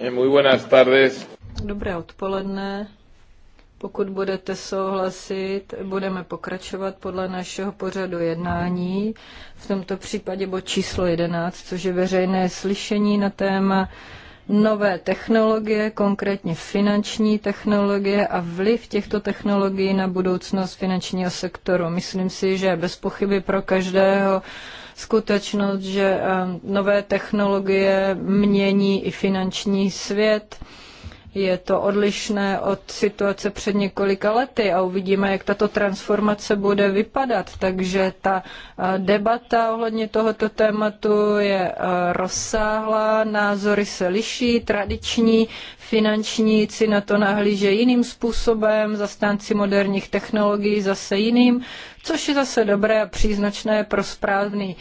Eh, muy buenas tardes. Dobré odpoledne. Pokud budete souhlasit, budeme pokračovat podle našeho pořadu jednání, v tomto případě bod číslo 11, což je veřejné slyšení na téma nové technologie, konkrétně finanční technologie a vliv těchto technologií na budoucnost finančního sektoru. Myslím si, že bez pochyby pro každého skutečnost, že eh, nové technologie mění i finanční svět je to odlišné od situace před několika lety a uvidíme, jak tato transformace bude vypadat. Takže ta eh, debata ohledně tohoto tématu je eh, rozsáhlá, názory se liší, tradiční finančníci na to nahlíže jiným způsobem, zastánci moderních technologií zase jiným, což je zase dobré a příznačné pro správný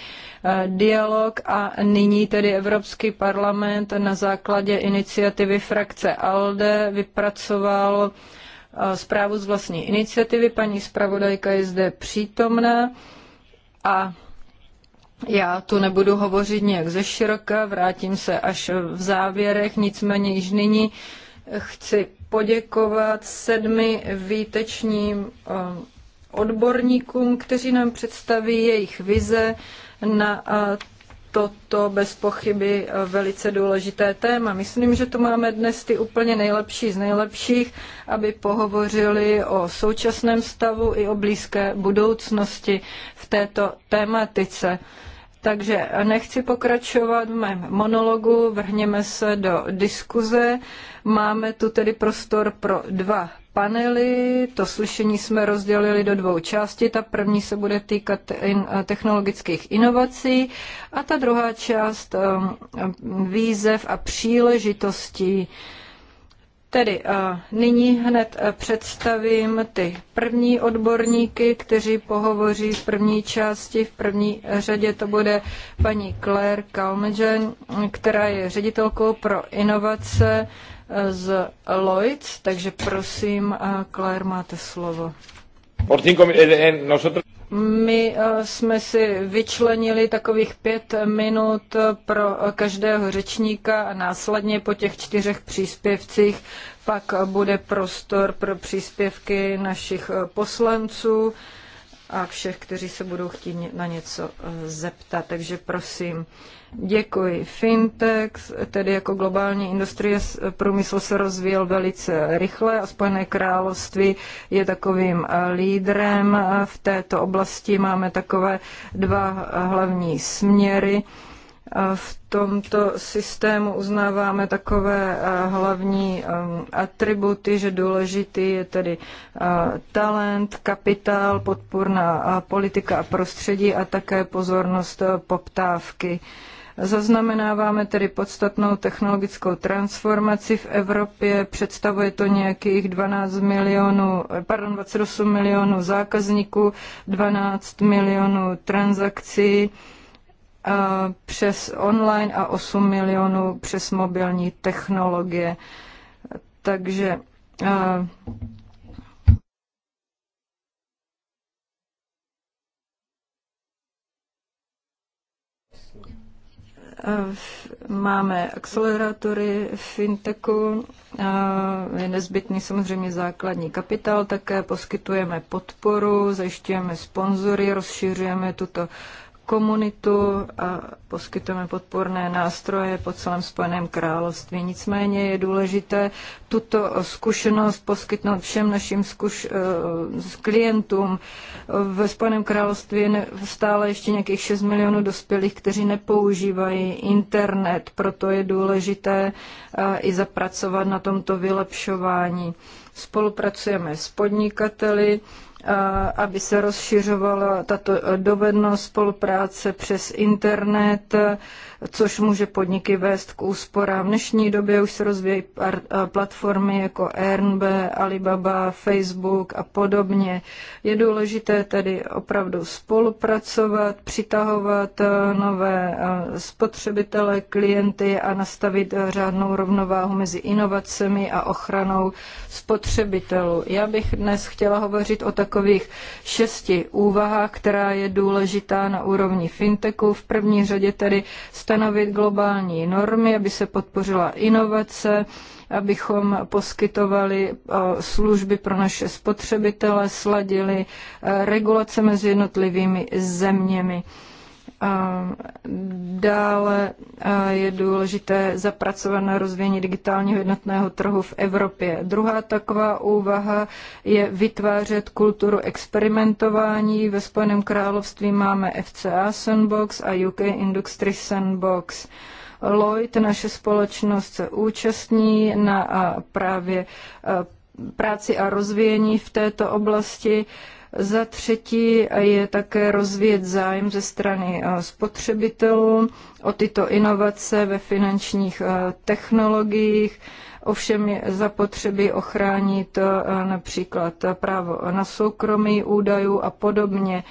Eh, dialog a nyní tedy Evropský parlament na základě iniciativy frakce ALDE vypracoval eh, zprávu z vlastní iniciativy. Paní zpravodajka je zde přítomná a já tu nebudu hovořit nějak ze široka, vrátím se až v závěrech, nicméně již nyní chci poděkovat sedmi výtečním eh, odborníkům, kteří nám představí jejich vize na toto bez pochyby e, velice důležité téma. Myslím, že tu máme dnes ty úplně nejlepší z nejlepších, aby pohovořili o současném stavu i o blízké budoucnosti v této tématice. Takže nechci pokračovat v mém monologu, vrhněme se do diskuze. Máme tu tedy prostor pro dva panely. To slyšení jsme rozdělili do dvou částí. Ta první se bude týkat eh, technologických inovací a ta druhá část eh, výzev a příležitostí. Tedy eh, nyní hned představím ty první odborníky, kteří pohovoří v první části. V první řadě to bude paní Claire Kalmedžen, která je ředitelkou pro inovace z Lloyds, takže prosím, eh, Claire, máte slovo. Eh, eh, My jsme si vyčlenili takových pět minut pro každého řečníka a následně po těch čtyřech příspěvcích pak bude prostor pro příspěvky našich poslanců a všech, kteří se budou chtít na něco eh, zeptat. Takže prosím, děkuji. Fintech, tedy jako globální industrie, průmysl se rozvíjel velice rychle a Spojené království je takovým eh, lídrem eh, v této oblasti. Máme takové dva hlavní směry v tomto systému uznáváme takové eh, hlavní eh, atributy, že důležitý je tedy eh, talent, kapitál, podpůrná politika a prostředí a také pozornost poptávky. Zaznamenáváme tedy podstatnou technologickou transformaci v Evropě, představuje to nějakých 12 milionů, pardon, 28 milionů zákazníků, 12 milionů transakcí, přes online a 8 milionů přes mobilní technologie. Takže máme akcelerátory fintechu, je nezbytný samozřejmě základní kapitál, také poskytujeme podporu, zajišťujeme sponzory, rozšiřujeme tuto komunitu a poskytujeme podporné nástroje po celém Spojeném království. Nicméně je důležité tuto zkušenost poskytnout všem našim zkuš- eh, klientům. Ve Spojeném království je stále ještě nějakých 6 milionů dospělých, kteří nepoužívají internet, proto je důležité eh, i zapracovat na tomto vylepšování. Spolupracujeme s podnikateli, aby se rozšiřovala tato dovednost spolupráce přes internet, což může podniky vést k úsporám. V dnešní době už se rozvíjí platformy jako Airbnb, Alibaba, Facebook a podobně. Je důležité tedy opravdu spolupracovat, přitahovat e, nové e, spotřebitele, klienty a nastavit e, řádnou rovnováhu mezi inovacemi a ochranou spotřebitelů. Já bych dnes chtěla hovořit o takové takových šesti úvahách, která je důležitá na úrovni fintechu. V první řadě tedy stanovit globální normy, aby se podpořila inovace, abychom poskytovali eh, služby pro naše spotřebitele, sladili eh, regulace mezi jednotlivými zeměmi. Dále je důležité zapracovat na rozvíjení digitálního jednotného trhu v Evropě. Druhá taková úvaha je vytvářet kulturu experimentování. Ve Spojeném království máme FCA Sandbox a UK Industry Sandbox. Lloyd, naše společnost, se účastní na právě práci a rozvíjení v této oblasti. Uh, za třetí je také rozvíjet zájem ze strany eh, spotřebitelů o tyto inovace ve finančních eh, technologiích. Ovšem je zapotřebí ochránit eh, například právo na soukromí údajů a podobně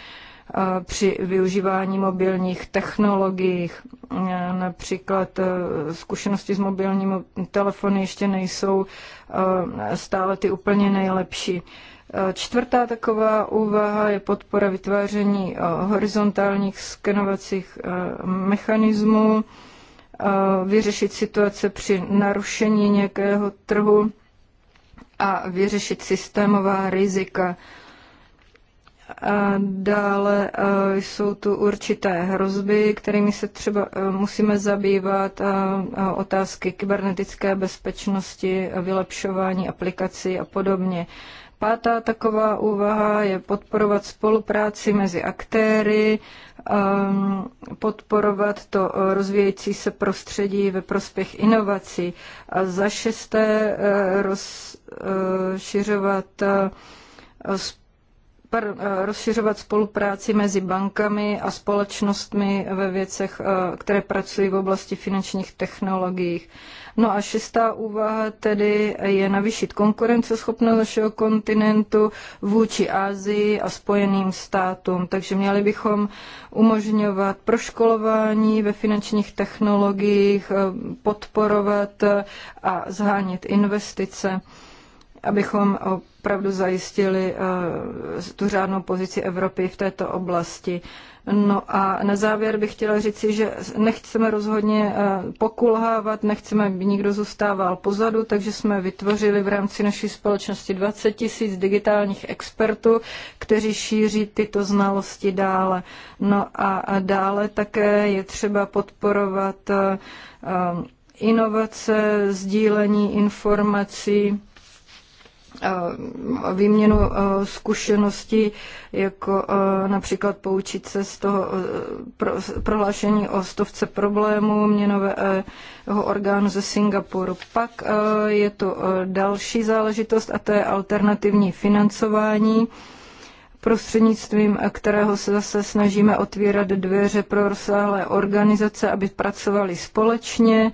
při využívání mobilních technologií. Například zkušenosti s mobilními telefony ještě nejsou stále ty úplně nejlepší. Eh, čtvrtá taková úvaha je podpora vytváření eh, horizontálních skenovacích eh, mechanismů, vyřešit situace při narušení nějakého trhu a vyřešit systémová rizika. A dále jsou tu určité hrozby, kterými se třeba musíme zabývat, a otázky kybernetické bezpečnosti, vylepšování aplikací a podobně. Pátá taková úvaha je podporovat spolupráci mezi aktéry, um, podporovat to rozvíjející se prostředí ve prospěch inovací. A za šesté eh, rozšiřovat eh, eh, rozšiřovat spolupráci mezi bankami a společnostmi ve věcech, které pracují v oblasti finančních technologií. No a šestá úvaha tedy je navýšit konkurenceschopnost našeho kontinentu vůči Asii a Spojeným státům. Takže měli bychom umožňovat proškolování ve finančních technologiích, podporovat a zhánět investice abychom opravdu zajistili eh, tu řádnou pozici Evropy v této oblasti. No a na závěr bych chtěla říci, že nechceme rozhodně eh, pokulhávat, nechceme, aby nikdo zůstával pozadu, takže jsme vytvořili v rámci naší společnosti 20 tisíc digitálních expertů, kteří šíří tyto znalosti dále. No a dále také je třeba podporovat eh, eh, inovace, sdílení informací, Eh, výměnu eh, zkušeností, jako eh, například poučit se z toho prohlášení o stovce problémů měnového orgánu ze Singapuru. Pak je to další záležitost a to je alternativní financování prostřednictvím kterého se zase snažíme otvírat dveře pro rozsáhlé organizace, aby pracovali společně,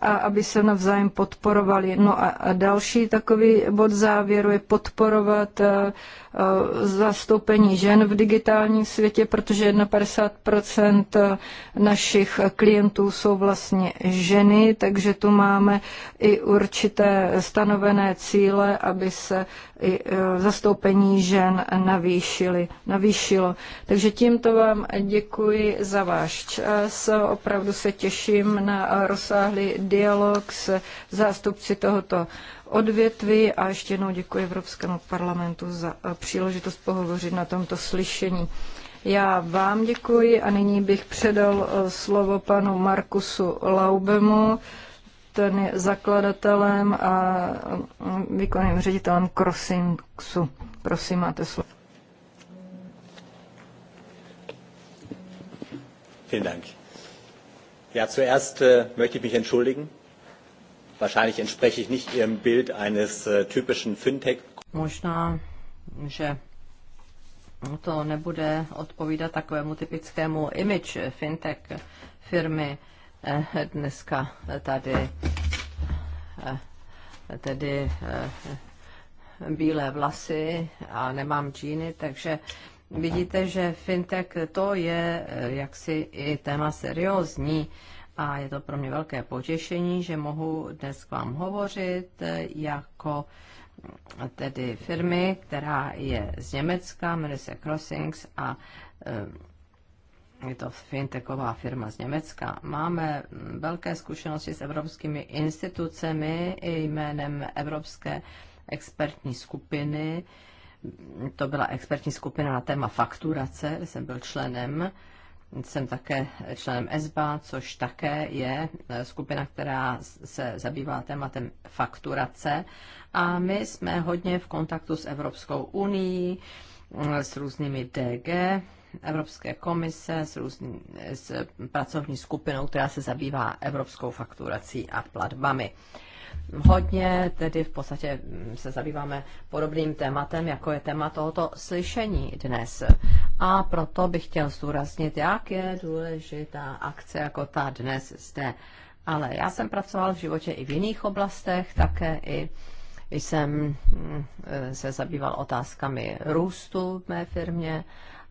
a aby se navzájem podporovali. No a, a další takový bod závěru je podporovat eh, Eh, zastoupení žen v digitálním světě, protože 51% eh, našich klientů jsou vlastně ženy, takže tu máme i určité stanovené cíle, aby se i eh, zastoupení žen navýšili, navýšilo. Takže tímto vám děkuji za váš čas. Opravdu se těším na rozsáhlý dialog s zástupci tohoto odvětví a ještě jednou děkuji Evropskému parlamentu za eh, příležitost pohovořit na tomto slyšení. Já vám děkuji a nyní bych předal eh, slovo panu Markusu Laubemu, ten je zakladatelem a eh, výkonným ředitelem Crossingsu. Prosím, máte slovo. Vielen Dank. Ja, zuerst äh, möchte ich mich entschuldigen. Wahrscheinlich entspreche ich nicht Ihrem Bild eines äh, typischen Fintech. Možná, že to nebude odpovídat takovému typickému image fintech firmy eh, dneska tady eh, tedy eh, bílé vlasy a nemám džíny, takže vidíte, že fintech to je eh, jaksi i téma seriózní Eh, a je to pro mě velké potěšení, že mohu dnes k vám hovořit jako tedy firmy, která je z Německa, jmenuje se Crossings a eh, je to fintechová firma z Německa. Máme velké zkušenosti s evropskými institucemi i jménem Evropské expertní skupiny. To byla expertní skupina na téma fakturace, kde jsem byl členem. Jsem také členem ESBA, což také je eh, skupina, která se zabývá tématem fakturace. A my jsme hodně v kontaktu s Evropskou unii, eh, s různými DG, Evropské komise s, různý, s pracovní skupinou, která se zabývá evropskou fakturací a platbami hodně, tedy v podstatě mm, se zabýváme podobným tématem, jako je téma tohoto slyšení dnes. A proto bych chtěl zdůraznit, jak je důležitá akce jako ta dnes zde. Ale já jsem pracoval v životě i v jiných oblastech, také i jsem mm, se zabýval otázkami růstu v mé firmě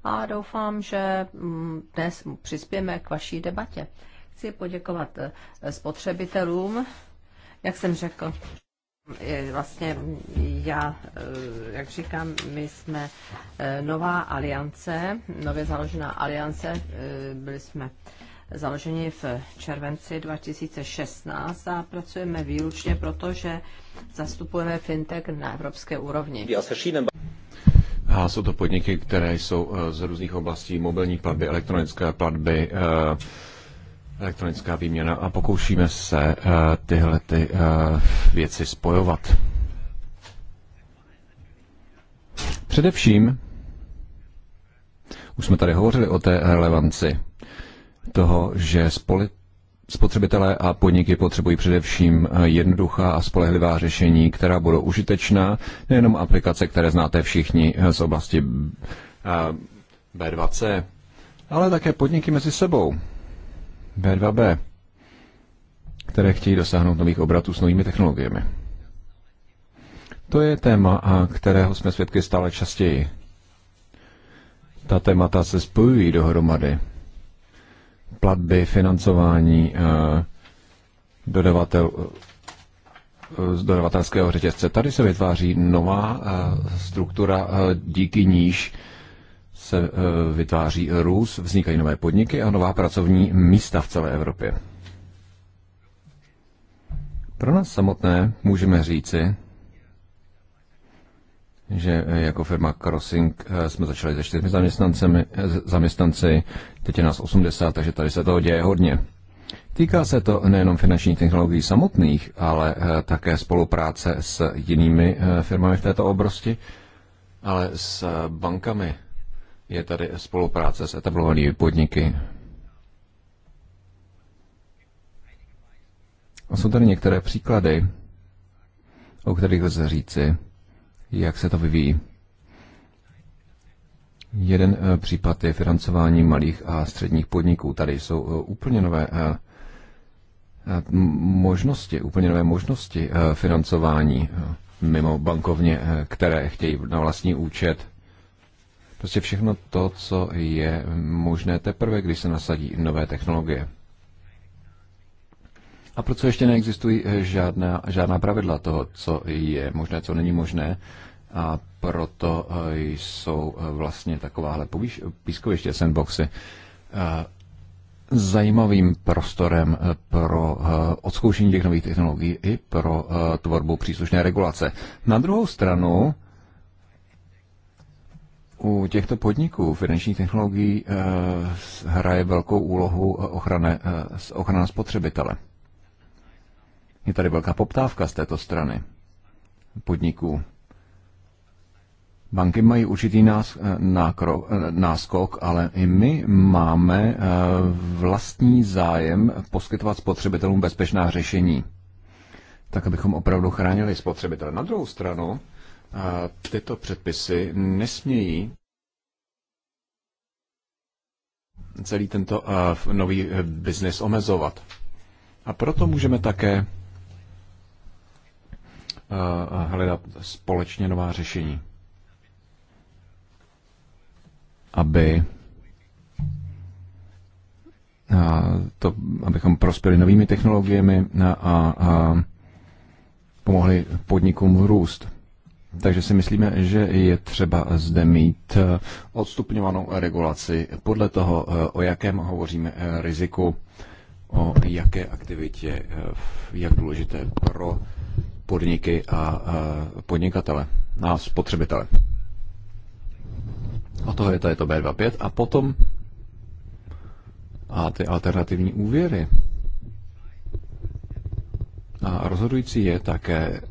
a doufám, že mm, dnes přispějeme k vaší debatě. Chci poděkovat eh, spotřebitelům jak jsem řekl, vlastně já, eh, jak říkám, my jsme eh, nová aliance, nově založená aliance, eh, byli jsme založeni v červenci 2016 a pracujeme výlučně proto, že zastupujeme fintech na evropské úrovni. A jsou to podniky, které jsou z různých oblastí, mobilní platby, elektronické platby, elektronická výměna a pokoušíme se eh, tyhle ty eh, věci spojovat. Především, už jsme tady hovořili o té relevanci toho, že spolit Spotřebitelé a podniky potřebují především eh, jednoduchá a spolehlivá řešení, která budou užitečná, nejenom aplikace, které znáte všichni z oblasti B2C, ale také podniky mezi sebou. B2B, které chtějí dosáhnout nových obratů s novými technologiemi. To je téma, a kterého jsme svědky stále častěji. Ta témata se spojují dohromady. Platby, financování, eh, dodavatel, eh, z dodavatelského řetězce. Tady se vytváří nová eh, struktura, díky níž se eh, vytváří růz, vznikají nové podniky a nová pracovní místa v celé Evropě. Pro nás samotné můžeme říci, že eh, jako firma Crossing eh, jsme začali se čtyřmi zaměstnancemi, zaměstnanci, teď je nás 80, takže tady se toho děje hodně. Týká se to nejenom finančních technologií samotných, ale také spolupráce s jinými firmami v této oblasti, ale s bankami, je tady spolupráce s etablovanými podniky. A jsou tady některé příklady, o kterých lze říci, jak se to vyvíjí. Jeden eh, případ je financování malých a středních podniků. Tady jsou eh, úplně nové eh, možnosti, úplně nové možnosti financování mimo bankovně, které chtějí na vlastní účet Prostě všechno to, co je možné teprve, když se nasadí nové technologie. A proč ještě neexistují eh, žádná, žádná pravidla toho, co je možné, co není možné. A proto eh, jsou eh, vlastně takováhle pískoviště, sandboxy, zajímavým prostorem pro odzkoušení těch nových technologií i pro tvorbu příslušné regulace. Na druhou stranu, u těchto podniků finančních technologií eh, hraje velkou úlohu eh, ochrana, eh, ochrana spotřebitele. Je tady velká poptávka z této strany podniků. Banky mají určitý nás, náskok, ale i my máme vlastní zájem poskytovat spotřebitelům bezpečná řešení, tak abychom opravdu chránili spotřebitele. Na druhou stranu, tyto předpisy nesmějí celý tento nový e, biznis omezovat. A proto můžeme také hledat společně nová řešení, aby to, abychom prospěli novými technologiemi a, a pomohli podnikům růst. Takže si myslíme, že je třeba zde mít eh, odstupňovanou regulaci podle toho, eh, o jakém hovoříme eh, riziku, o jaké aktivitě, jak důležité pro podniky a podnikatele a spotřebitele. A toho je tady to B25 a potom a ty alternativní úvěry. A rozhodující je také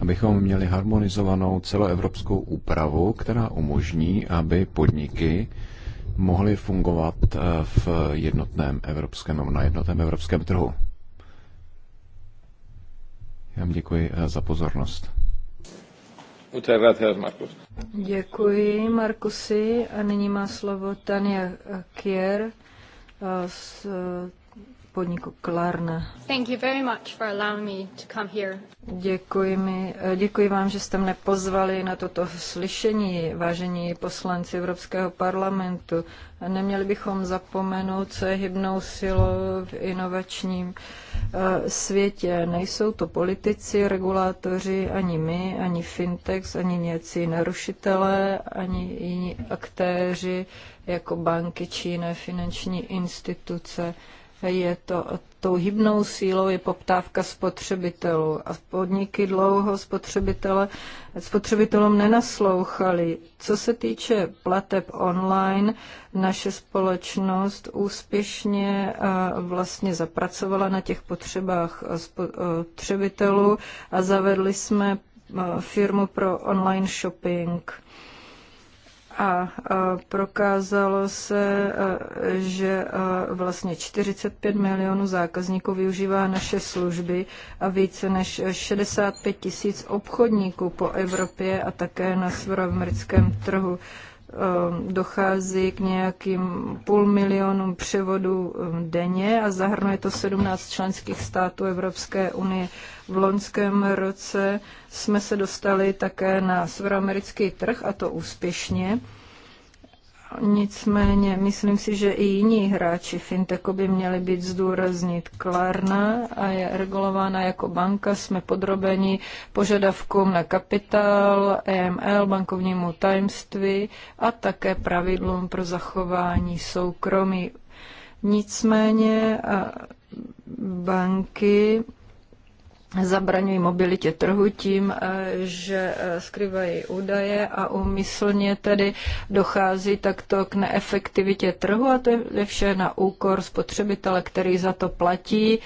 abychom měli harmonizovanou celoevropskou úpravu, která umožní, aby podniky mohly fungovat eh, v jednotném evropském na jednotném evropském trhu. Já vám děkuji eh, za pozornost. Děkuji, Markusy. A nyní má slovo Tania Kier eh, z podniku Klarna. Thank you very much for allowing me to come here. Děkuji, mi, děkuji vám, že jste mne pozvali na toto slyšení, vážení poslanci Evropského parlamentu. Neměli bychom zapomenout, co je hybnou silou v inovačním eh, světě. Nejsou to politici, regulátoři, ani my, ani fintechs, ani nějací narušitelé, ani jiní aktéři jako banky či jiné finanční instituce je to tou hybnou sílou je poptávka spotřebitelů a podniky dlouho spotřebitele, spotřebitelům nenaslouchali. Co se týče plateb online, naše společnost úspěšně vlastně zapracovala na těch potřebách spotřebitelů a zavedli jsme firmu pro online shopping a prokázalo se, že vlastně 45 milionů zákazníků využívá naše služby a více než 65 tisíc obchodníků po Evropě a také na severoamerickém trhu. Um, dochází k nějakým půl milionům převodů um, denně a zahrnuje to 17 členských států Evropské unie. V loňském roce jsme se dostali také na severoamerický trh a to úspěšně. Nicméně myslím si, že i jiní hráči fintechu by měli být zdůraznit. Klarna a je regulována jako banka, jsme podrobeni požadavkům na kapitál, EML, bankovnímu tajemství a také pravidlům pro zachování soukromí. Nicméně banky zabraňují mobilitě trhu tím, eh, že eh, skrývají údaje a umyslně tedy dochází takto k neefektivitě trhu a to je vše na úkor spotřebitele, který za to platí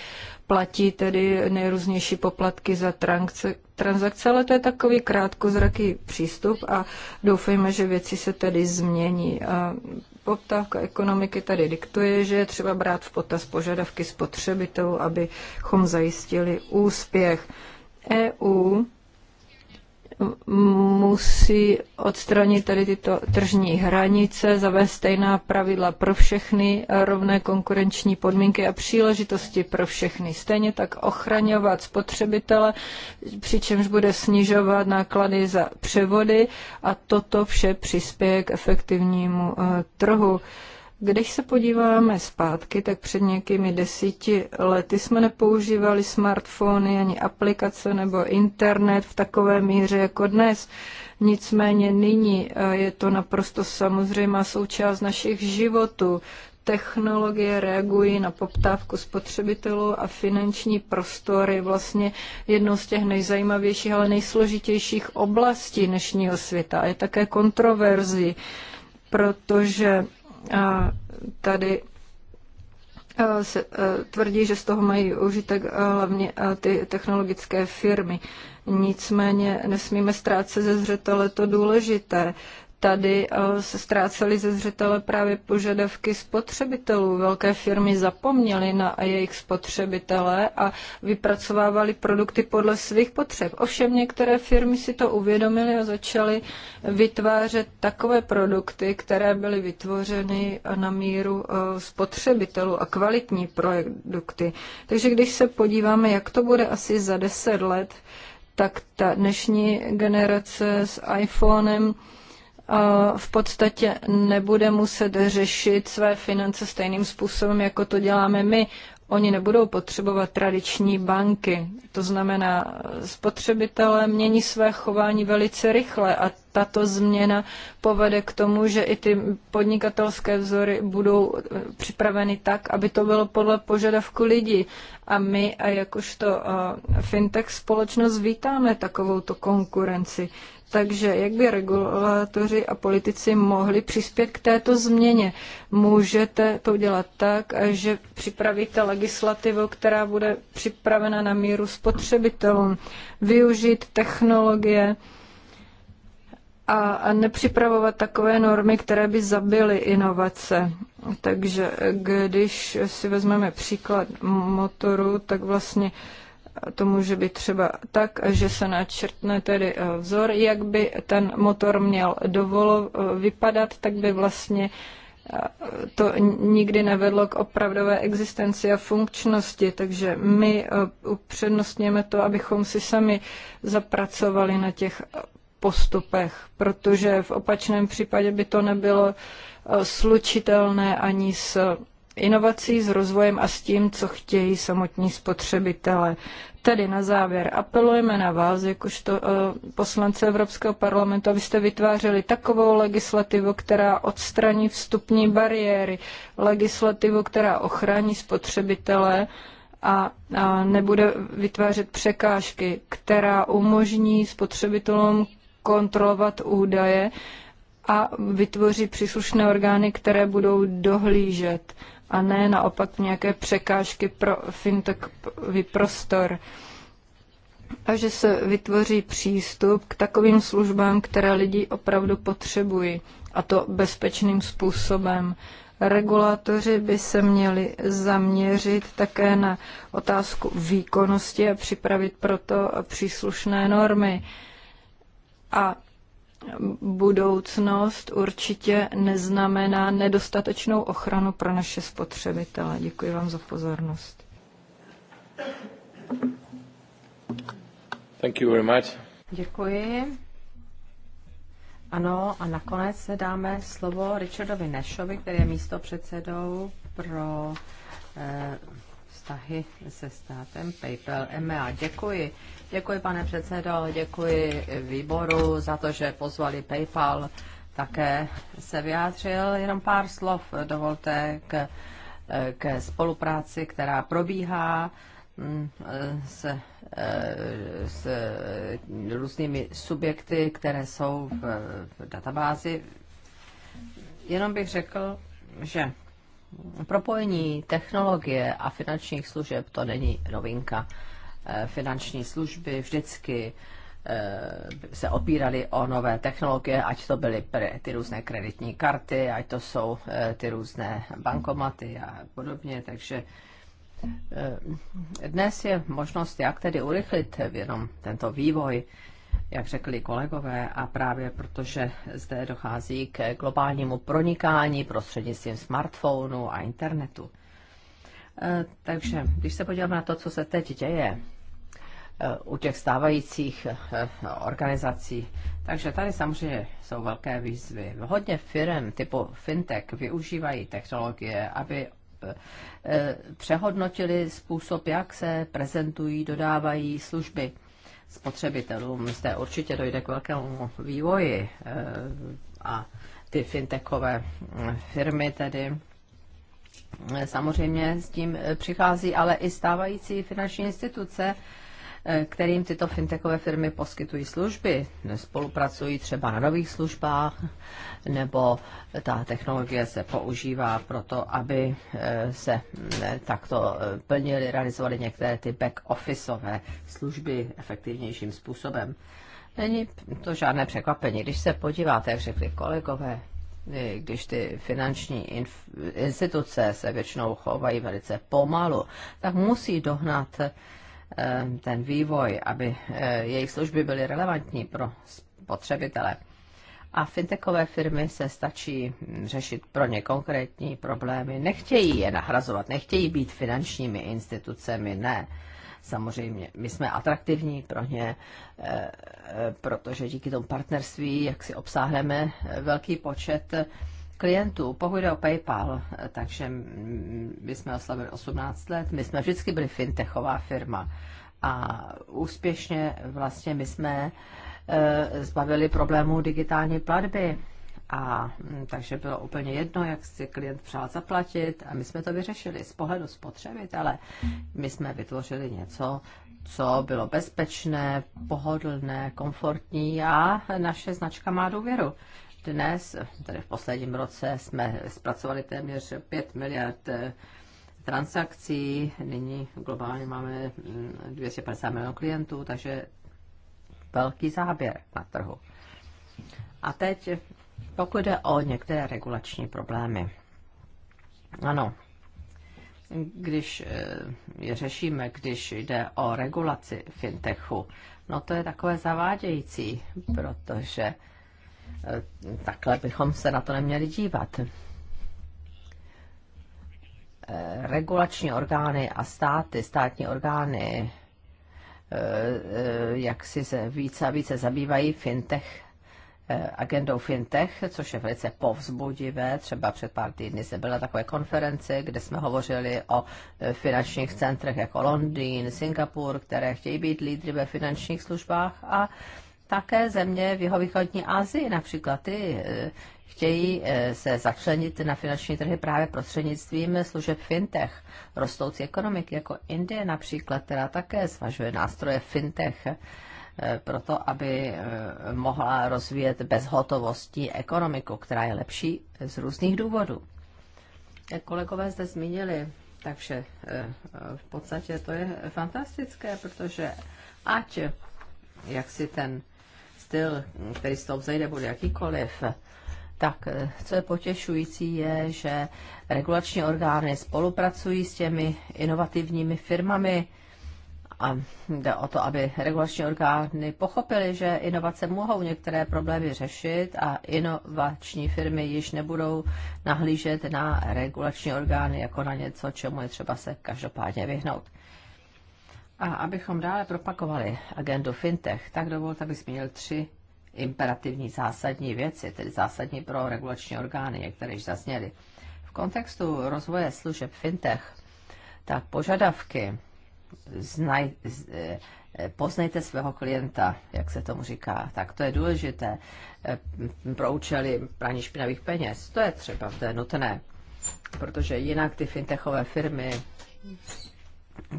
platí tedy nejrůznější poplatky za transakce, ale to je takový krátkozraký přístup a doufejme, že věci se tedy změní. A poptávka ekonomiky tady diktuje, že je třeba brát v potaz požadavky spotřebitelů, abychom zajistili úspěch. EU musí odstranit tady tyto tržní hranice, zavést stejná pravidla pro všechny, rovné konkurenční podmínky a příležitosti pro všechny. Stejně tak ochraňovat spotřebitele, přičemž bude snižovat náklady za převody a toto vše přispěje k efektivnímu eh, trhu. Když se podíváme zpátky, tak před nějakými desíti lety jsme nepoužívali smartfony ani aplikace nebo internet v takové míře jako dnes. Nicméně nyní eh, je to naprosto samozřejmá součást našich životů. Technologie reagují na poptávku spotřebitelů a finanční prostor je vlastně jednou z těch nejzajímavějších, ale nejsložitějších oblastí dnešního světa. Je také kontroverzí, protože a tady e, se e, tvrdí, že z toho mají užitek e, hlavně ty technologické firmy. Nicméně nesmíme ztrácet ze zřetele to důležité tady eh, se ztrácely ze zřetele právě požadavky spotřebitelů. Velké firmy zapomněly na jejich spotřebitele a vypracovávaly produkty podle svých potřeb. Ovšem některé firmy si to uvědomily a začaly vytvářet takové produkty, které byly vytvořeny na míru eh, spotřebitelů a kvalitní produkty. Takže když se podíváme, jak to bude asi za deset let, tak ta dnešní generace s iPhonem v podstatě nebude muset řešit své finance stejným způsobem, jako to děláme my. Oni nebudou potřebovat tradiční banky. To znamená, spotřebitelé mění své chování velice rychle a tato změna povede k tomu, že i ty podnikatelské vzory budou eh, připraveny tak, aby to bylo podle požadavku lidí. A my, a jakožto eh, fintech společnost, vítáme takovouto konkurenci. Takže jak by regulátoři a politici mohli přispět k této změně? Můžete to udělat tak, že připravíte legislativu, která bude připravena na míru spotřebitelům, využít technologie a, a nepřipravovat takové normy, které by zabily inovace. Takže když si vezmeme příklad motoru, tak vlastně uh, to může být třeba tak, že se načrtne tedy eh, vzor, jak by ten motor měl dovolo eh, vypadat, tak by vlastně eh, to nikdy nevedlo k opravdové existenci a funkčnosti, takže my upřednostněme to, abychom si sami zapracovali na těch postupech, protože v opačném případě by to nebylo slučitelné ani s inovací, s rozvojem a s tím, co chtějí samotní spotřebitelé. Tedy na závěr apelujeme na vás, jakožto eh, poslance Evropského parlamentu, abyste vytvářeli takovou legislativu, která odstraní vstupní bariéry, legislativu, která ochrání spotřebitele a, a nebude vytvářet překážky, která umožní spotřebitelům kontrolovat údaje a vytvoří příslušné orgány, které budou dohlížet a ne naopak nějaké překážky pro fintechový prostor a že se vytvoří přístup k takovým službám, které lidi opravdu potřebují, a to bezpečným způsobem. Regulátoři by se měli zaměřit také na otázku výkonnosti a připravit proto příslušné normy. A budoucnost určitě neznamená nedostatečnou ochranu pro naše spotřebitele. Děkuji vám za pozornost. Thank you very much. Děkuji. Ano, a nakonec dáme slovo Richardovi Nešovi, který je místo předsedou pro eh, vztahy se státem PayPal EMEA. Děkuji. Děkuji, pane předsedo, děkuji výboru za to, že pozvali PayPal. Také se vyjádřil jenom pár slov, dovolte, k, k spolupráci, která probíhá mm, s, eh, s různými subjekty, které jsou v, v databázi. Jenom bych řekl, že propojení technologie a finančních služeb to není novinka. Eh, finanční služby vždycky eh, se opírali o nové technologie, ať to byly ty různé kreditní karty, ať to jsou eh, ty různé bankomaty a podobně. Takže dnes je možnost, jak tedy urychlit jenom tento vývoj, jak řekli kolegové, a právě protože zde dochází k globálnímu pronikání prostřednictvím smartphonu a internetu. Takže když se podíváme na to, co se teď děje, u těch stávajících eh, organizací. Takže tady samozřejmě jsou velké výzvy. Hodně firm typu fintech využívají technologie, aby eh, přehodnotili způsob, jak se prezentují, dodávají služby spotřebitelům. Zde určitě dojde k velkému vývoji eh, a ty fintechové firmy tedy samozřejmě s tím přichází, ale i stávající finanční instituce, Eh, kterým tyto fintechové firmy poskytují služby. Spolupracují třeba na nových službách, nebo ta technologie se používá pro to, aby eh, se mm, eh, takto plnili, realizovali některé ty back-officeové služby efektivnějším způsobem. Není to žádné překvapení. Když se podíváte, jak řekli kolegové, když ty finanční instituce se většinou chovají velice pomalu, tak musí dohnat ten vývoj, aby eh, jejich služby byly relevantní pro spotřebitele. A fintechové firmy se stačí hm, řešit pro ně konkrétní problémy. Nechtějí je nahrazovat, nechtějí být finančními institucemi, ne. Samozřejmě, my jsme atraktivní pro ně, eh, eh, protože díky tomu partnerství, jak si obsáhneme velký počet klientů. Pokud o PayPal, takže my jsme oslavili 18 let, my jsme vždycky byli fintechová firma a úspěšně vlastně my jsme eh, zbavili problémů digitální platby. A hm, takže bylo úplně jedno, jak si klient přál zaplatit a my jsme to vyřešili z pohledu spotřebitele. My jsme vytvořili něco, co bylo bezpečné, pohodlné, komfortní a naše značka má důvěru dnes, tedy v posledním roce, jsme zpracovali téměř 5 miliard eh, transakcí, nyní globálně máme 250 mm, milionů klientů, takže velký záběr na trhu. A teď, pokud jde o některé regulační problémy. Ano, když eh, je řešíme, když jde o regulaci fintechu, no to je takové zavádějící, protože Eh, takhle bychom se na to neměli dívat. Eh, regulační orgány a státy, státní orgány, eh, jak si se více a více zabývají fintech, agendou fintech, což je velice povzbudivé. Třeba před pár týdny se byla takové konference, kde jsme hovořili o finančních centrech jako Londýn, Singapur, které chtějí být lídry ve finančních službách a také země v jeho východní Asii, například ty eh, chtějí eh, se začlenit na finanční trhy právě prostřednictvím služeb fintech. Rostoucí ekonomiky jako Indie například, která také zvažuje nástroje fintech eh, proto, aby mohla rozvíjet bezhotovostní ekonomiku, která je lepší z různých důvodů. Jak kolegové zde zmínili, takže v podstatě to je fantastické, protože ať jak si ten styl, který z toho vzejde, bude jakýkoliv, tak eh, co je potěšující, je, že regulační orgány spolupracují s těmi inovativními firmami a jde o to, aby regulační orgány pochopily, že inovace mohou některé problémy řešit a inovační firmy již nebudou nahlížet na regulační orgány jako na něco, čemu je třeba se každopádně vyhnout. A abychom dále propakovali agendu fintech, tak dovolte, abych zmínil tři imperativní zásadní věci, tedy zásadní pro regulační orgány, které již zazněly. V kontextu rozvoje služeb fintech, tak požadavky znaj, e, poznejte svého klienta, jak se tomu říká, tak to je důležité e, pro účely praní špinavých peněz. To je třeba, to je nutné, protože jinak ty fintechové firmy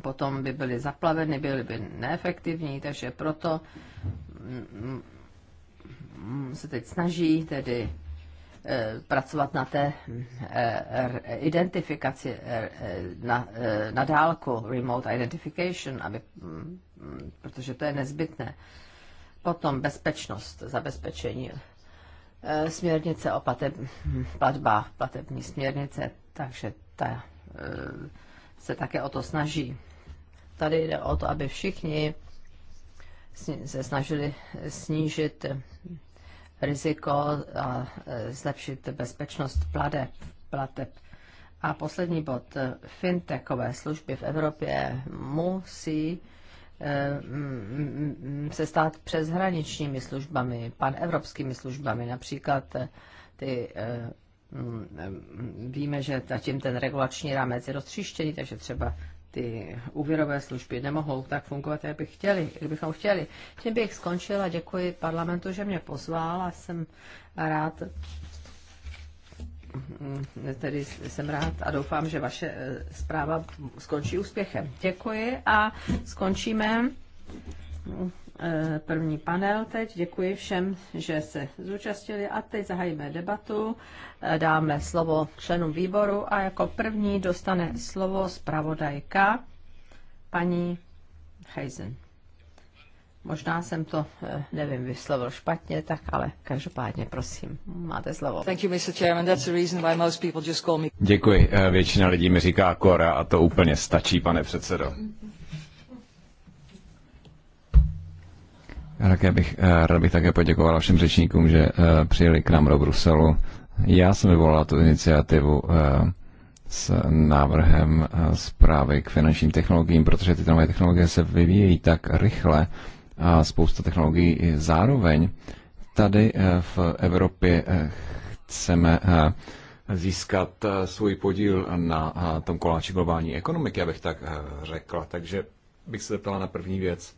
potom by byly zaplaveny, byly by neefektivní, takže proto mm, se teď snaží tedy eh, pracovat na té eh, identifikaci eh, na, na dálku, remote identification, aby, mm, protože to je nezbytné. Potom bezpečnost, zabezpečení směrnice o plateb, platbách, platební směrnice, takže ta se také o to snaží. Tady jde o to, aby všichni se snažili snížit riziko a e, zlepšit bezpečnost plateb. plateb. A poslední bod. Fintechové služby v Evropě musí e, se stát přeshraničními službami, panevropskými službami, například ty e, Mm, víme, že zatím ten regulační rámec je roztříštěný, takže třeba ty úvěrové služby nemohou tak fungovat, jak by chtěli, jak bychom chtěli. Tím bych skončila. Děkuji parlamentu, že mě pozval a jsem rád, mm, tedy jsem rád a doufám, že vaše eh, zpráva skončí úspěchem. Děkuji a skončíme Eh, první panel teď. Děkuji všem, že se zúčastnili a teď zahajíme debatu. Eh, dáme slovo členům výboru a jako první dostane slovo zpravodajka paní Heisen. Možná jsem to, eh, nevím, vyslovil špatně, tak ale každopádně, prosím, máte slovo. Děkuji. Většina lidí mi říká Kora a to úplně stačí, pane předsedo. Také bych, eh, rád bych také poděkoval všem řečníkům, že eh, přijeli k nám do Bruselu. Já jsem vyvolal tu iniciativu eh, s návrhem zprávy k finančním technologiím, protože ty nové technologie se vyvíjejí tak rychle a spousta technologií i zároveň. Tady v Evropě chceme získat svůj podíl na tom koláči globální ekonomiky, abych tak řekla. Takže bych se zeptala na první věc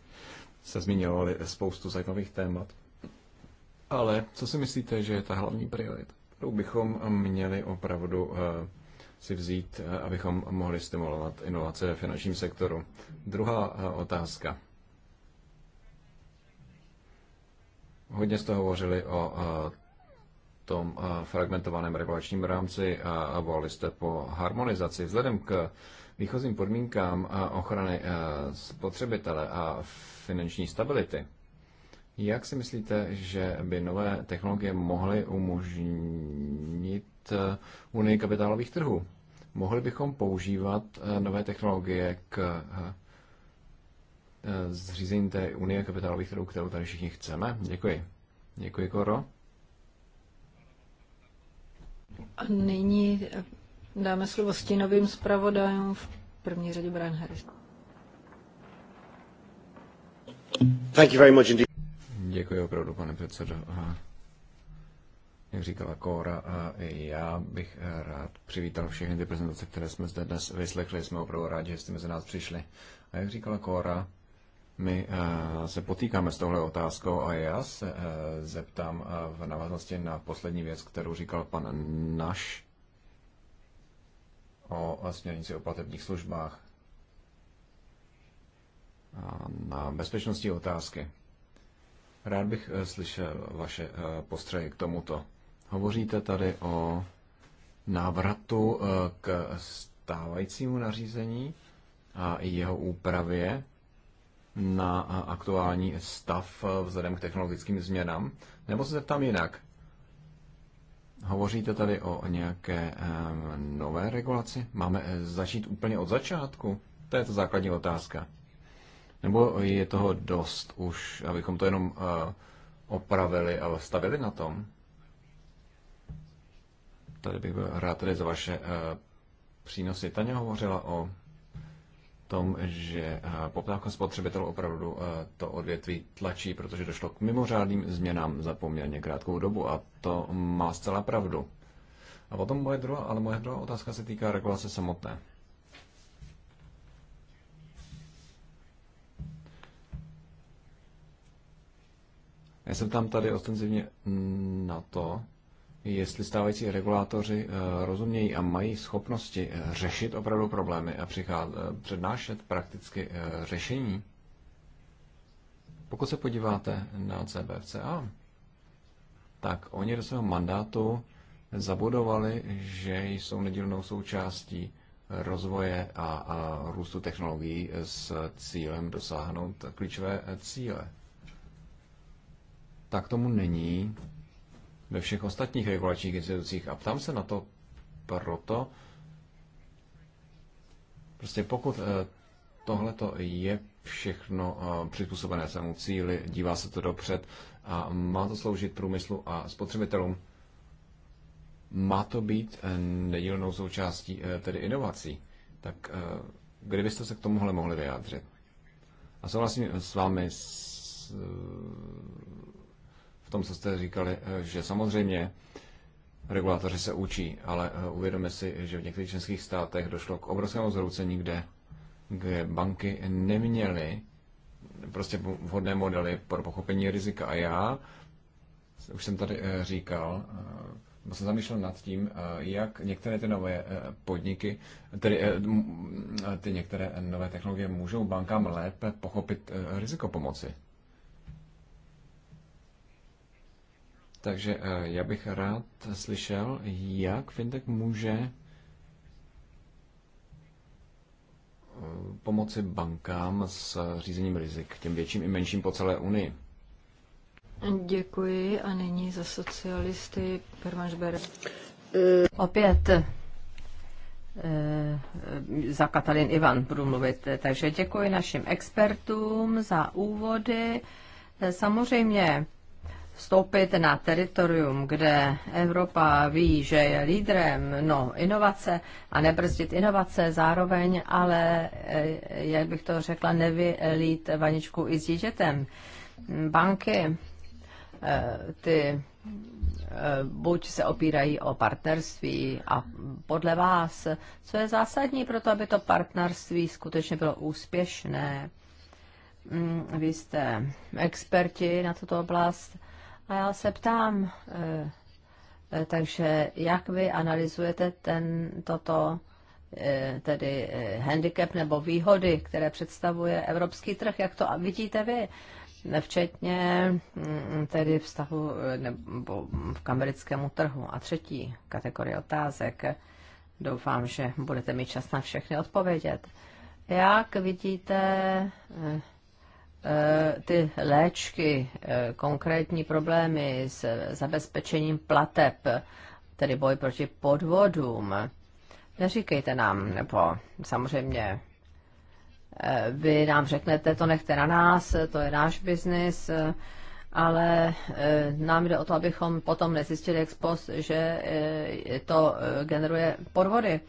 se zmiňovali spoustu zajímavých témat. Ale co si myslíte, že je ta hlavní priorita, kterou bychom měli opravdu eh, si vzít, eh, abychom mohli stimulovat inovace ve finančním sektoru? Druhá eh, otázka. Hodně jste hovořili o tom fragmentovaném regulačním rámci a volali jste po harmonizaci. Vzhledem k výchozím podmínkám ochrany spotřebitele a finanční stability. Jak si myslíte, že by nové technologie mohly umožnit eh, unii kapitálových trhů? Mohli bychom používat eh, nové technologie k eh, zřízení té unie kapitálových trhů, kterou tady všichni chceme? Děkuji. Děkuji, Koro. A nyní dáme slovo stínovým zpravodajům v první řadě Brian Harris. Děkuji opravdu, pane předsedo. jak říkala Kóra, a já bych rád přivítal všechny ty prezentace, které jsme zde dnes vyslechli. Jsme opravdu rádi, že jste mezi nás přišli. A jak říkala Kóra, my eh, se potýkáme s touhle otázkou a já se eh, zeptám eh, v návaznosti na poslední věc, kterou říkal pan Naš o směrnici o platebních službách na bezpečnostní otázky. Rád bych eh, slyšel vaše eh, postřehy k tomuto. Hovoříte tady o návratu eh, k stávajícímu nařízení a jeho úpravě na aktuální stav vzhledem k technologickým změnám? Nebo se zeptám jinak. Hovoříte tady o nějaké nové regulaci? Máme začít úplně od začátku? To je ta základní otázka. Nebo je toho dost už, abychom to jenom eh, opravili a stavili na tom? Tady bych byl rád tedy za vaše eh, přínosy. Taně hovořila o tom, že eh, poptávka spotřebitel opravdu to odvětví tlačí, protože došlo k mimořádným změnám za poměrně krátkou dobu a to má zcela pravdu. A potom moje druhá, ale moje druhá otázka se týká regulace samotné. Já jsem tam tady ostenzivně na to, jestli stávající regulátoři eh, rozumějí a mají schopnosti eh, řešit opravdu problémy a eh, přednášet prakticky řešení. Pokud se podíváte na CBFCA, tak oni do svého mandátu zabudovali, že jsou nedílnou součástí rozvoje a, a růstu technologií s cílem dosáhnout klíčové cíle tak tomu není ve všech ostatních regulačních institucích. A ptám se na to proto, prostě pokud eh, tohle je všechno eh, přizpůsobené svému cíli, dívá se to dopřed a má to sloužit průmyslu a spotřebitelům, má to být eh, nedílnou součástí tedy inovací. Tak kdybyste se k tomuhle mohli vyjádřit? A souhlasím s vámi s, tom, co jste říkali, eh, že samozřejmě regulátoři se učí, ale eh, uvědomme si, že v některých českých státech došlo k obrovskému zhroucení, kde, kde banky neměly prostě vhodné modely pro pochopení rizika. A já už jsem tady eh, říkal, nebo jsem zamýšlel nad tím, jak některé ty nové podniky, tedy ty některé nové technologie můžou bankám lépe pochopit riziko pomoci. Takže eh, já bych rád slyšel, jak fintech může eh, pomoci bankám s řízením rizik, těm větším i menším po celé Unii. Děkuji a nyní za socialisty Permanš eh. Opět za Katalin Ivan budu mluvit. Takže děkuji našim expertům za úvody. Samozřejmě vstoupit na teritorium, kde Evropa ví, že je lídrem no, inovace a nebrzdit inovace zároveň, ale, eh, jak bych to řekla, nevylít vaničku i s dítětem. Banky, eh, ty eh, buď se opírají o partnerství a podle vás, co je zásadní pro to, aby to partnerství skutečně bylo úspěšné? Mm, vy jste experti na tuto oblast a já se ptám, eh, eh, takže jak vy analyzujete ten, toto eh, tedy handicap nebo výhody, které představuje evropský trh, jak to vidíte vy? Včetně mm, tedy vztahu nebo k americkému trhu. A třetí kategorie otázek. Doufám, že budete mít čas na všechny odpovědět. Jak vidíte Eh, ty léčky, eh, konkrétní problémy s zabezpečením plateb, tedy boj proti podvodům. Neříkejte nám, nebo samozřejmě eh, vy nám řeknete, to nechte na nás, to je náš biznis, ale nám jde o to, abychom potom nezjistili ex post, že to generuje podvody.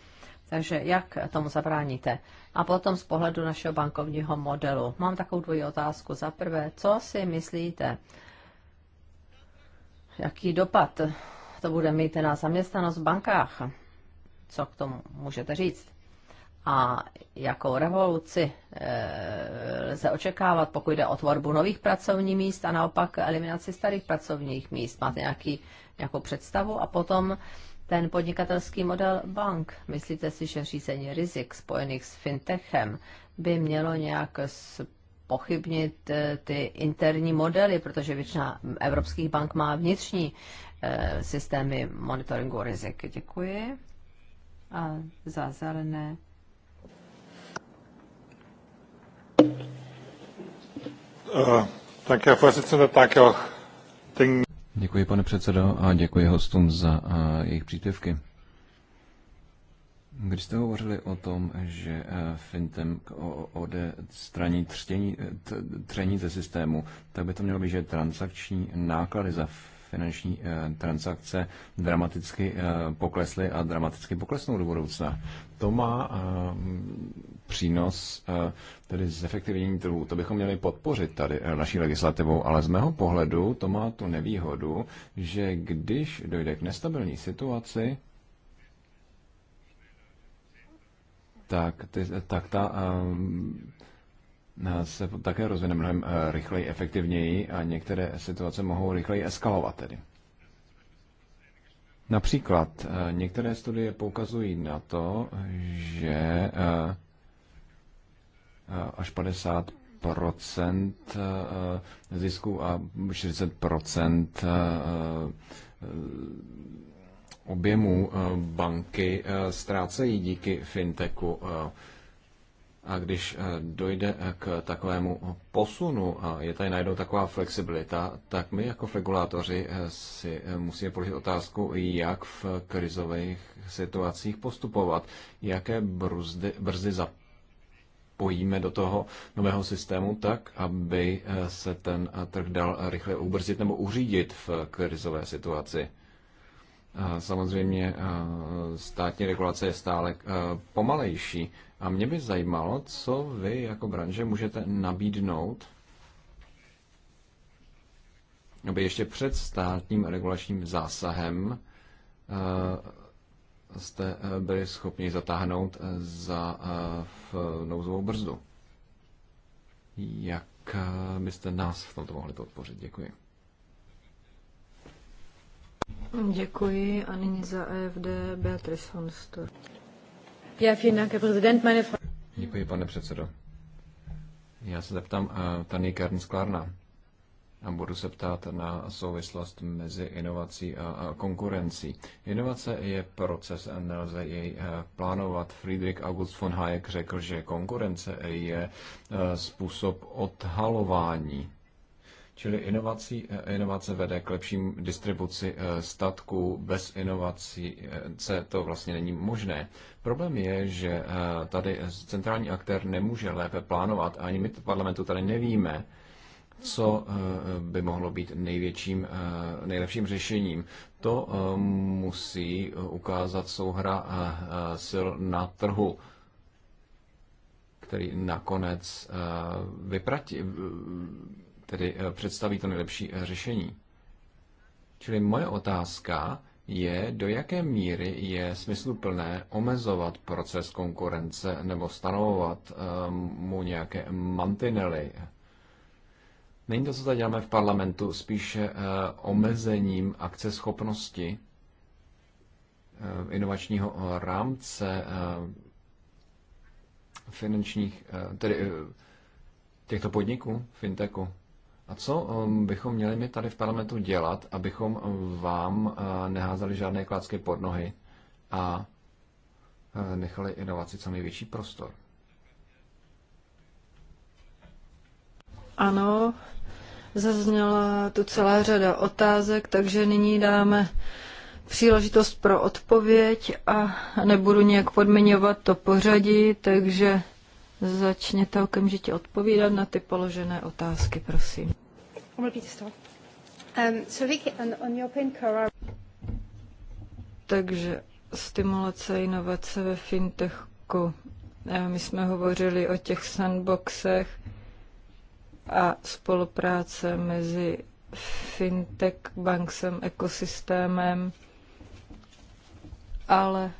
Takže jak tomu zabráníte? A potom z pohledu našeho bankovního modelu. Mám takovou dvojí otázku. Za prvé, co si myslíte, jaký dopad to bude mít na zaměstnanost v bankách? Co k tomu můžete říct? A jakou revoluci e, lze očekávat, pokud jde o tvorbu nových pracovních míst a naopak eliminaci starých pracovních míst? Máte nějaký, nějakou představu? A potom ten podnikatelský model bank. Myslíte si, že řízení rizik spojených s fintechem by mělo nějak pochybnit eh, ty interní modely, protože většina evropských bank má vnitřní eh, systémy monitoringu rizik. Děkuji. A za zelené. Uh, tak já, tak já, Děkuji, pane předsedo, a děkuji hostům za jejich příspěvky. Když jste hovořili o tom, že Fintem straní tření, tření ze systému, tak by to mělo být, že transakční náklady za finanční eh, transakce dramaticky eh, poklesly a dramaticky poklesnou do budoucna. To má eh, přínos tedy zefektivnění trhu. To bychom měli podpořit tady naší legislativou, ale z mého pohledu to má tu nevýhodu, že když dojde k nestabilní situaci, tak, ty, tak ta um, Eh, se také rozvine mnohem eh, rychleji, efektivněji a některé situace mohou rychleji eskalovat tedy. Například eh, některé studie poukazují na to, že až 50 zisku a 60% objemu banky ztrácejí díky fintechu a když eh, dojde eh, k takovému posunu a je tady najednou taková flexibilita, tak my jako regulátoři eh, si musíme položit otázku, jak v krizových situacích postupovat, jaké brzdy, brzdy zapojíme do toho nového systému tak, aby se ten trh dal rychle ubrzdit nebo uřídit v krizové situaci. Samozřejmě státní regulace je stále pomalejší a mě by zajímalo, co vy jako branže můžete nabídnout, aby ještě před státním regulačním zásahem eh, jste eh, byli schopni zatáhnout eh, za v nouzovou brzdu. Jak byste nás v tomto mohli podpořit? Děkuji. Děkuji a nyní za EFD Beatrice Honstor. Děkuji, pane předsedo. Já se zeptám uh, eh, Tany Karnsklárna a budu se ptát na souvislost mezi inovací a konkurencí. Inovace je proces a nelze jej eh, plánovat. Friedrich August von Hayek řekl, že konkurence je eh, způsob odhalování. Čili inovací, inovace vede k lepším distribuci statků. Bez inovací to vlastně není možné. Problém je, že eh, tady centrální aktér nemůže lépe plánovat ani my v parlamentu tady nevíme, co eh, by mohlo být největším, eh, nejlepším řešením. To musí ukázat souhra sil na trhu, který nakonec vypratí, tedy představí to nejlepší řešení. Čili moje otázka je, do jaké míry je smysluplné omezovat proces konkurence nebo stanovovat ehm, mu nějaké mantinely. Není to, co tady děláme v parlamentu, spíše eh, omezením akceschopnosti eh, inovačního eh, rámce finančních, tedy těchto podniků, fintechu. A co um, bychom měli my tady v parlamentu dělat, abychom um, vám uh, neházeli žádné klácky pod nohy a uh, nechali inovaci co největší prostor? Ano, zazněla tu celá řada otázek, takže nyní dáme příležitost pro odpověď a nebudu nějak podmiňovat to pořadí, takže začněte okamžitě odpovídat na ty položené otázky, prosím. Um, Takže stimulace inovace ve fintechu. Eh, my jsme hovořili o těch sandboxech a spolupráce mezi fintech, banksem, ekosystémem, ale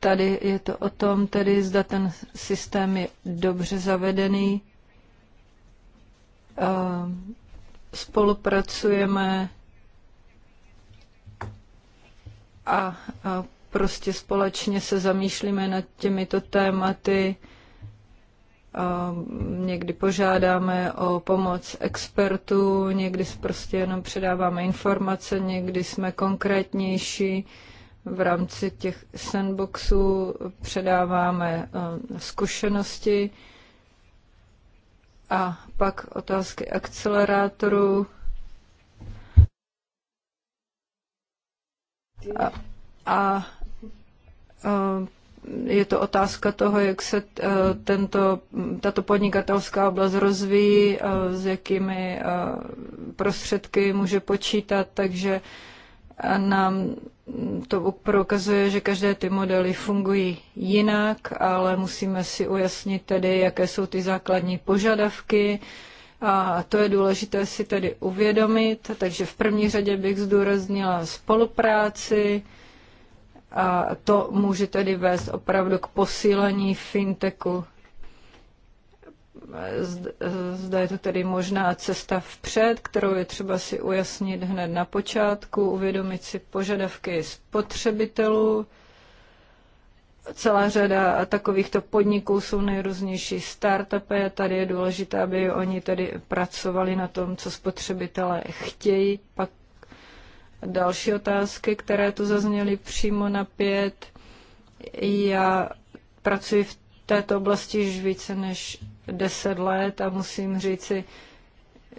tady je to o tom, tedy zda ten systém je dobře zavedený, eh, spolupracujeme a, a prostě společně se zamýšlíme nad těmito tématy. A někdy požádáme o pomoc expertů, někdy prostě jenom předáváme informace, někdy jsme konkrétnější. V rámci těch sandboxů předáváme zkušenosti. A pak otázky akcelerátoru. A, a, a je to otázka toho, jak se e, tento, tato podnikatelská oblast rozvíjí, e, s jakými e, prostředky může počítat, takže nám to prokazuje, že každé ty modely fungují jinak, ale musíme si ujasnit tedy, jaké jsou ty základní požadavky. A to je důležité si tedy uvědomit. Takže v první řadě bych zdůraznila spolupráci. A to může tedy vést opravdu k posílení fintechu Zda je to tedy možná cesta vpřed, kterou je třeba si ujasnit hned na počátku, uvědomit si požadavky spotřebitelů. Celá řada takovýchto podniků jsou nejrůznější startupy a tady je důležité, aby oni tedy pracovali na tom, co spotřebitelé chtějí. Pak další otázky, které tu zazněly přímo na pět. Já pracuji v této oblasti již více než deset let a musím říci,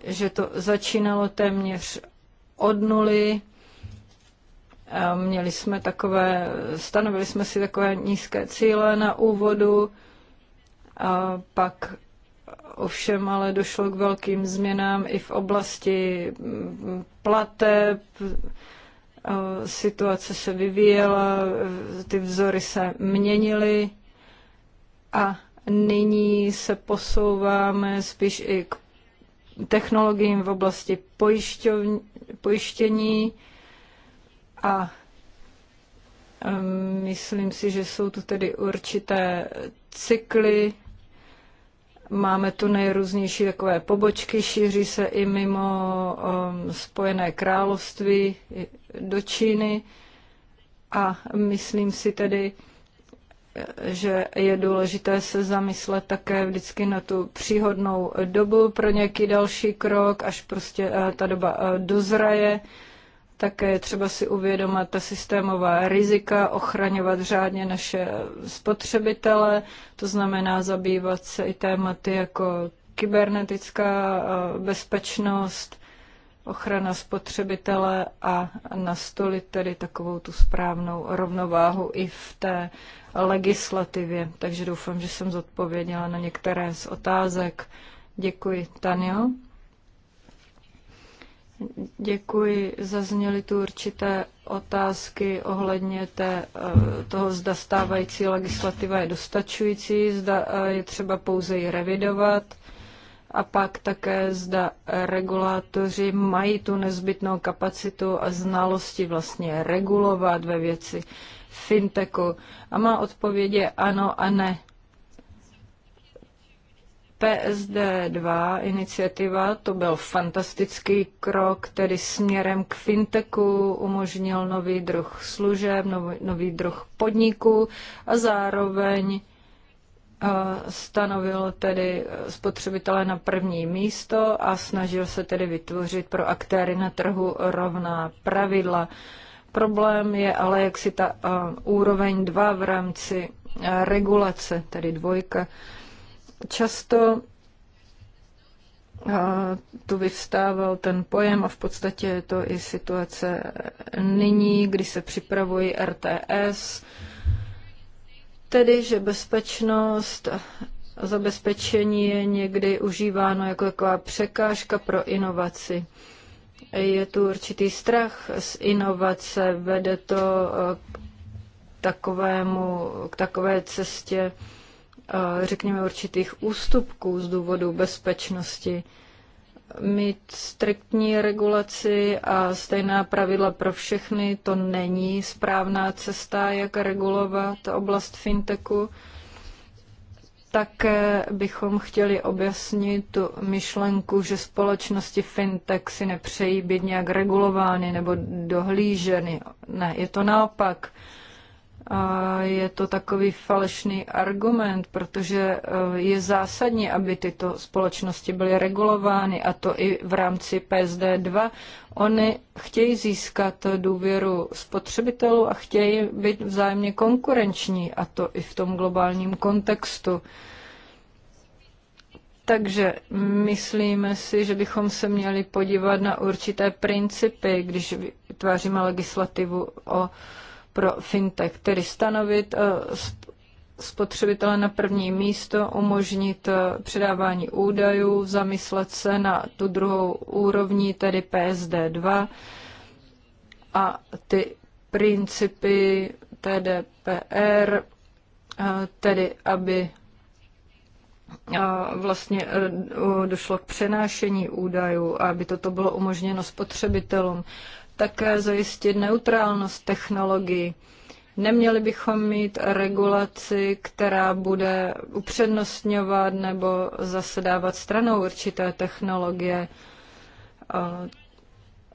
že to začínalo téměř od nuly. měli jsme takové, stanovili jsme si takové nízké cíle na úvodu, a pak ovšem ale došlo k velkým změnám i v oblasti plateb, situace se vyvíjela, ty vzory se měnily a nyní se posouváme spíš i k technologiím v oblasti pojištění a myslím si, že jsou tu tedy určité cykly. Máme tu nejrůznější takové pobočky, šíří se i mimo um, Spojené království do Číny a myslím si tedy, že je důležité se zamyslet také vždycky na tu příhodnou dobu pro nějaký další krok, až prostě eh, ta doba eh, dozraje. Také je třeba si uvědomit ta systémová rizika, ochraňovat řádně naše eh, spotřebitele, to znamená zabývat se i tématy jako kybernetická bezpečnost, ochrana spotřebitele a nastolit tedy takovou tu správnou rovnováhu i v té legislativě. Takže doufám, že jsem zodpověděla na některé z otázek. Děkuji, Tanio. Děkuji. Zazněly tu určité otázky ohledně té, eh, toho, zda stávající legislativa je dostačující, zda eh, je třeba pouze ji revidovat a pak také zda regulátoři mají tu nezbytnou kapacitu a znalosti vlastně regulovat ve věci fintechu. A má odpovědě ano a ne. PSD2 iniciativa, to byl fantastický krok, který směrem k fintechu umožnil nový druh služeb, nový, nový druh podniků a zároveň stanovil tedy eh, spotřebitele na první místo a snažil se tedy vytvořit pro aktéry na trhu rovná pravidla. Problém je ale jak si ta eh, úroveň 2 v rámci eh, regulace, tedy dvojka. Často tu vyvstával ten pojem a v podstatě je to i situace nyní, kdy se připravují RTS, tedy, že bezpečnost a zabezpečení je někdy užíváno jako taková překážka pro inovaci. Je tu určitý strach z inovace, vede to eh, k takovému, k takové cestě, eh, řekněme, určitých ústupků z důvodu bezpečnosti mít striktní regulaci a stejná pravidla pro všechny, to není správná cesta, jak regulovat oblast fintechu. Také bychom chtěli objasnit tu myšlenku, že společnosti fintech si nepřejí být nějak regulovány nebo dohlíženy. Ne, je to naopak. A je to takový falešný argument, protože eh, je zásadní, aby tyto společnosti byly regulovány, a to i v rámci PSD2. Oni chtějí získat důvěru spotřebitelů a chtějí být vzájemně konkurenční, a to i v tom globálním kontextu. Takže myslíme si, že bychom se měli podívat na určité principy, když vytváříme legislativu o pro fintech, tedy stanovit eh, spotřebitele na první místo, umožnit eh, předávání údajů, zamyslet se na tu druhou úrovni, tedy PSD2 a ty principy TDPR, eh, tedy aby vlastně došlo k přenášení údajů, aby toto bylo umožněno spotřebitelům také zajistit neutrálnost technologií. Neměli bychom mít regulaci, která bude upřednostňovat nebo zasedávat stranou určité technologie.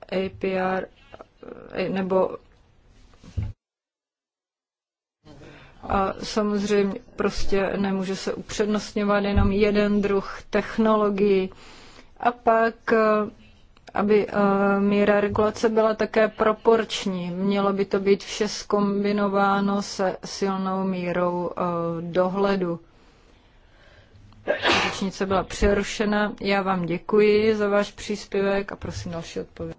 APR eh, nebo a samozřejmě prostě nemůže se upřednostňovat jenom jeden druh technologií. A pak eh, aby eh, míra regulace byla také proporční. Mělo by to být vše skombinováno se silnou mírou eh, dohledu. Řečnice byla přerušena. Já vám děkuji za váš příspěvek a prosím další odpověď.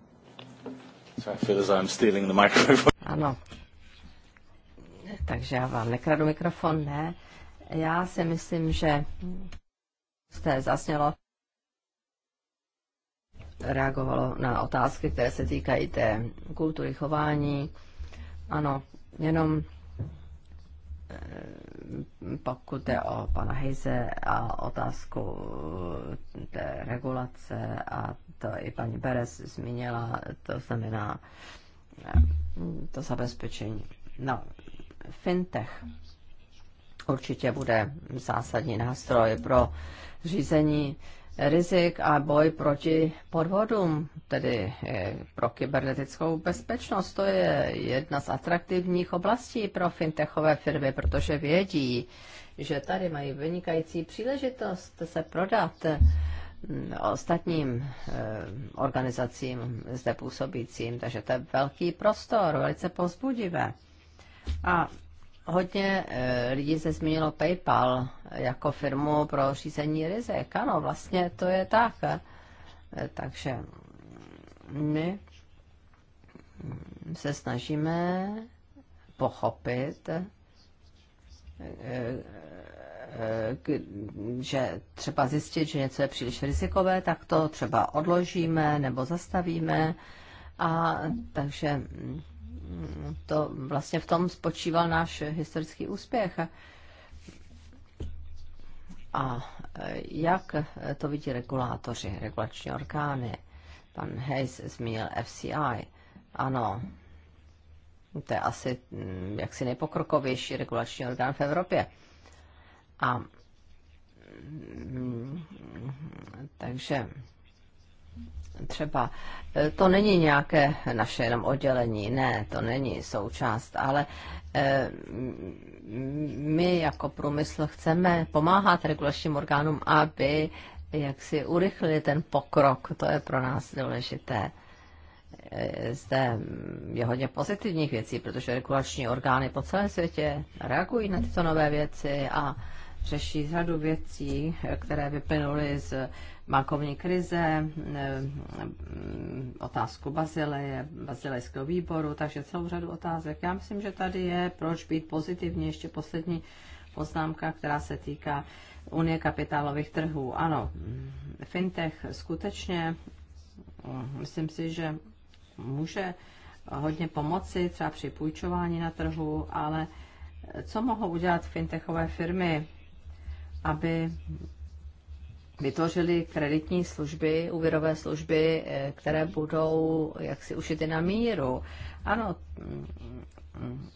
Ano. Takže já vám nekradu mikrofon, ne. Já si myslím, že jste zasnělo reagovalo na otázky, které se týkají té kultury chování. Ano, jenom eh, pokud jde o pana Heise a otázku eh, té regulace a to i paní Beres zmínila, to znamená eh, to zabezpečení. No, fintech určitě bude zásadní nástroj pro řízení rizik a boj proti podvodům, tedy eh, pro kybernetickou bezpečnost. To je jedna z atraktivních oblastí pro fintechové firmy, protože vědí, že tady mají vynikající příležitost se prodat mm, ostatním eh, organizacím zde působícím, takže to je velký prostor, velice pozbudivé. A Hodně eh, lidí se zmínilo PayPal jako firmu pro řízení rizik. Ano, vlastně to je tak. Eh, takže my se snažíme pochopit, eh, že třeba zjistit, že něco je příliš rizikové, tak to třeba odložíme nebo zastavíme. A takže mm, to vlastně v tom spočíval náš historický úspěch. A e, jak to vidí regulátoři, regulační orgány? Pan Hayes zmínil FCI. Ano, to je asi mm, jaksi nejpokrokovější regulační orgán v Evropě. A mm, takže třeba eh, to není nějaké naše jenom oddělení, ne, to není součást, ale eh, my jako průmysl chceme pomáhat regulačním orgánům, aby jak si urychlili ten pokrok, to je pro nás důležité. Eh, zde je hodně pozitivních věcí, protože regulační orgány po celém světě reagují na tyto nové věci a řeší řadu věcí, které vyplynuly z bankovní krize, otázku Bazileje, Bazilejského výboru, takže celou řadu otázek. Já myslím, že tady je proč být pozitivní. Ještě poslední poznámka, která se týká Unie kapitálových trhů. Ano, fintech skutečně, myslím si, že může hodně pomoci třeba při půjčování na trhu, ale co mohou udělat fintechové firmy, aby vytvořili kreditní služby, úvěrové služby, eh, které budou jaksi ušity na míru. Ano, mm,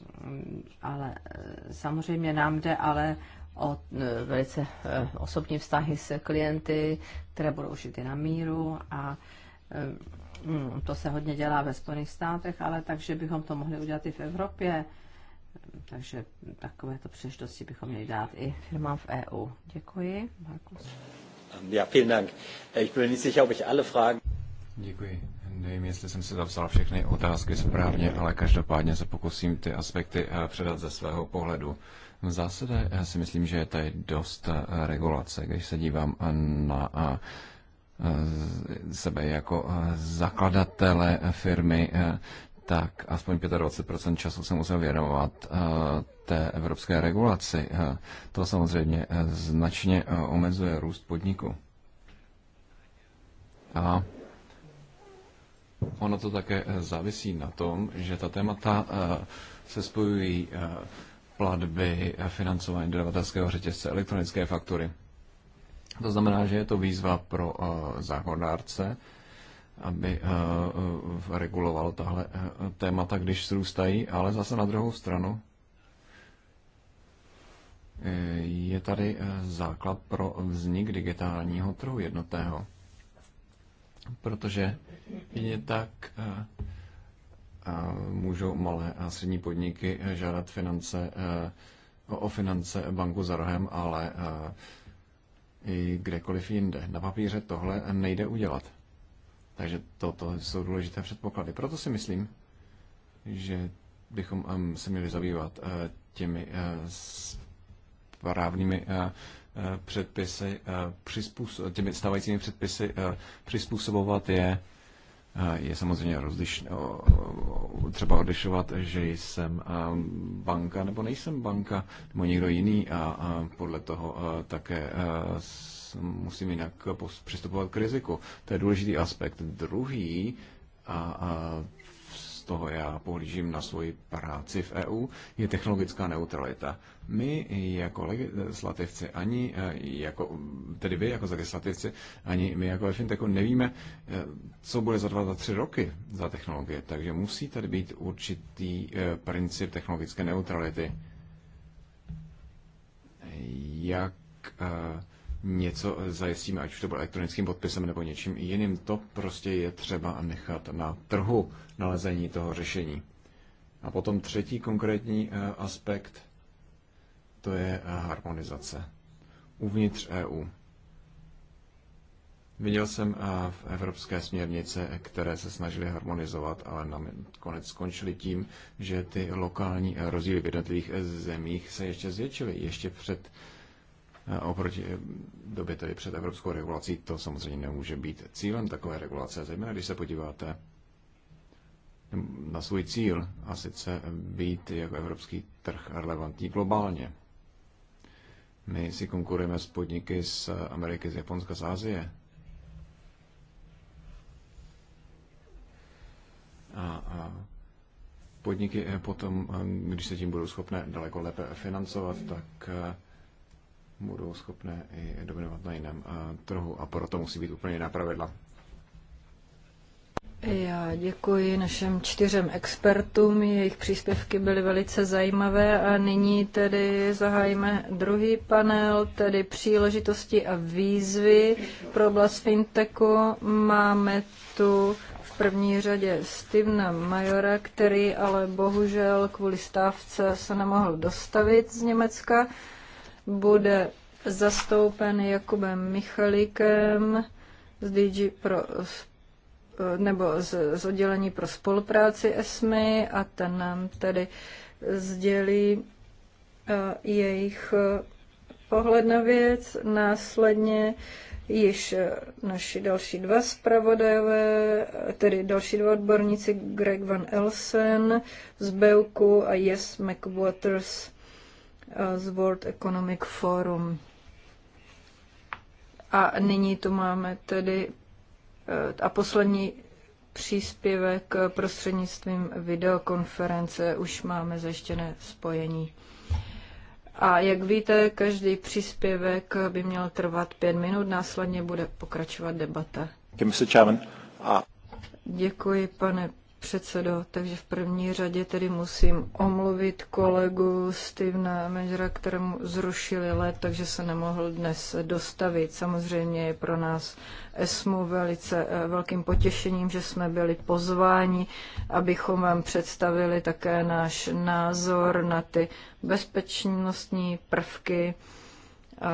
ale eh, samozřejmě nám jde ale o eh, velice osobní vztahy s klienty, které budou ušity na míru a mm, to se hodně dělá ve Spojených státech, ale takže bychom to mohli udělat i v Evropě. Takže takovéto příležitosti bychom měli dát i firmám v EU. Děkuji. Markus. Ähm, ja, vielen Dank. Äh, ich bin nicht sicher, ob ich alle Fragen... Děkuji. Nevím, jestli jsem si zapsal všechny otázky správně, ale každopádně se pokusím ty aspekty eh, předat ze svého pohledu. V zásadě eh, si myslím, že je tady dost eh, regulace, když se dívám na sebe jako zakladatele firmy, tak aspoň 25% času se musel věnovat eh, té evropské regulaci. Eh, to samozřejmě eh, značně omezuje růst podniku. A ono to také závisí na tom, že ta témata se spojují platby, financování dodavatelského řetězce, elektronické faktury. To znamená, že je to výzva pro zákonodárce, aby eh, eh, regulovalo tahle eh, témata, když zrůstají, ale zase na druhou stranu je tady základ pro vznik digitálního trhu jednotného. Protože je tak můžou malé a střední podniky žádat finance, o finance banku za rohem, ale i kdekoliv jinde. Na papíře tohle nejde udělat. Takže toto jsou důležité předpoklady. Proto si myslím, že bychom se měli zabývat eh, těmi eh, správnými eh, předpisy, těmi stávajícími předpisy, přizpůsobovat je je samozřejmě rozlišné, třeba odlišovat, že jsem banka nebo nejsem banka, nebo někdo jiný a podle toho také musím jinak přistupovat k riziku. To je důležitý aspekt. Druhý, a, a z toho já pohlížím na svoji práci v EU, je technologická neutralita. My jako legislativci, ani e, jako, tedy vy jako legislativci, ani my jako fintechu nevíme, e, co bude za dva, za tři roky za technologie. Takže musí tady být určitý e, princip technologické neutrality. Jak něco zajistíme, ať už to bude elektronickým podpisem nebo něčím jiným. To prostě je třeba nechat na trhu nalezení toho řešení. A potom třetí konkrétní eh, aspekt, to je eh, harmonizace uvnitř EU. Viděl jsem eh, v evropské směrnice, které se snažily harmonizovat, ale nakonec skončili tím, že ty lokální rozdíly v jednotlivých zemích se ještě zvětšily. Ještě před Eh, oproti eh, době tedy před evropskou regulací, to samozřejmě nemůže být cílem takové regulace, zejména když se podíváte na svůj cíl, a sice být jako evropský trh relevantní globálně. My si konkurujeme s podniky z Ameriky, z Japonska, z Asie. A, a podniky potom, eh, když se tím budou schopné daleko lépe financovat, tak budou schopné i dominovat na jiném eh, trhu a proto musí být úplně jiná pravidla. Já děkuji našem čtyřem expertům, jejich příspěvky byly velice zajímavé a nyní tedy zahájíme druhý panel, tedy příležitosti a výzvy pro oblast fintechu. Máme tu v první řadě Stevena Majora, který ale bohužel kvůli stávce se nemohl dostavit z Německa bude zastoupen Jakubem Michalikem z DG pro nebo z, z oddělení pro spolupráci ESMI a ten nám tedy sdělí eh, jejich eh, pohled na věc. Následně již eh, naši další dva zpravodajové, tedy další dva odborníci, Greg Van Elsen z Beuku a Yes McWaters z World Economic Forum. A nyní tu máme tedy eh, a poslední příspěvek prostřednictvím videokonference. Už máme zajištěné spojení. A jak víte, každý příspěvek by měl trvat pět minut, následně bude pokračovat debata. Děkuji, pane předsedo. Takže v první řadě tedy musím omluvit kolegu Stevena Mežera, kterému zrušili let, takže se nemohl dnes dostavit. Samozřejmě je pro nás ESMU velice eh, velkým potěšením, že jsme byli pozváni, abychom vám představili také náš názor na ty bezpečnostní prvky a,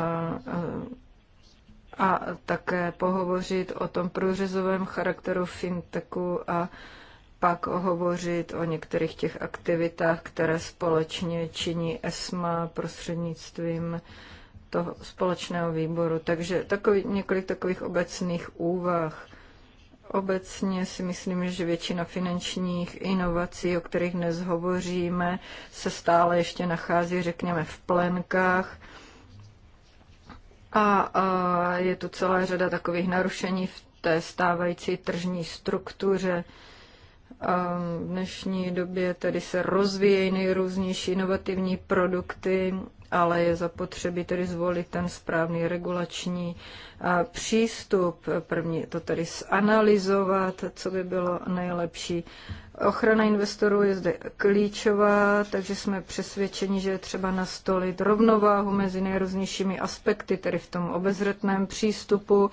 a, a také pohovořit o tom průřezovém charakteru fintechu a pak hovořit o některých těch aktivitách, které společně činí ESMA prostřednictvím toho společného výboru. Takže takový, několik takových obecných úvah. Obecně si myslím, že většina finančních inovací, o kterých dnes hovoříme, se stále ještě nachází, řekněme, v plenkách. A, a je tu celá řada takových narušení v té stávající tržní struktuře. V dnešní době tedy se rozvíjejí nejrůznější inovativní produkty, ale je zapotřebí tedy zvolit ten správný regulační přístup. První to tedy zanalizovat, co by bylo nejlepší. Ochrana investorů je zde klíčová, takže jsme přesvědčeni, že je třeba nastolit rovnováhu mezi nejrůznějšími aspekty, tedy v tom obezřetném přístupu,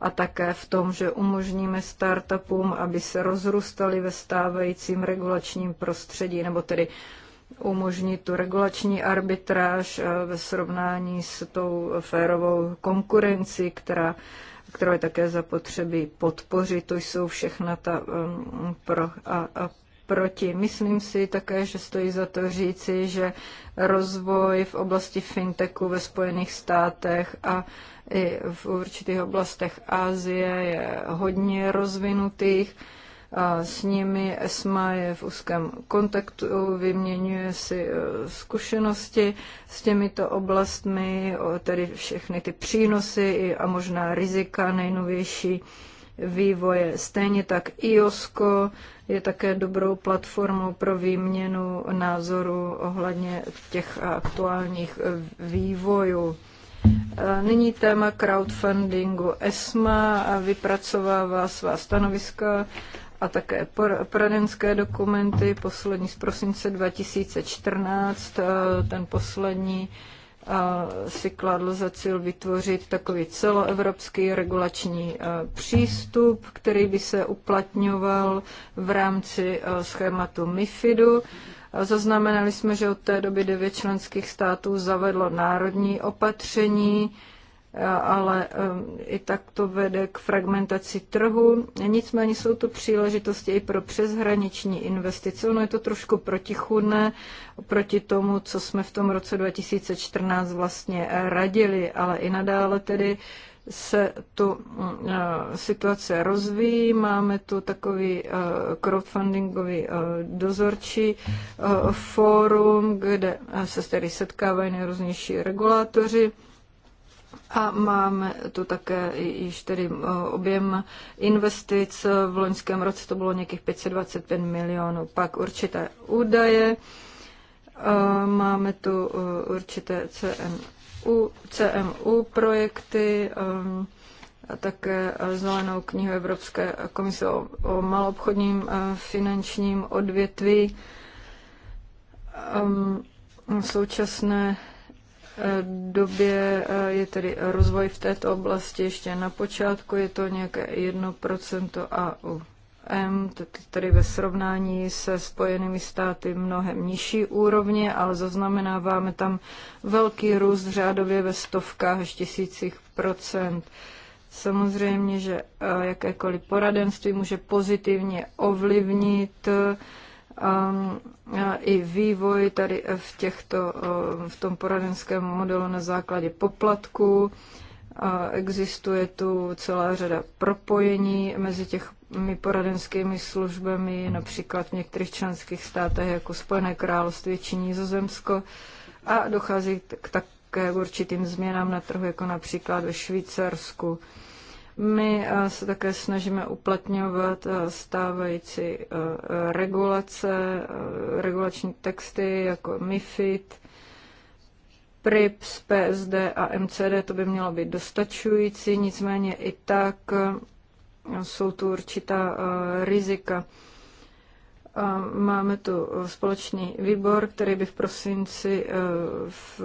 a také v tom, že umožníme startupům, aby se rozrůstali ve stávajícím regulačním prostředí, nebo tedy umožnit tu regulační arbitráž eh, ve srovnání s tou férovou konkurencí, která kterou je také zapotřebí podpořit. To jsou všechna ta pro, a, a proti. Myslím si také, že stojí za to říci, že rozvoj v oblasti fintechu ve Spojených státech a i v určitých oblastech Asie je hodně rozvinutých. A s nimi ESMA je v úzkém kontaktu, vyměňuje si e, zkušenosti s těmito oblastmi, tedy všechny ty přínosy a možná rizika nejnovější vývoje. Stejně tak IOSCO je také dobrou platformou pro výměnu názorů ohledně těch aktuálních eh, vývojů. Eh, nyní téma crowdfundingu. ESMA vypracovává svá stanoviska a také poradenské dokumenty, poslední z prosince 2014, eh, ten poslední si kladl za cíl vytvořit takový celoevropský regulační e, přístup, který by se uplatňoval v rámci e, schématu MIFIDu. Zaznamenali jsme, že od té doby devět členských států zavedlo národní opatření, ale ehm, i tak to vede k fragmentaci trhu. Nicméně jsou to příležitosti i pro přeshraniční investice. Ono je to trošku protichudné proti tomu, co jsme v tom roce 2014 vlastně radili, ale i nadále tedy se tu mm, eh, situace rozvíjí. Máme tu takový eh, crowdfundingový eh, dozorčí fórum, kde se tedy setkávají nejrůznější regulátoři a máme tu také již tedy eh, objem investic. V loňském roce to bylo nějakých 525 milionů. Pak určité údaje. Eh, máme tu eh, určité CMU, CMU projekty a také zelenou knihu Evropské komise o, o malobchodním finančním odvětví. Um, současné Eh, době eh, je tedy rozvoj v této oblasti ještě na počátku, je to nějaké 1% u M, tedy ve srovnání se Spojenými státy mnohem nižší úrovně, ale zaznamenáváme tam velký růst řádově ve stovkách až tisících procent. Samozřejmě, že eh, jakékoliv poradenství může pozitivně ovlivnit Um, i vývoj tady v, těchto, um, v tom poradenském modelu na základě poplatků. Existuje tu celá řada propojení mezi těmi poradenskými službami, například v některých členských státech jako Spojené království či Nizozemsko a dochází k tak k určitým změnám na trhu, jako například ve Švýcarsku. My eh, se také snažíme uplatňovat eh, stávající eh, regulace, regulační texty jako MIFID, PRIPS, PSD a MCD, to by mělo být dostačující, nicméně i tak jsou tu určitá rizika. Máme tu společný výbor, který by v prosinci v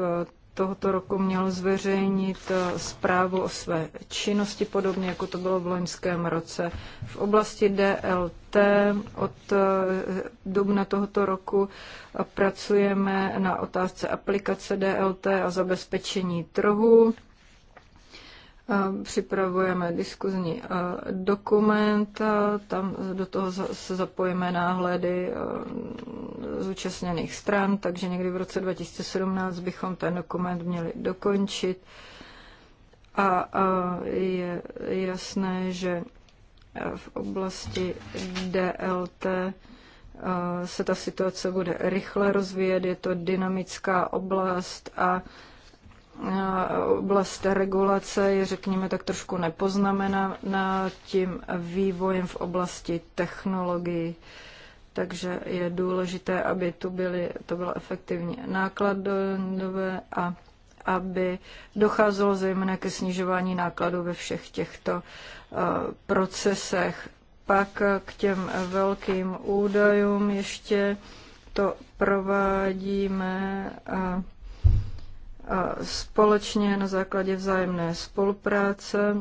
tohoto roku měl zveřejnit eh, zprávu o své činnosti, podobně jako to bylo v loňském roce. V oblasti DLT od eh, dubna tohoto roku eh, pracujeme na otázce aplikace DLT a zabezpečení trhu. Připravujeme diskuzní e, dokument, tam do toho se zapojíme náhledy e, zúčastněných stran, takže někdy v roce 2017 bychom ten dokument měli dokončit. A je jasné, že e, v oblasti DLT se ta situace bude rychle rozvíjet, je to dynamická oblast a oblast regulace je, řekněme, tak trošku na tím vývojem v oblasti technologií. Takže je důležité, aby tu byly, to bylo efektivně nákladové a aby docházelo zejména ke snižování nákladů ve všech těchto eh, procesech. Pak k těm velkým údajům ještě to provádíme. Eh, společně na základě vzájemné spolupráce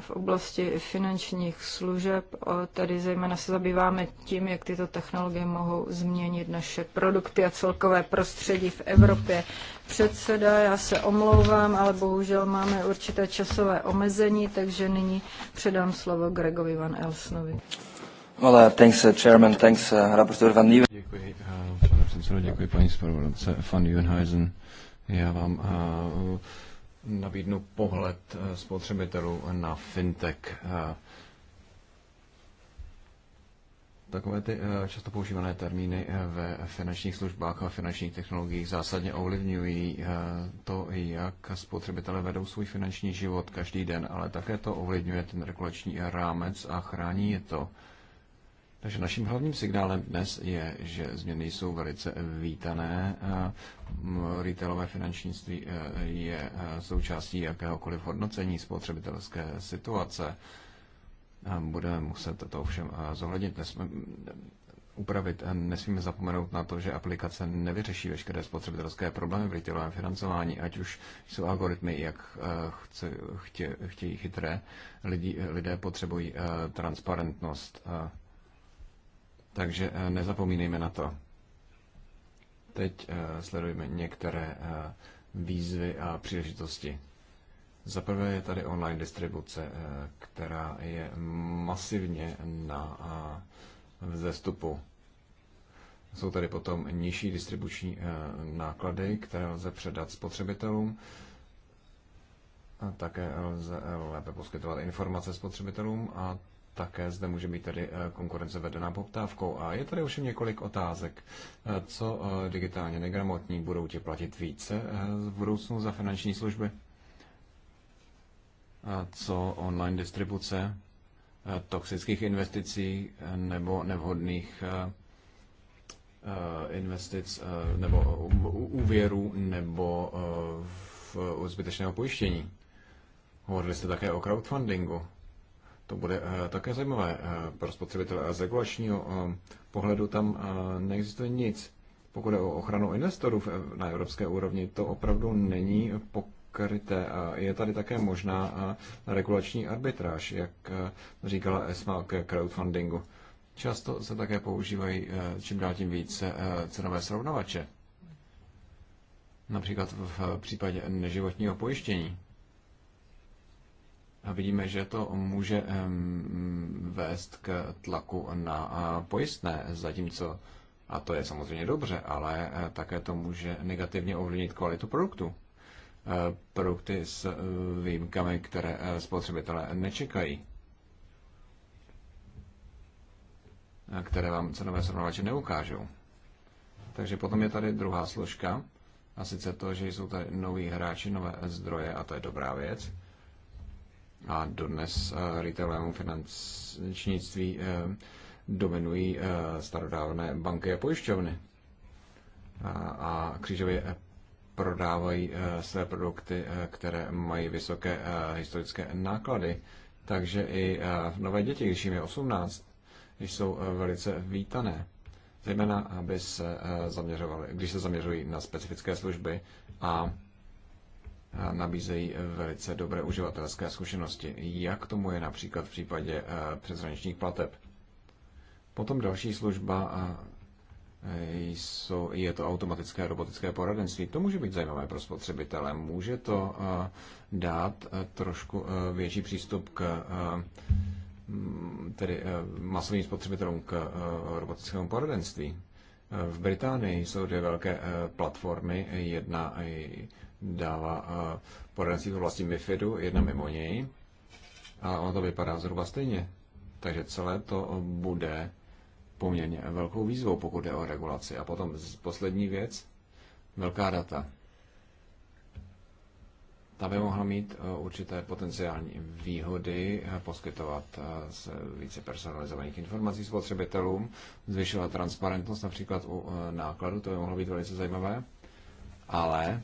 v oblasti finančních služeb. Tady zejména se zabýváme tím, jak tyto technologie mohou změnit naše produkty a celkové prostředí v Evropě. Předseda, já se omlouvám, ale bohužel máme určité časové omezení, takže nyní předám slovo Gregovi Van Elsnovi. Well, uh, thanks, uh, chairman, thanks, uh, Van Nieuwen. Děkuji, uh, pane předsedo, děkuji paní zpravodajce Van Nieuwenhuizen. Já vám eh, nabídnu pohled eh, spotřebitelů na fintech. Eh, takové ty často používané termíny ve finančních službách a finančních technologiích zásadně ovlivňují to, jak spotřebitelé vedou svůj finanční život každý den, ale také to ovlivňuje ten regulační rámec a chrání je to takže naším hlavním signálem dnes je, že změny jsou velice vítané. Retailové finančníctví e, je e, součástí jakéhokoliv hodnocení spotřebitelské situace. Budeme muset to ovšem e, zohlednit. Nesmí, upravit. Nesmíme zapomenout na to, že aplikace nevyřeší veškeré spotřebitelské problémy v retailovém financování, ať už jsou algoritmy, jak chce, chtě, chtějí chytré. Lidi, lidé potřebují transparentnost takže eh, nezapomínejme na to. Teď eh, sledujeme některé eh, výzvy a příležitosti. Za prvé je tady online distribuce, která je masivně na vzestupu. Jsou tady potom nižší distribuční náklady, které lze předat spotřebitelům. A také lze lépe poskytovat informace spotřebitelům a také zde může být tedy eh, konkurence vedená poptávkou. A je tady už několik otázek. Eh, co eh, digitálně negramotní budou ti platit více v budoucnu za finanční služby? Co online distribuce toxických investicí nebo nevhodných investic nebo úvěrů nebo v zbytečného pojištění? Hovorili jste také o crowdfundingu. To bude eh, také zajímavé eh, pro spotřebitele. A z regulačního eh, pohledu tam neexistuje nic. Pokud je o ochranu investorů na evropské úrovni, to opravdu není pokryté. A je tady také možná regulační arbitráž, jak říkala ESMA k crowdfundingu. Často se také používají čím dál tím více cenové srovnavače. Například v případě neživotního pojištění. A vidíme, že to může vést k tlaku na pojistné, zatímco, a to je samozřejmě dobře, ale e, také to může negativně ovlivnit kvalitu produktu. E, produkty s e, výjimkami, které spotřebitelé nečekají. které vám cenové srovnávače neukážou. Takže potom je tady druhá složka, a sice to, že jsou tady noví hráči, nové zdroje, a to je dobrá věc a dodnes retailovému eh, finančnictví eh, dominují eh, starodávné banky a pojišťovny a křížově prodávají své produkty, které mají vysoké historické náklady. Takže i nové děti, když jim je 18, jsou velice vítané. Zejména, aby se zaměřovali, když se zaměřují na specifické služby a nabízejí velice dobré uživatelské zkušenosti. Jak tomu je například v případě eh, přeshraničních plateb. Potom další služba eh, jsou, je to automatické robotické poradenství. To může být zajímavé pro spotřebitele. Může to eh, dát trošku větší přístup k tedy masovým spotřebitelům k robotickému poradenství. V Británii jsou dvě velké platformy. Jedna dává poradenství v oblasti MIFIDu, jedna mimo něj. A ono to vypadá zhruba stejně. Takže celé to bude poměrně velkou výzvou, pokud jde o regulaci. A potom poslední věc, velká data. Ta by mohla mít e, určité potenciální výhody, e, poskytovat e, více personalizovaných informací spotřebitelům, zvyšovat transparentnost například u nákladu, to by mohlo být velice zajímavé, ale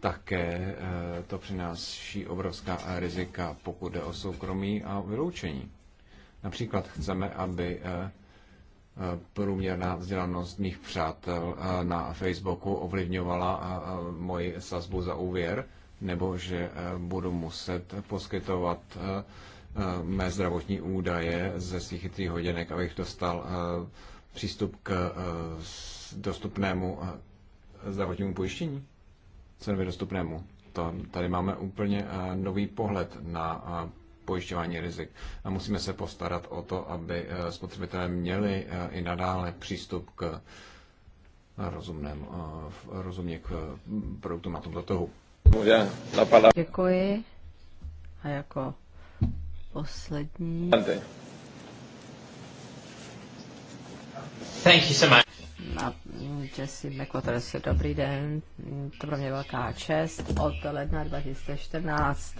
také eh, to přináší obrovská rizika, pokud jde o soukromí a vyloučení. Například chceme, aby eh, eh, průměrná vzdělanost mých přátel na Facebooku ovlivňovala moji sazbu za úvěr, nebo že budu muset poskytovat mé zdravotní údaje ze svých chytrých hodinek, abych dostal přístup k dostupnému zdravotnímu pojištění? cenově dostupnému. To, tady máme úplně eh, nový pohled na eh, pojišťování rizik. A musíme se postarat o to, aby eh, spotřebitelé měli i nadále přístup k rozumném, rozumně k produktům na tomto trhu. Děkuji. A jako poslední. Thank you so much a Jesse McWaters. Dobrý den, to pro mě velká čest. Od ledna 2014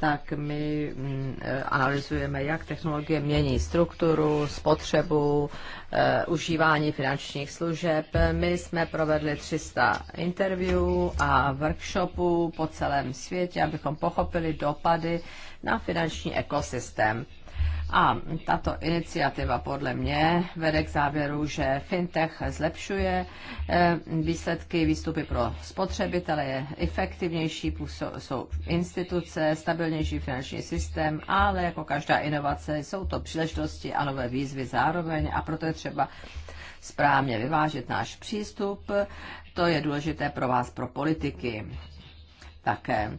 tak my mm, eh, analyzujeme, jak technologie mění strukturu, spotřebu, eh, užívání finančních služeb. My jsme provedli 300 interview a workshopů po celém světě, abychom pochopili dopady na finanční ekosystém. A tato iniciativa podle mě vede k závěru, že fintech zlepšuje eh, výsledky, výstupy pro spotřebitele, je efektivnější, jsou instituce, stabilnější finanční systém, ale jako každá inovace jsou to příležitosti a nové výzvy zároveň a proto je třeba správně vyvážit náš přístup. To je důležité pro vás, pro politiky také.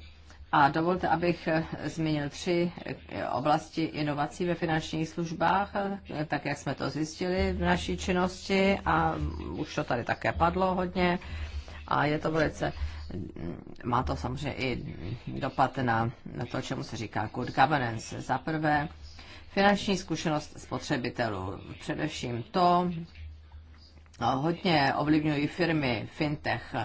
A dovolte, abych zmínil tři oblasti inovací ve finančních službách, tak jak jsme to zjistili v naší činnosti a už to tady také padlo hodně. A je to velice, má to samozřejmě i dopad na, na to, čemu se říká good governance. Za prvé, finanční zkušenost spotřebitelů. Především to hodně ovlivňují firmy fintech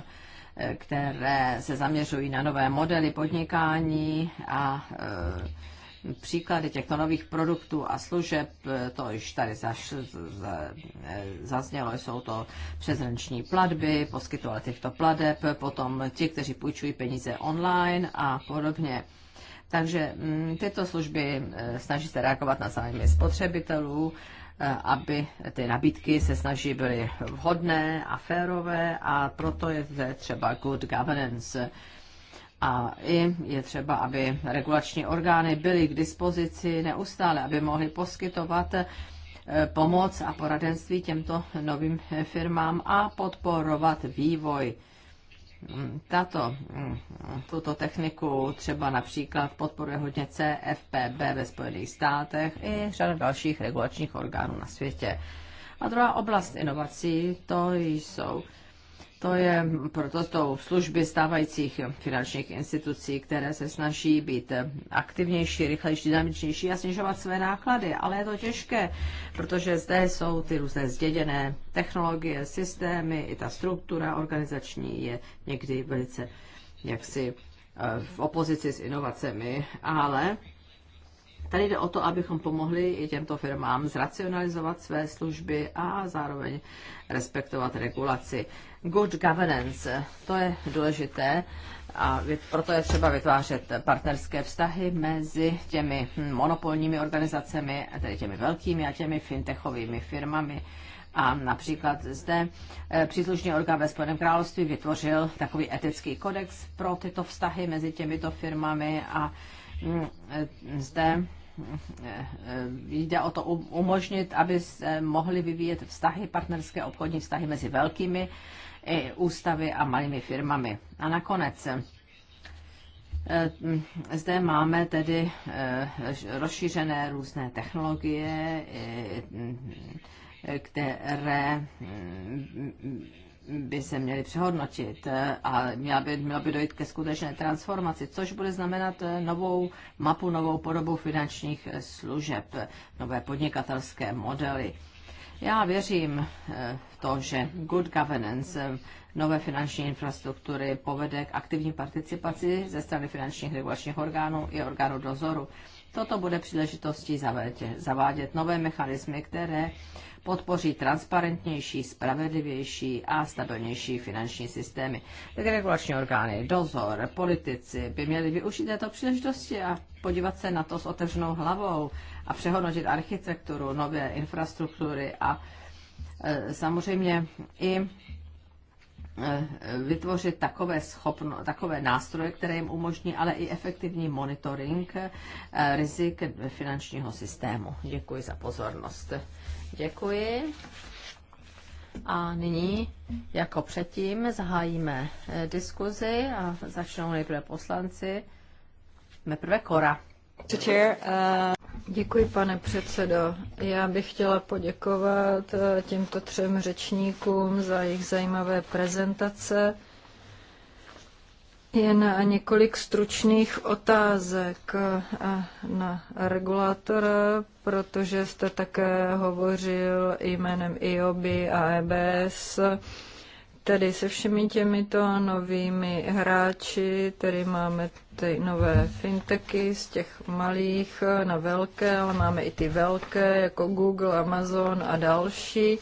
které se zaměřují na nové modely podnikání a e, příklady těchto nových produktů a služeb, to již tady zaš, zaznělo, jsou to přezranční platby, poskytovat těchto pladeb, potom ti, kteří půjčují peníze online a podobně. Takže mm, tyto služby e, snaží se reagovat na zájmy spotřebitelů Eh, aby ty nabídky se snaží byly vhodné a férové a proto je zde třeba good governance. A i je třeba, aby regulační orgány byly k dispozici neustále, aby mohly poskytovat eh, pomoc a poradenství těmto novým firmám a podporovat vývoj tato, tuto techniku třeba například podporuje hodně CFPB ve Spojených státech i řada dalších regulačních orgánů na světě. A druhá oblast inovací, to jsou to je proto to služby stávajících finančních institucí, které se snaží být aktivnější, rychlejší, dynamičnější a snižovat své náklady. Ale je to těžké, protože zde jsou ty různé zděděné technologie, systémy, i ta struktura organizační je někdy velice jaksi eh, v opozici s inovacemi, ale Tady jde o to, abychom pomohli i těmto firmám zracionalizovat své služby a zároveň respektovat regulaci. Good governance, to je důležité. A proto je třeba vytvářet partnerské vztahy mezi těmi monopolními organizacemi, tedy těmi velkými a těmi fintechovými firmami. A například zde eh, příslušný orgán ve Spojeném království vytvořil takový etický kodex pro tyto vztahy mezi těmito firmami a mm, eh, zde jde o to um-, umožnit, aby se mohly vyvíjet vztahy, partnerské obchodní vztahy mezi velkými eh, ústavy a malými firmami. A nakonec eh, mm, zde máme tedy eh, rozšířené různé technologie, mm, které mm, by se měly přehodnotit eh, a měla by, měla by dojít ke skutečné transformaci, což bude znamenat eh, novou mapu, novou podobu finančních eh, služeb, nové podnikatelské modely. Já věřím to, že good governance eh, nové finanční infrastruktury povede k aktivní participaci ze strany finančních regulačních orgánů i orgánů dozoru. Toto bude příležitostí zavádět nové mechanismy, které podpoří transparentnější, spravedlivější a stabilnější finanční systémy. Regulační orgány, dozor, politici by měli využít této příležitosti a podívat se na to s otevřenou hlavou a přehodnotit architekturu nové infrastruktury a Eh, samozřejmě i eh, vytvořit takové, schopno, takové nástroje, které jim umožní ale i efektivní monitoring eh, rizik finančního systému. Děkuji za pozornost. Děkuji. A nyní, jako předtím, zahájíme diskuzi a začnou nejprve poslanci. Neprve Kora. Uh, Děkuji, pane předsedo. Já bych chtěla poděkovat uh, těmto třem řečníkům za jejich zajímavé prezentace. Jen uh, několik stručných otázek na regulátora, protože jste také hovořil jménem IOBY a EBS. Tedy se všemi těmito novými hráči, tedy máme ty nové fintechy z těch malých na velké, ale máme i ty velké, jako Google, Amazon a další.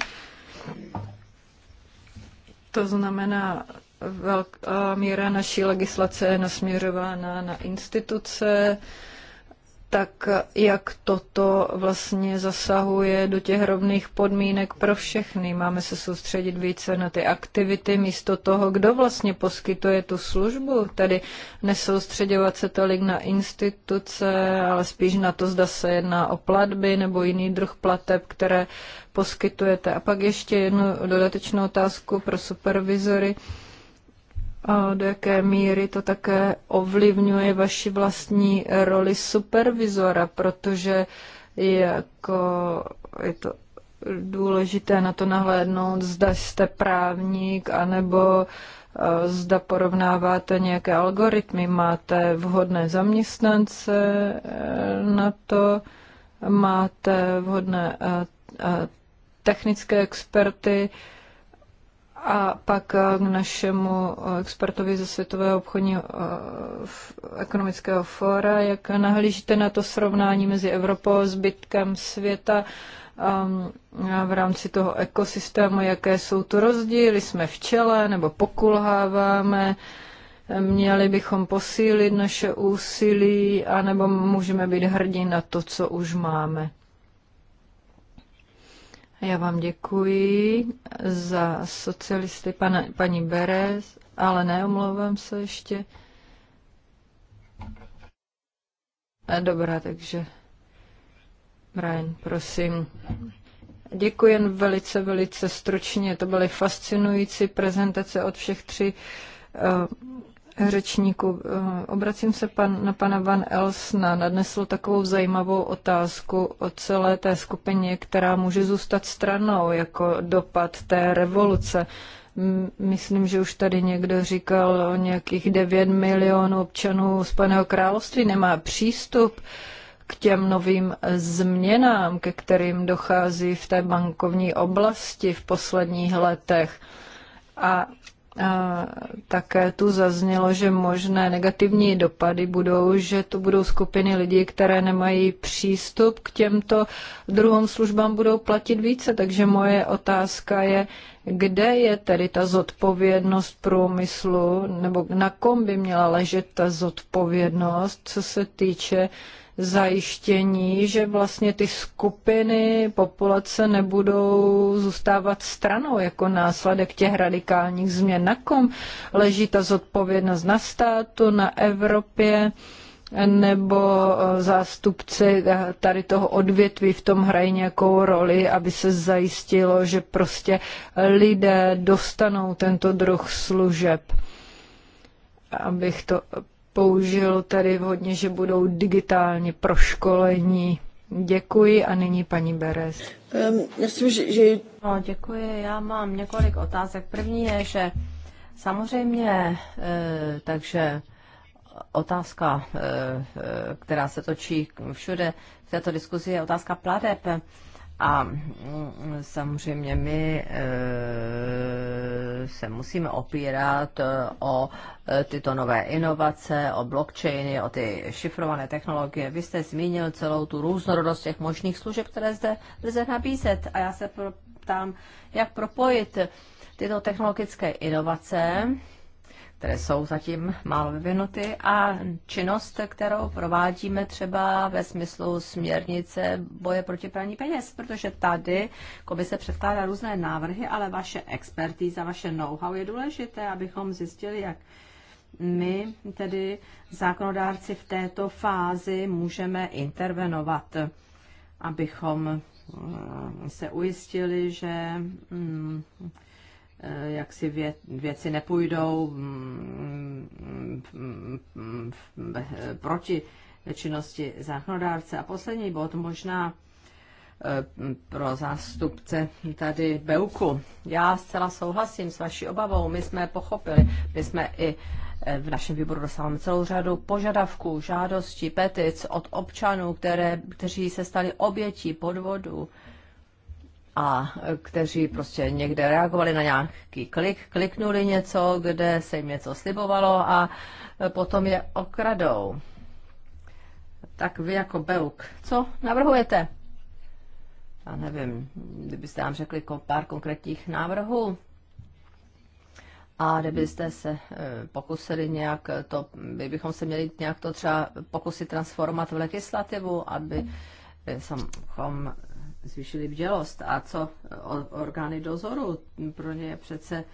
To znamená, velká míra naší legislace je nasměrována na instituce, tak jak toto vlastně zasahuje do těch rovných podmínek pro všechny. Máme se soustředit více na ty aktivity místo toho, kdo vlastně poskytuje tu službu, tedy nesoustředovat se tolik na instituce, ale spíš na to, zda se jedná o platby nebo jiný druh plateb, které poskytujete. A pak ještě jednu dodatečnou otázku pro supervizory do jaké míry to také ovlivňuje vaši vlastní roli supervizora, protože jako je to důležité na to nahlédnout, zda jste právník, anebo eh, zda porovnáváte nějaké algoritmy, máte vhodné zaměstnance eh, na to, máte vhodné eh, technické experty, a pak eh, k našemu eh, expertovi ze Světového obchodního eh, ekonomického fóra, jak nahlížíte na to srovnání mezi Evropou a zbytkem světa ehm, v rámci toho ekosystému, jaké jsou tu rozdíly, jsme v čele nebo pokulháváme, měli bychom posílit naše úsilí, anebo můžeme být hrdí na to, co už máme. Já vám děkuji za socialisty pana, paní Beres, ale neomlouvám se ještě. Dobrá, takže Brian, prosím. Děkuji jen velice, velice stručně. To byly fascinující prezentace od všech tří eh, řečníku. Eh, obracím se pan, na pana Van Elsna. Nadnesl takovou zajímavou otázku o celé té skupině, která může zůstat stranou jako dopad té revoluce. Myslím, že už tady někdo říkal o nějakých 9 milionů občanů Paného království nemá přístup k těm novým změnám, ke kterým dochází v té bankovní oblasti v posledních letech. A také tu zaznělo, že možné negativní dopady budou, že to budou skupiny lidí, které nemají přístup k těmto druhým službám, budou platit více. Takže moje otázka je, kde je tedy ta zodpovědnost průmyslu, nebo na kom by měla ležet ta zodpovědnost, co se týče uh, zajištění, že vlastně ty skupiny populace nebudou zůstávat stranou jako následek těch radikálních změn. Na kom leží ta zodpovědnost na státu, na Evropě? nebo eh, zástupci eh, tady toho odvětví v tom hrají nějakou roli, aby se zajistilo, že prostě lidé dostanou tento druh služeb. Abych to použil tady vhodně, že budou digitálně proškolení. Děkuji a nyní paní Beres. Um, myslím, že, že... No, děkuji, já mám několik otázek. První je, že samozřejmě, e, takže otázka, e, e, která se točí všude v této diskuzi, je otázka pladeb. A mm, samozřejmě my eh, se musíme opírat eh, o eh, tyto nové inovace, o blockchainy, o ty šifrované technologie. Vy jste zmínil celou tu různorodost těch možných služeb, které zde lze nabízet. A já se ptám, jak propojit tyto technologické inovace které jsou zatím málo vyvinuty, a činnost, kterou provádíme třeba ve smyslu směrnice boje proti praní peněz, protože tady komise předkládá různé návrhy, ale vaše expertíza, vaše know-how je důležité, abychom zjistili, jak my, tedy zákonodárci v této fázi, můžeme intervenovat, abychom mm, se ujistili, že mm, Eh, jak si vě, věci nepůjdou mm, mm, mm, eh, proti činnosti zákonodárce. A poslední bod možná eh, pro zástupce tady Beuku. Já zcela souhlasím s vaší obavou, my jsme pochopili, my jsme i v našem výboru dostáváme celou řadu požadavků, žádostí, petic od občanů, které, kteří se stali obětí podvodu a kteří prostě někde reagovali na nějaký klik, kliknuli něco, kde se jim něco slibovalo a potom je okradou. Tak vy jako Beuk, co navrhujete? Já nevím, kdybyste nám řekli pár konkrétních návrhů a kdybyste se eh, pokusili nějak to, my bychom se měli nějak to třeba pokusit transformovat v legislativu, aby eh, sam, zvýšili bdělost. A co orgány dozoru? Pro ně přece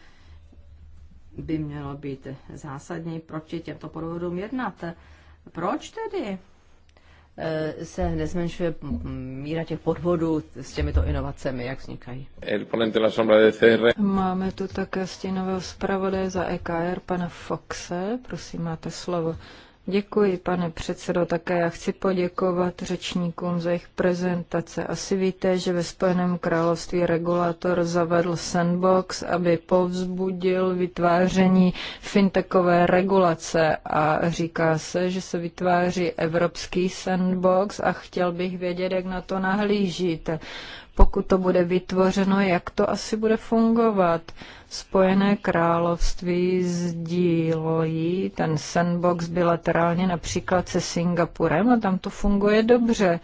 by mělo být zásadní je těmto podvodům jednat. Proč tedy e, se nezmenšuje míra těch podvodů s těmito inovacemi, jak vznikají? Máme tu také stínového zpravodaje za EKR, pana Foxe. Prosím, máte slovo. Děkuji, pane předsedo, také já chci poděkovat řečníkům za jejich prezentace. Asi víte, že ve Spojeném království regulátor zavedl sandbox, aby povzbudil vytváření fintechové regulace a říká se, že se vytváří evropský sandbox a chtěl bych vědět, jak na to nahlížíte. Pokud to bude vytvořeno, jak to asi bude fungovat? Spojené království sdílojí ten sandbox bilaterálně například se Singapurem a tam to funguje dobře.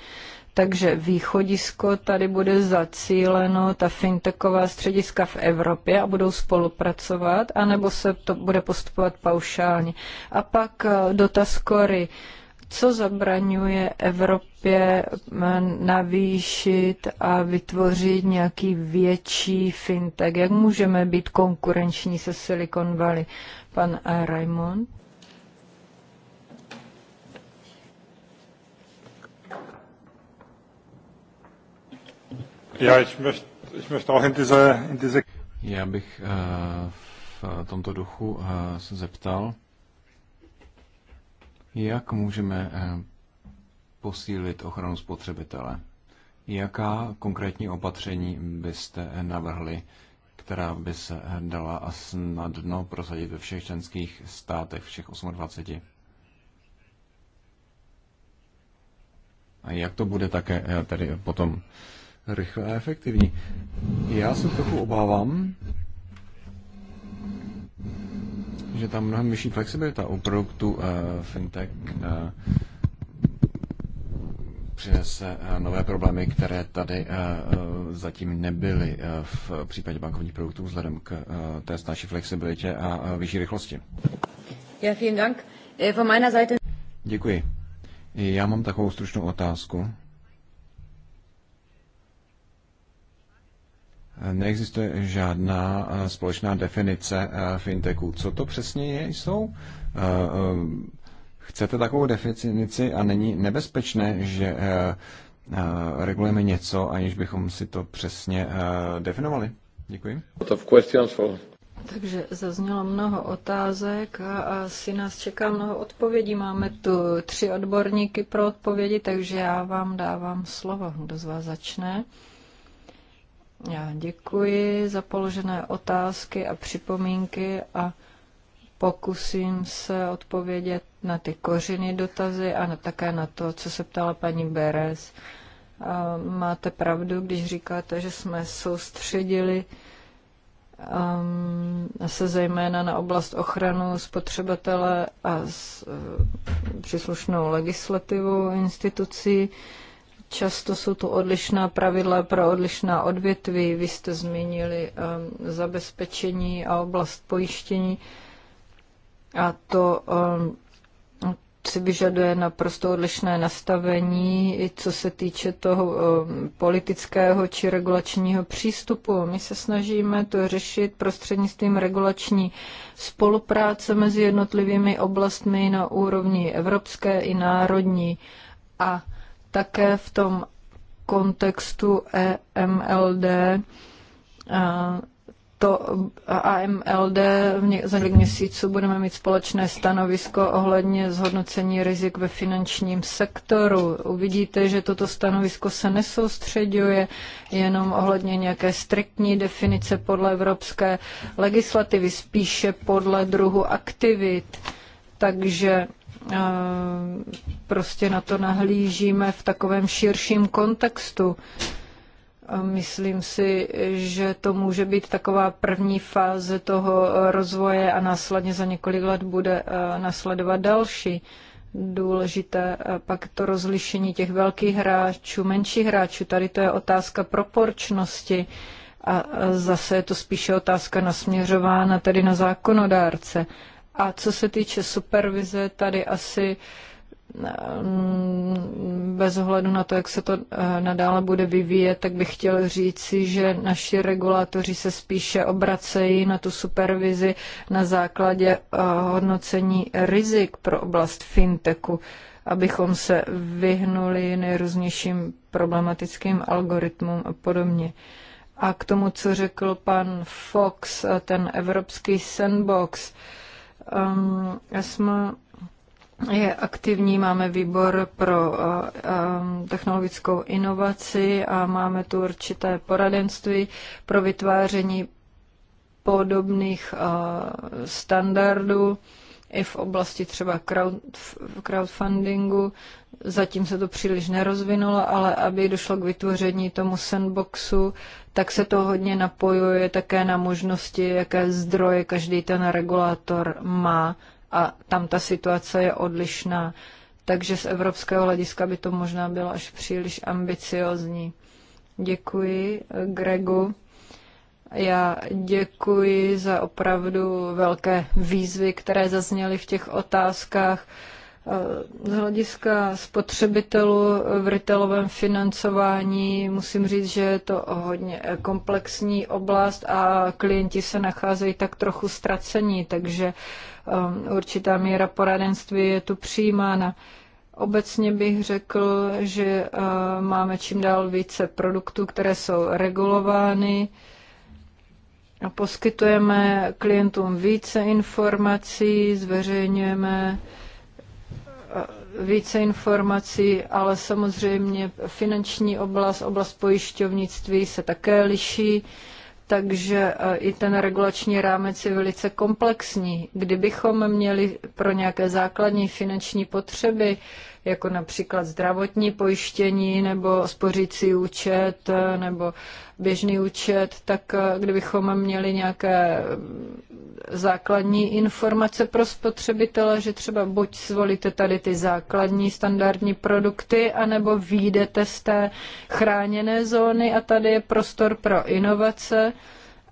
Takže východisko tady bude zacíleno, ta fintechová střediska v Evropě a budou spolupracovat, anebo se to bude postupovat paušálně. A pak eh, dotaz Kory co zabraňuje Evropě navýšit a vytvořit nějaký větší fintech? Jak můžeme být konkurenční se Silicon Valley? Pan Raymond? Já, ich möchte, ich möchte auch in diese, in diese... Já bych uh, v tomto duchu uh, se zeptal, jak můžeme eh, posílit ochranu spotřebitele? Jaká konkrétní opatření byste eh, navrhli, která by se eh, dala a snadno prosadit ve všech členských státech, všech 28? A jak to bude také tedy potom rychle a efektivní? Já se trochu obávám, že tam mnohem vyšší flexibilita u produktu uh, fintech uh, přinese uh, nové problémy, které tady uh, zatím nebyly uh, v případě bankovních produktů vzhledem k uh, té snažší flexibilitě a uh, vyšší rychlosti. Ja, vielen Dank. Von meiner Seite... Děkuji. Já mám takovou stručnou otázku neexistuje žádná eh, společná definice eh, fintechů. Co to přesně je, jsou? Eh, chcete takovou definici a není nebezpečné, že regulujeme něco, aniž bychom si to přesně definovali? Děkuji. Takže zaznělo mnoho otázek a asi nás čeká mnoho odpovědí. Máme tu tři odborníky pro odpovědi, takže já vám dávám slovo. Kdo z vás začne? Já děkuji za položené otázky a připomínky a pokusím se odpovědět na ty kořeny dotazy a na, také na to, co se ptala paní Beres. A máte pravdu, když říkáte, že jsme soustředili um, se zejména na oblast ochranu spotřebitele a s, uh, příslušnou legislativu institucí. Uh, Často jsou to odlišná pravidla pro odlišná odvětví. Vy jste zmínili um, zabezpečení a oblast pojištění. A to um, si vyžaduje naprosto odlišné nastavení, i co se týče toho um, politického či regulačního přístupu. My se snažíme to řešit prostřednictvím regulační spolupráce mezi jednotlivými oblastmi na úrovni evropské i národní. A také v tom kontextu EMLD to AMLD za několik měsíců budeme mít společné stanovisko ohledně zhodnocení rizik ve finančním sektoru. Uvidíte, že toto stanovisko se nesoustředuje jenom ohledně nějaké striktní definice podle evropské legislativy, spíše podle druhu aktivit. Takže prostě na to nahlížíme v takovém širším kontextu. Myslím si, že to může být taková první fáze toho rozvoje a následně za několik let bude nasledovat další. Důležité pak to rozlišení těch velkých hráčů, menších hráčů. Tady to je otázka proporčnosti a zase je to spíše otázka nasměřována tedy na zákonodárce. A co se týče supervize, tady asi mm, bez ohledu na to, jak se to eh, nadále bude vyvíjet, tak bych chtěl říci, že naši regulátoři se spíše obracejí na tu supervizi na základě eh, hodnocení rizik pro oblast fintechu, abychom se vyhnuli nejrůznějším problematickým algoritmům a podobně. A k tomu, co řekl pan Fox, eh, ten evropský sandbox, uh, um, jsme je aktivní, máme výbor pro uh, um, technologickou inovaci a máme tu určité poradenství pro vytváření podobných uh, standardů i v oblasti třeba crowdfundingu. Zatím se to příliš nerozvinulo, ale aby došlo k vytvoření tomu sandboxu, tak se to hodně napojuje také na možnosti, jaké zdroje každý ten regulátor má a tam ta situace je odlišná. Takže z evropského hlediska by to možná bylo až příliš ambiciozní. Děkuji Gregu. Já děkuji za opravdu velké výzvy, které zazněly v těch otázkách. Eh, z hlediska spotřebitelů v retailovém financování musím říct, že je to hodně komplexní oblast a klienti se nacházejí tak trochu ztracení, takže eh, určitá míra poradenství je tu přijímána. Obecně bych řekl, že eh, máme čím dál více produktů, které jsou regulovány. Poskytujeme klientům více informací, zveřejňujeme více informací, ale samozřejmě finanční oblast, oblast pojišťovnictví se také liší takže e, i ten regulační rámec je velice komplexní. Kdybychom měli pro nějaké základní finanční potřeby, jako například zdravotní pojištění nebo spořící účet e, nebo běžný účet, tak e, kdybychom měli nějaké mm, základní informace pro spotřebitele, že třeba buď zvolíte tady ty základní standardní produkty, anebo výjdete z té chráněné zóny a tady je prostor pro inovace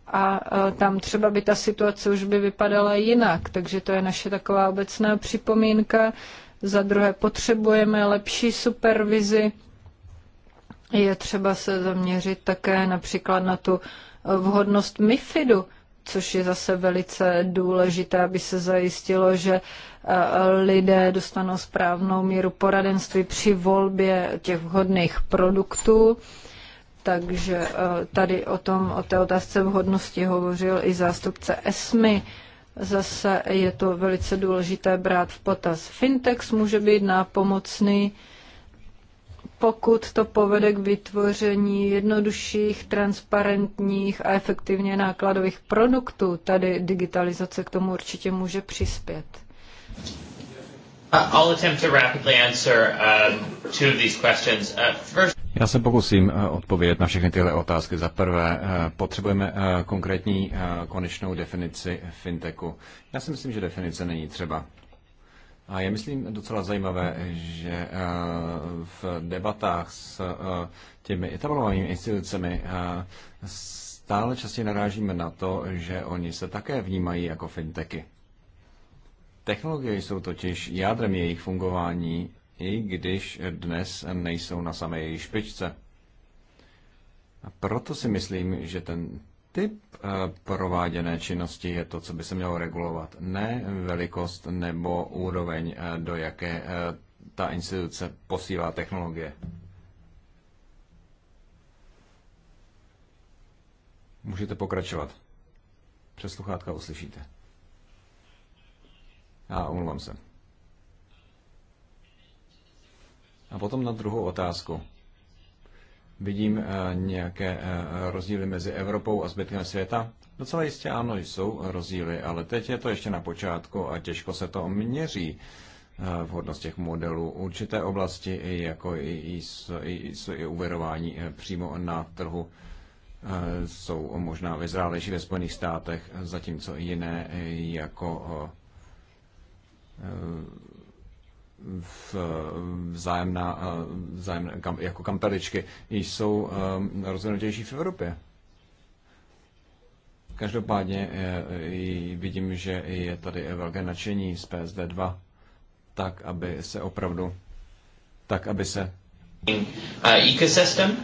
a e, tam třeba by ta situace už by vypadala jinak. Takže to je naše taková obecná připomínka. Za druhé, potřebujeme lepší supervizi. Je třeba se zaměřit také například na tu vhodnost MIFIDu, což je zase velice důležité, aby se zajistilo, že e, lidé dostanou správnou míru poradenství při volbě těch vhodných produktů takže eh, tady o tom, o té otázce vhodnosti hovořil i zástupce ESMY. Zase je to velice důležité brát v potaz. Fintex může být nápomocný, pokud to povede k vytvoření jednodušších, transparentních a efektivně nákladových produktů. Tady digitalizace k tomu určitě může přispět. Uh, I'll attempt to rapidly answer um, two of these questions. Uh, first... Já se pokusím uh, odpovědět na všechny tyhle otázky. Za prvé, uh, potřebujeme konkrétní konečnou definici fintechu. Já si myslím, že definice není třeba. A je, myslím, docela zajímavé, že v debatách s těmi etablovanými institucemi stále častěji narážíme na to, že oni se také vnímají jako fintechy. Technologie jsou totiž jádrem jejich fungování, i když dnes nejsou na samé její špičce. A proto si myslím, že ten typ eh, prováděné činnosti je to, co by se mělo regulovat. Ne velikost nebo úroveň, eh, do jaké eh, ta instituce posílá technologie. Můžete pokračovat. Přesluchátka uslyšíte. A omlouvám se. A potom na druhou otázku. Vidím eh, nějaké eh, rozdíly mezi Evropou a zbytkem světa? Docela jistě ano, jsou rozdíly, ale teď je to ještě na počátku a těžko se to měří eh, vhodnost těch modelů. Určité oblasti, jako i, i, i uverování přímo na trhu, jsou možná vyzrálejší ve Spojených státech, zatímco jiné, jako vzájemná, vzájemná kam, jako kampeličky, jsou eh, rozvinutější v Evropě. Každopádně eh, vidím, že je tady velké nadšení z PSD2, tak aby se opravdu, tak aby se. Uh, ecosystem,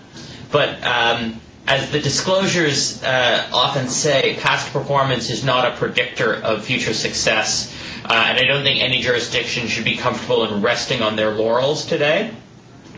but um, as the disclosures uh, often say, past performance is not a predictor of future success. Uh, and I don't think any jurisdiction should be comfortable in resting on their laurels today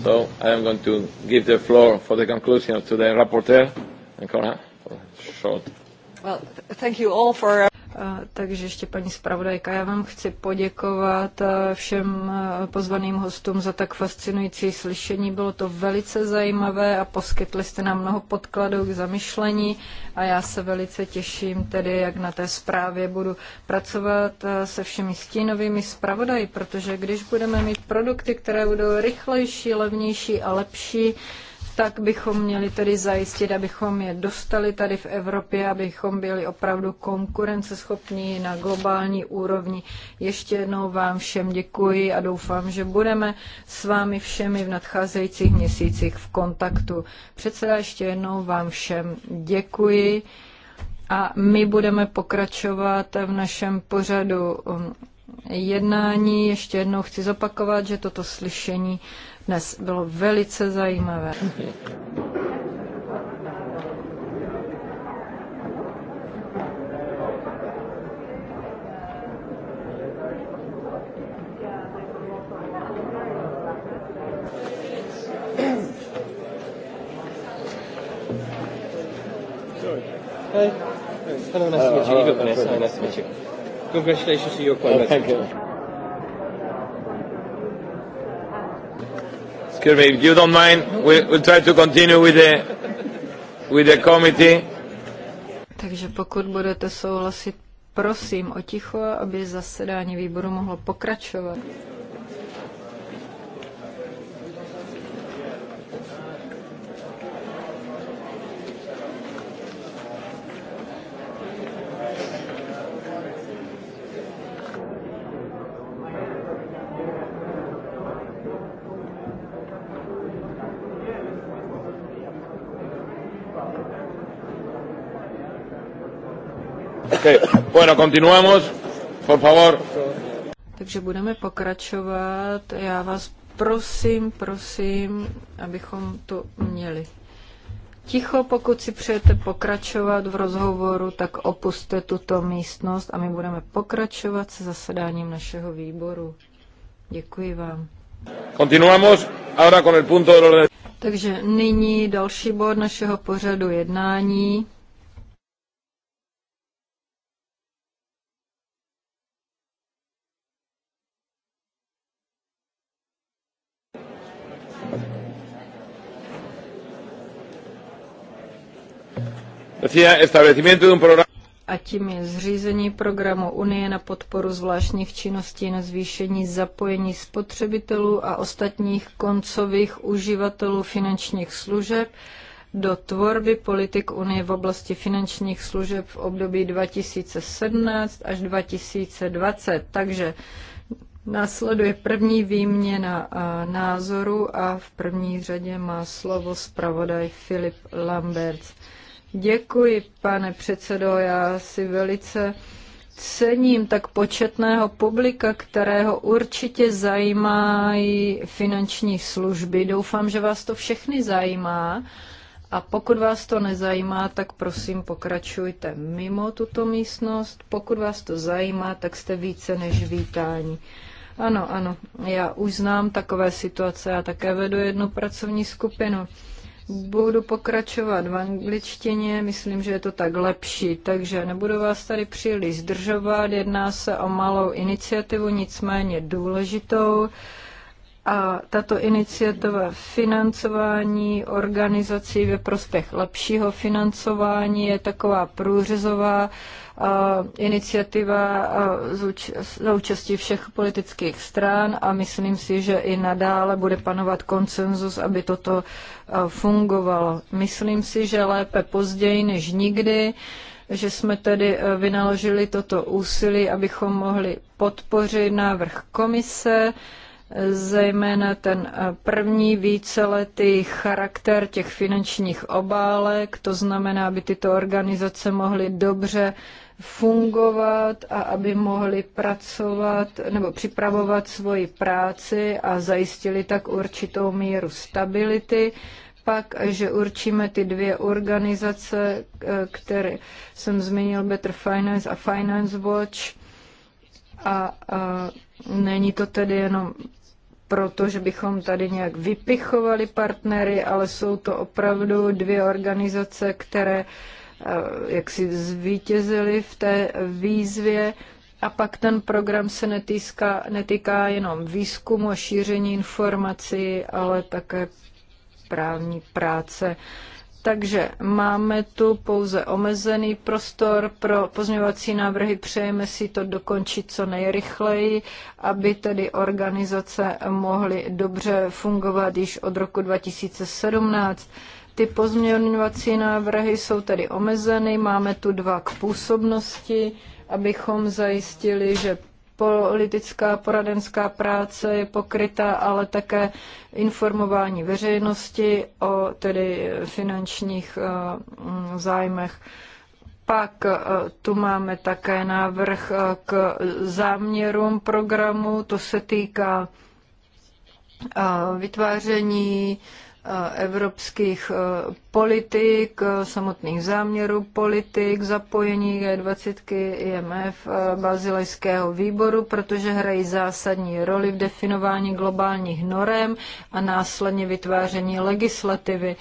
So I am going to give the floor for the conclusion to the rapporteur. Well, thank you all for takže ještě paní zpravodajka, já vám chci poděkovat eh, všem eh, pozvaným hostům za tak fascinující slyšení. Bylo to velice zajímavé a poskytli jste nám mnoho podkladů k zamyšlení a já se velice těším tedy, jak na té zprávě budu pracovat eh, se všemi stínovými zpravodaji, protože když budeme mít produkty, které budou rychlejší, levnější a lepší, tak bychom měli tedy zajistit, abychom je dostali tady v Evropě, abychom byli opravdu konkurenceschopní na globální úrovni. Ještě jednou vám všem děkuji a doufám, že budeme s vámi všemi v nadcházejících měsících v kontaktu. Předseda, ještě jednou vám všem děkuji a my budeme pokračovat v našem pořadu um, jednání. Ještě jednou chci zopakovat, že toto slyšení dnes. Bylo velice zajímavé. Uh, hello, nice to meet you. Hello, nice to meet you. Congratulations to your appointment. Oh, thank you. Kirby, if you don't mind, we, we'll try to continue with the, with the committee. Takže pokud budete souhlasit, prosím o ticho, aby zasedání výboru mohlo pokračovat. Bueno, continuamos. Por favor. Takže budeme pokračovat. Já vás prosím, prosím, abychom to měli. Ticho, pokud si přejete pokračovat v rozhovoru, tak opuste tuto místnost a my budeme pokračovat se zasedáním našeho výboru. Děkuji vám. Continuamos ahora con el punto de... Takže nyní další bod našeho pořadu jednání. a tím je zřízení programu Unie na podporu zvláštních činností na zvýšení zapojení spotřebitelů a ostatních koncových uživatelů finančních služeb do tvorby politik Unie v oblasti finančních služeb v období 2017 až 2020. Takže následuje první výměna názoru a v první řadě má slovo zpravodaj Filip Lambert. Děkuji, pane předsedo. Já si velice cením tak početného publika, kterého určitě zajímají finanční služby. Doufám, že vás to všechny zajímá. A pokud vás to nezajímá, tak prosím pokračujte mimo tuto místnost. Pokud vás to zajímá, tak jste více než vítáni. Ano, ano, já už znám takové situace, já také vedu jednu pracovní skupinu. Budu pokračovat v angličtině, myslím, že je to tak lepší, takže nebudu vás tady příliš zdržovat. Jedná se o malou iniciativu, nicméně důležitou. A tato iniciativa financování organizací ve prospěch lepšího financování je taková průřezová iniciativa za účastí všech politických stran a myslím si, že i nadále bude panovat konsenzus, aby toto fungovalo. Myslím si, že lépe později než nikdy že jsme tedy vynaložili toto úsilí, abychom mohli podpořit návrh komise, zejména ten eh, první víceletý charakter těch finančních obálek, to znamená, aby tyto organizace mohly dobře fungovat a aby mohly pracovat nebo připravovat svoji práci a zajistili tak určitou míru stability. Pak, že určíme ty dvě organizace, eh, které jsem zmínil, Better Finance a Finance Watch, a, a eh, není to tedy jenom proto, že bychom tady nějak vypichovali partnery, ale jsou to opravdu dvě organizace, které eh, jak si zvítězily v té výzvě. A pak ten program se netýská, netýká jenom výzkumu a šíření informací, ale také právní práce. Takže máme tu pouze omezený prostor pro pozměňovací návrhy. Přejeme si to dokončit co nejrychleji, aby tedy organizace mohly dobře fungovat již od roku 2017. Ty pozměňovací návrhy jsou tedy omezeny, máme tu dva k působnosti, abychom zajistili, že politická poradenská práce je pokryta, ale také informování veřejnosti o tedy finančních eh, mm, zájmech. Pak eh, tu máme také návrh eh, k záměrům programu, to se týká vytváření evropských e, politik, e, samotných záměrů politik, zapojení G20 IMF e, Bazilejského výboru, protože hrají zásadní roli v definování globálních norem a následně vytváření legislativy.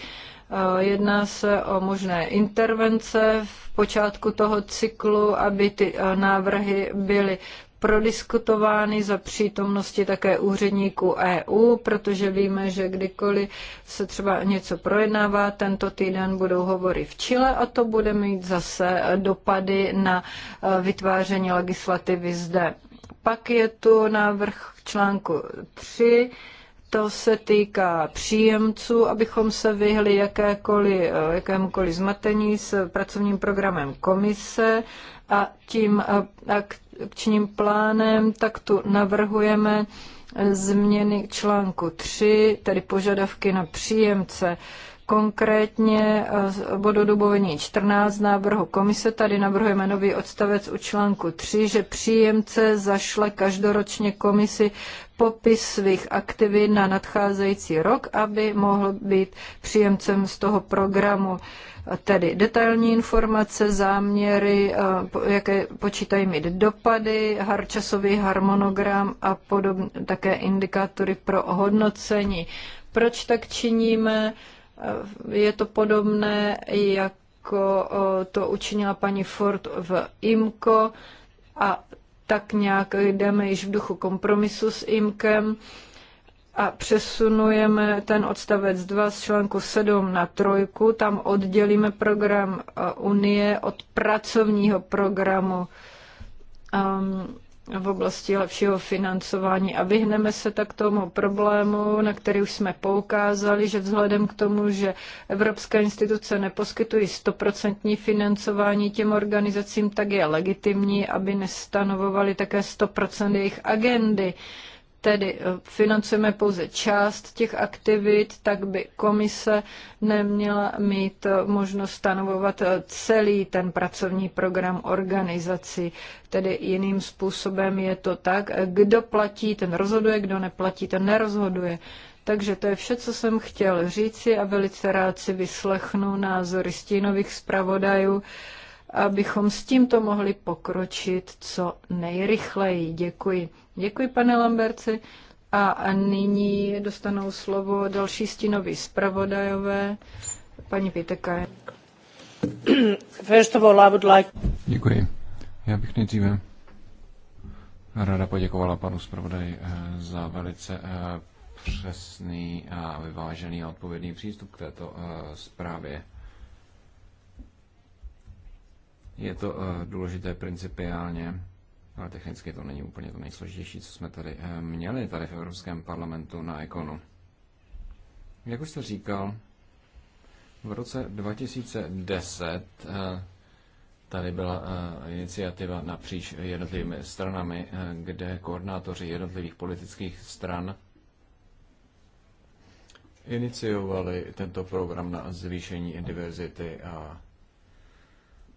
Jedná se o možné intervence v počátku toho cyklu, aby ty návrhy byly prodiskutovány za přítomnosti také úředníků EU, protože víme, že kdykoliv se třeba něco projednává, tento týden budou hovory v Chile a to bude mít zase dopady na eh, vytváření legislativy zde. Pak je tu návrh článku 3, to se týká příjemců, abychom se vyhli eh, jakémukoliv zmatení s pracovním programem komise. A tím akčním plánem tak tu navrhujeme změny článku 3, tedy požadavky na příjemce. Konkrétně bod 14 návrhu komise. Tady navrhujeme nový odstavec u článku 3, že příjemce zašle každoročně komisi popis svých aktivit na nadcházející rok, aby mohl být příjemcem z toho programu tedy detailní informace, záměry, eh, jaké počítají mít dopady, časový harmonogram a podobně, také indikátory pro hodnocení. Proč tak činíme? Eh, je to podobné, jako eh, to učinila paní Ford v IMCO a tak nějak jdeme již v duchu kompromisu s Imkem a přesunujeme ten odstavec 2 z článku 7 na trojku, tam oddělíme program eh, Unie od pracovního programu um, v oblasti lepšího financování a vyhneme se tak tomu problému, na který už jsme poukázali, že vzhledem k tomu, že evropské instituce neposkytují stoprocentní financování těm organizacím, tak je legitimní, aby nestanovovali také 100% jejich agendy. Uh, tedy eh, financujeme pouze část těch aktivit, tak by komise neměla mít eh, možnost stanovovat eh, celý ten pracovní program organizaci. Tedy jiným způsobem je to tak, kdo platí, ten rozhoduje, kdo neplatí, ten nerozhoduje. Takže to je vše, co jsem chtěl říci a velice rád si vyslechnu názory stínových zpravodajů abychom s tímto mohli pokročit co nejrychleji. Děkuji. Děkuji, pane Lamberci. A nyní dostanou slovo další stinoví zpravodajové, paní Piteka. First of all, I would like... Děkuji. Já bych nejdříve ráda poděkovala panu zpravodaji eh, za velice eh, přesný a vyvážený a odpovědný přístup k této eh, zprávě. Je to eh, důležité principiálně, ale technicky to není úplně to nejsložitější, co jsme tady eh, měli tady v Evropském parlamentu na ekonu. Jak už jste říkal, v roce 2010 eh, tady byla iniciativa napříč jednotlivými stranami, kde koordinátoři jednotlivých politických stran iniciovali tento program na zvýšení diverzity a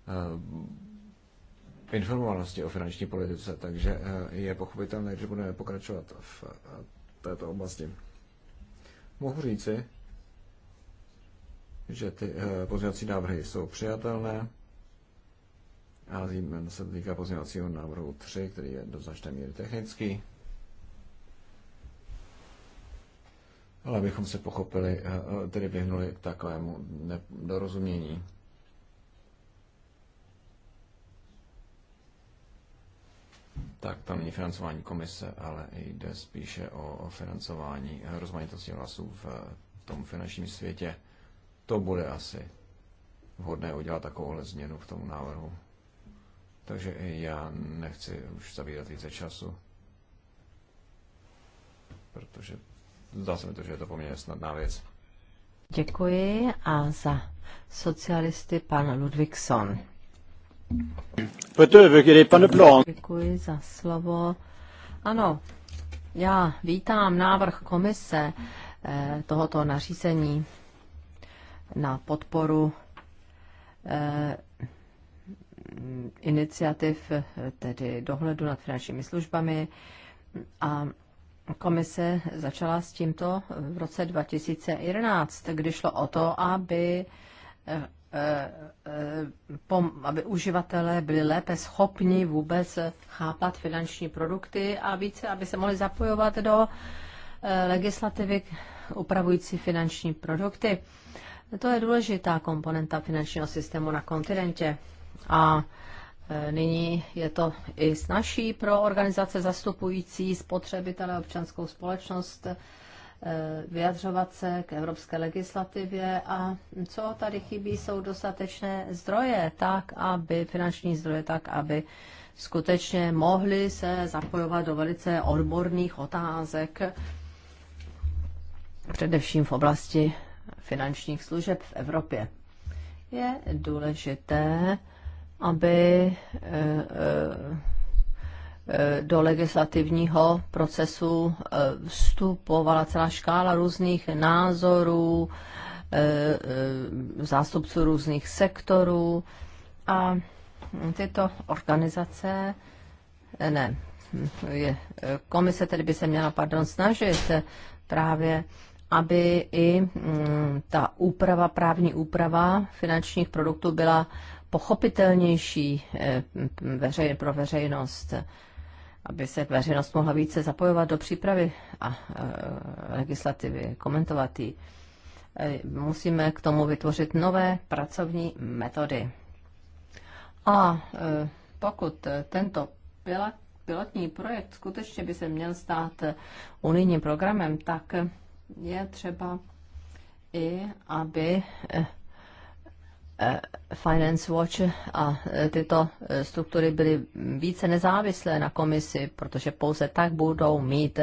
Eh, informovanosti o finanční politice, takže eh, je pochopitelné, že budeme pokračovat v eh, této oblasti. Mohu říci, že ty pozměňovací návrhy jsou přijatelné a zejména se týká pozměňovacího návrhu 3, který je do značné míry technický. Ale abychom se pochopili, tedy vyhnuli takovému dorozumění. tak tam není financování komise, ale jde spíše o financování rozmanitosti hlasů v eh, tom finančním světě. To bude asi vhodné udělat takovouhle změnu v tom návrhu. Takže já nechci už zabírat více času, protože zdá se mi to, že je to poměrně snadná věc. Děkuji a za socialisty pan Ludvíkson. Děkuji za slovo. Ano, já vítám návrh komise eh, tohoto nařízení na podporu eh, iniciativ, tedy dohledu nad finančními službami. A komise začala s tímto v roce 2011, kdy šlo o to, aby eh, Eh, eh, aby uživatelé byli lépe schopni vůbec chápat finanční produkty a více, aby se mohli zapojovat do eh, legislativy upravující finanční produkty. To je důležitá komponenta finančního systému na kontinentě. A nyní je to i snažší pro organizace zastupující spotřebitele občanskou společnost, Eh, vyjadřovat se k evropské legislativě a co tady chybí, jsou dostatečné zdroje, tak aby finanční zdroje, tak aby skutečně mohli se zapojovat do velice odborných otázek, především v oblasti finančních služeb v Evropě. Je důležité, aby eh, eh, Eh, do legislativního procesu eh, vstupovala celá škála různých názorů, eh, zástupců různých sektorů a tyto organizace, ne, je, komise tedy by se měla, pardon, snažit právě, aby i mm, ta úprava, právní úprava finančních produktů byla pochopitelnější veřej, pro veřejnost aby se veřejnost mohla více zapojovat do přípravy a e, legislativy, komentovat ji. E, musíme k tomu vytvořit nové pracovní metody. A e, pokud tento pilot, pilotní projekt skutečně by se měl stát unijním programem, tak je třeba i, aby e, Eh, Finance Watch a eh, tyto eh, struktury byly více nezávislé na komisi, protože pouze tak budou mít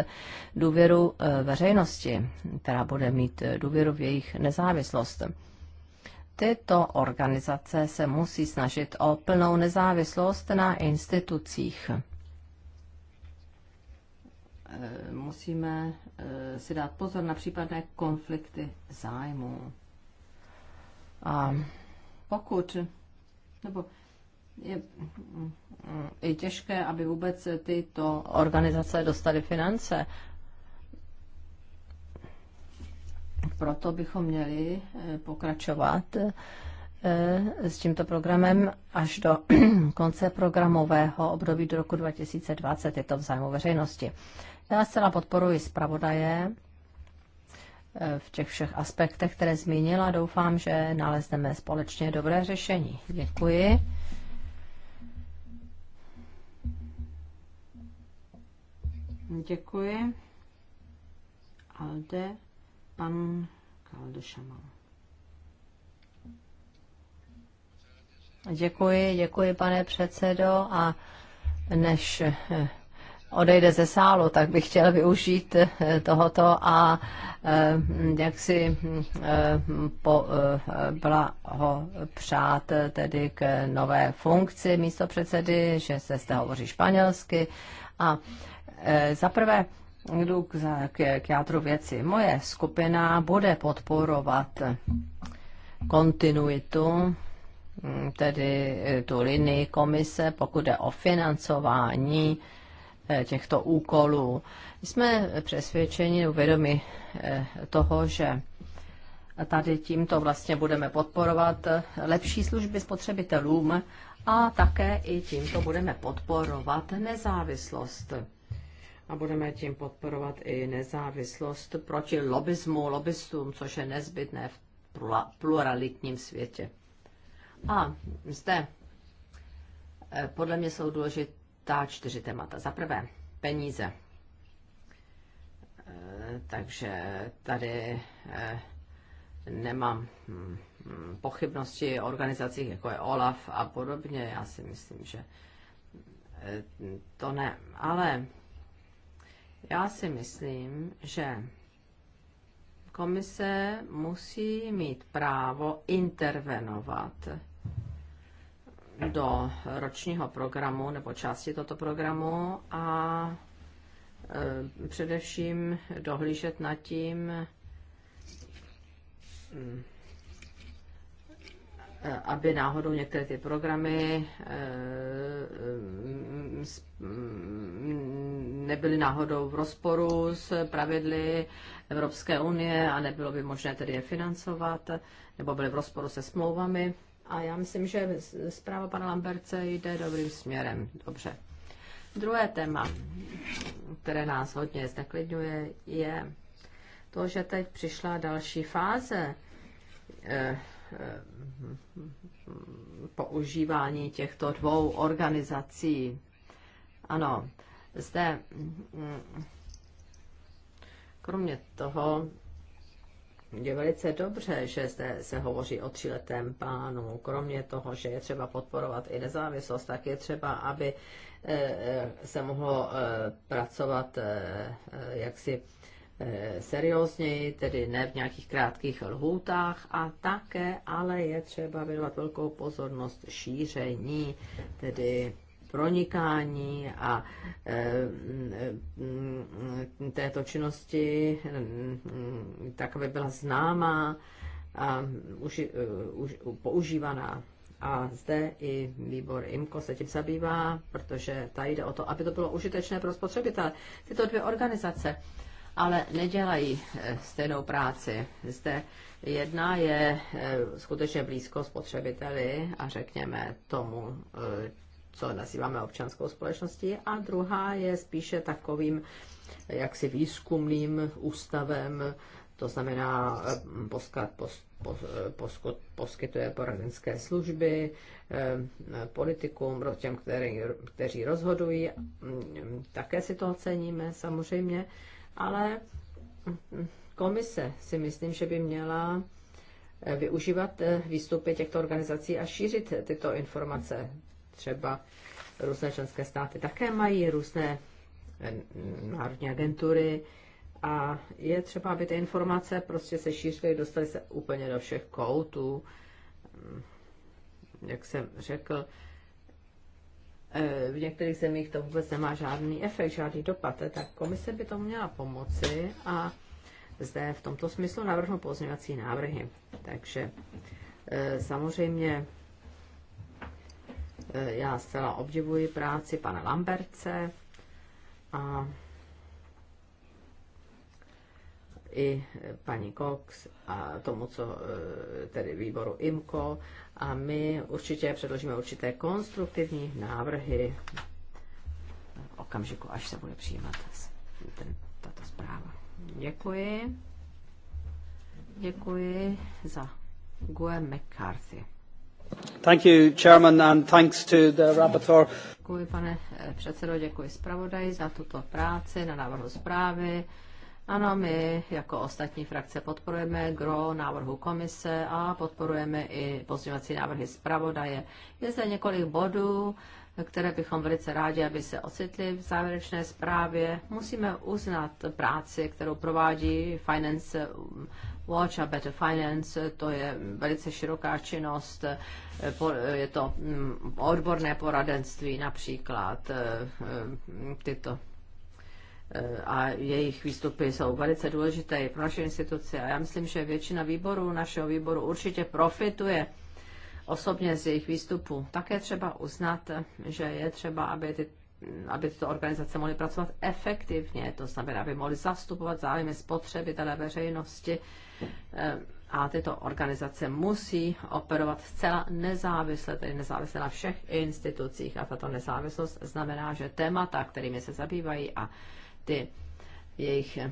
důvěru veřejnosti, která bude mít důvěru v jejich nezávislost. Tyto organizace se musí snažit o plnou nezávislost na institucích. Musíme si dát pozor na případné konflikty zájmů. A pokud, nebo je je mm, těžké, aby vůbec tyto organizace dostaly finance. Proto bychom měli eh, pokračovat eh, s tímto programem až do konce programového období do roku 2020. Je to v zájmu veřejnosti. Já zcela podporuji zpravodaje v těch všech aspektech, které zmínila. Doufám, že nalezneme společně dobré řešení. Děkuji. Děkuji. Alde, pan Kaldešamal. Děkuji, děkuji, pane předsedo. A než eh, odejde ze sálu, tak bych chtěl využít eh, tohoto a eh, jak si eh, po, byla ho přát tedy k nové funkci místo předsedy, že se zde hovoří španělsky a za prvé jdu k, k, k jádru věci. Moje skupina bude podporovat kontinuitu, hm, tedy tu linii komise, pokud je o financování Eh, těchto úkolů. Jsme přesvědčeni, uvědomi eh, toho, že tady tímto vlastně budeme podporovat eh, lepší služby spotřebitelům a také i tímto budeme podporovat nezávislost. A budeme tím podporovat i nezávislost proti lobismu, lobbystům, což je nezbytné v pluralitním světě. A zde podle mě jsou důležité ta čtyři témata. Za prvé, peníze. E, takže tady e, nemám hm, hm, pochybnosti o organizacích, jako je OLAF a podobně. Já si myslím, že e, to ne. Ale já si myslím, že komise musí mít právo intervenovat do ročního programu nebo části tohoto programu a e, především dohlížet nad tím, mm, aby náhodou některé ty programy e, e, mm, nebyly náhodou v rozporu s pravidly Evropské unie a nebylo by možné tedy je financovat, nebo byly v rozporu se smlouvami a já myslím, že zpráva pana Lamberce jde dobrým směrem. Dobře. Druhé téma, které nás hodně zneklidňuje, je to, že teď přišla další fáze eh, eh, používání těchto dvou organizací. Ano, zde mm, kromě toho je velice dobře, že zde se hovoří o tříletém plánu. Kromě toho, že je třeba podporovat i nezávislost, tak je třeba, aby eh, eh, se mohlo eh, pracovat jaksi seriózněji, tedy ne v nějakých krátkých lhůtách a také, ale je třeba věnovat velkou pozornost šíření, tedy pronikání a eh, mm, eh, této činnosti mm, tak, aby byla známá a už, eh, už, používaná. A zde i výbor IMCO se tím zabývá, protože tady jde o to, aby to bylo užitečné pro spotřebitele. Tyto dvě organizace ale nedělají stejnou práci. Zde jedna je skutečně blízko spotřebiteli a řekněme tomu, co nazýváme občanskou společností, a druhá je spíše takovým jaksi výzkumným ústavem, to znamená, eh, poskat, pos, pos, eh, poskytuje poradenské služby eh, politikům, těm, který, kteří rozhodují. Mm, také si to oceníme samozřejmě, ale mm, komise si myslím, že by měla využívat výstupy těchto organizací a šířit tyto informace třeba různé členské státy také mají různé eh, národní agentury a je třeba, aby ty informace prostě se šířily, dostaly se úplně do všech koutů. Mm, jak jsem řekl, eh, v některých zemích to vůbec nemá žádný efekt, žádný dopad, tak komise by to měla pomoci a zde v tomto smyslu navrhnu pozměňovací návrhy. Takže eh, samozřejmě E, já zcela obdivuji práci pana Lamberce a i paní Cox a tomu, co e, tedy výboru IMCO. A my určitě předložíme určité konstruktivní návrhy v okamžiku, až se bude přijímat ten, tato zpráva. Děkuji. Děkuji za Gue McCarthy. Děkuji, pane eh, předsedo, děkuji zpravodaji za tuto práci na návrhu zprávy. Ano, my jako ostatní frakce podporujeme gro návrhu komise a podporujeme i pozměňovací návrhy zpravodaje. Je zde několik bodů, které bychom velice rádi, aby se ocitly v závěrečné zprávě. Musíme uznat práci, kterou provádí Finance Watch a Better Finance. To je velice široká činnost. Je to mm, odborné poradenství například eh, mm, tyto eh, a jejich výstupy jsou velice důležité i pro naše instituce. A já myslím, že většina výborů našeho výboru určitě profituje osobně z jejich výstupu. Také třeba uznat, že je třeba, aby ty aby tyto organizace mohly pracovat efektivně, to znamená, aby mohly zastupovat zájmy spotřebitele veřejnosti. Eh, a tyto organizace musí operovat zcela nezávisle, tedy nezávisle na všech institucích. A tato nezávislost znamená, že témata, kterými se zabývají a ty jejich eh,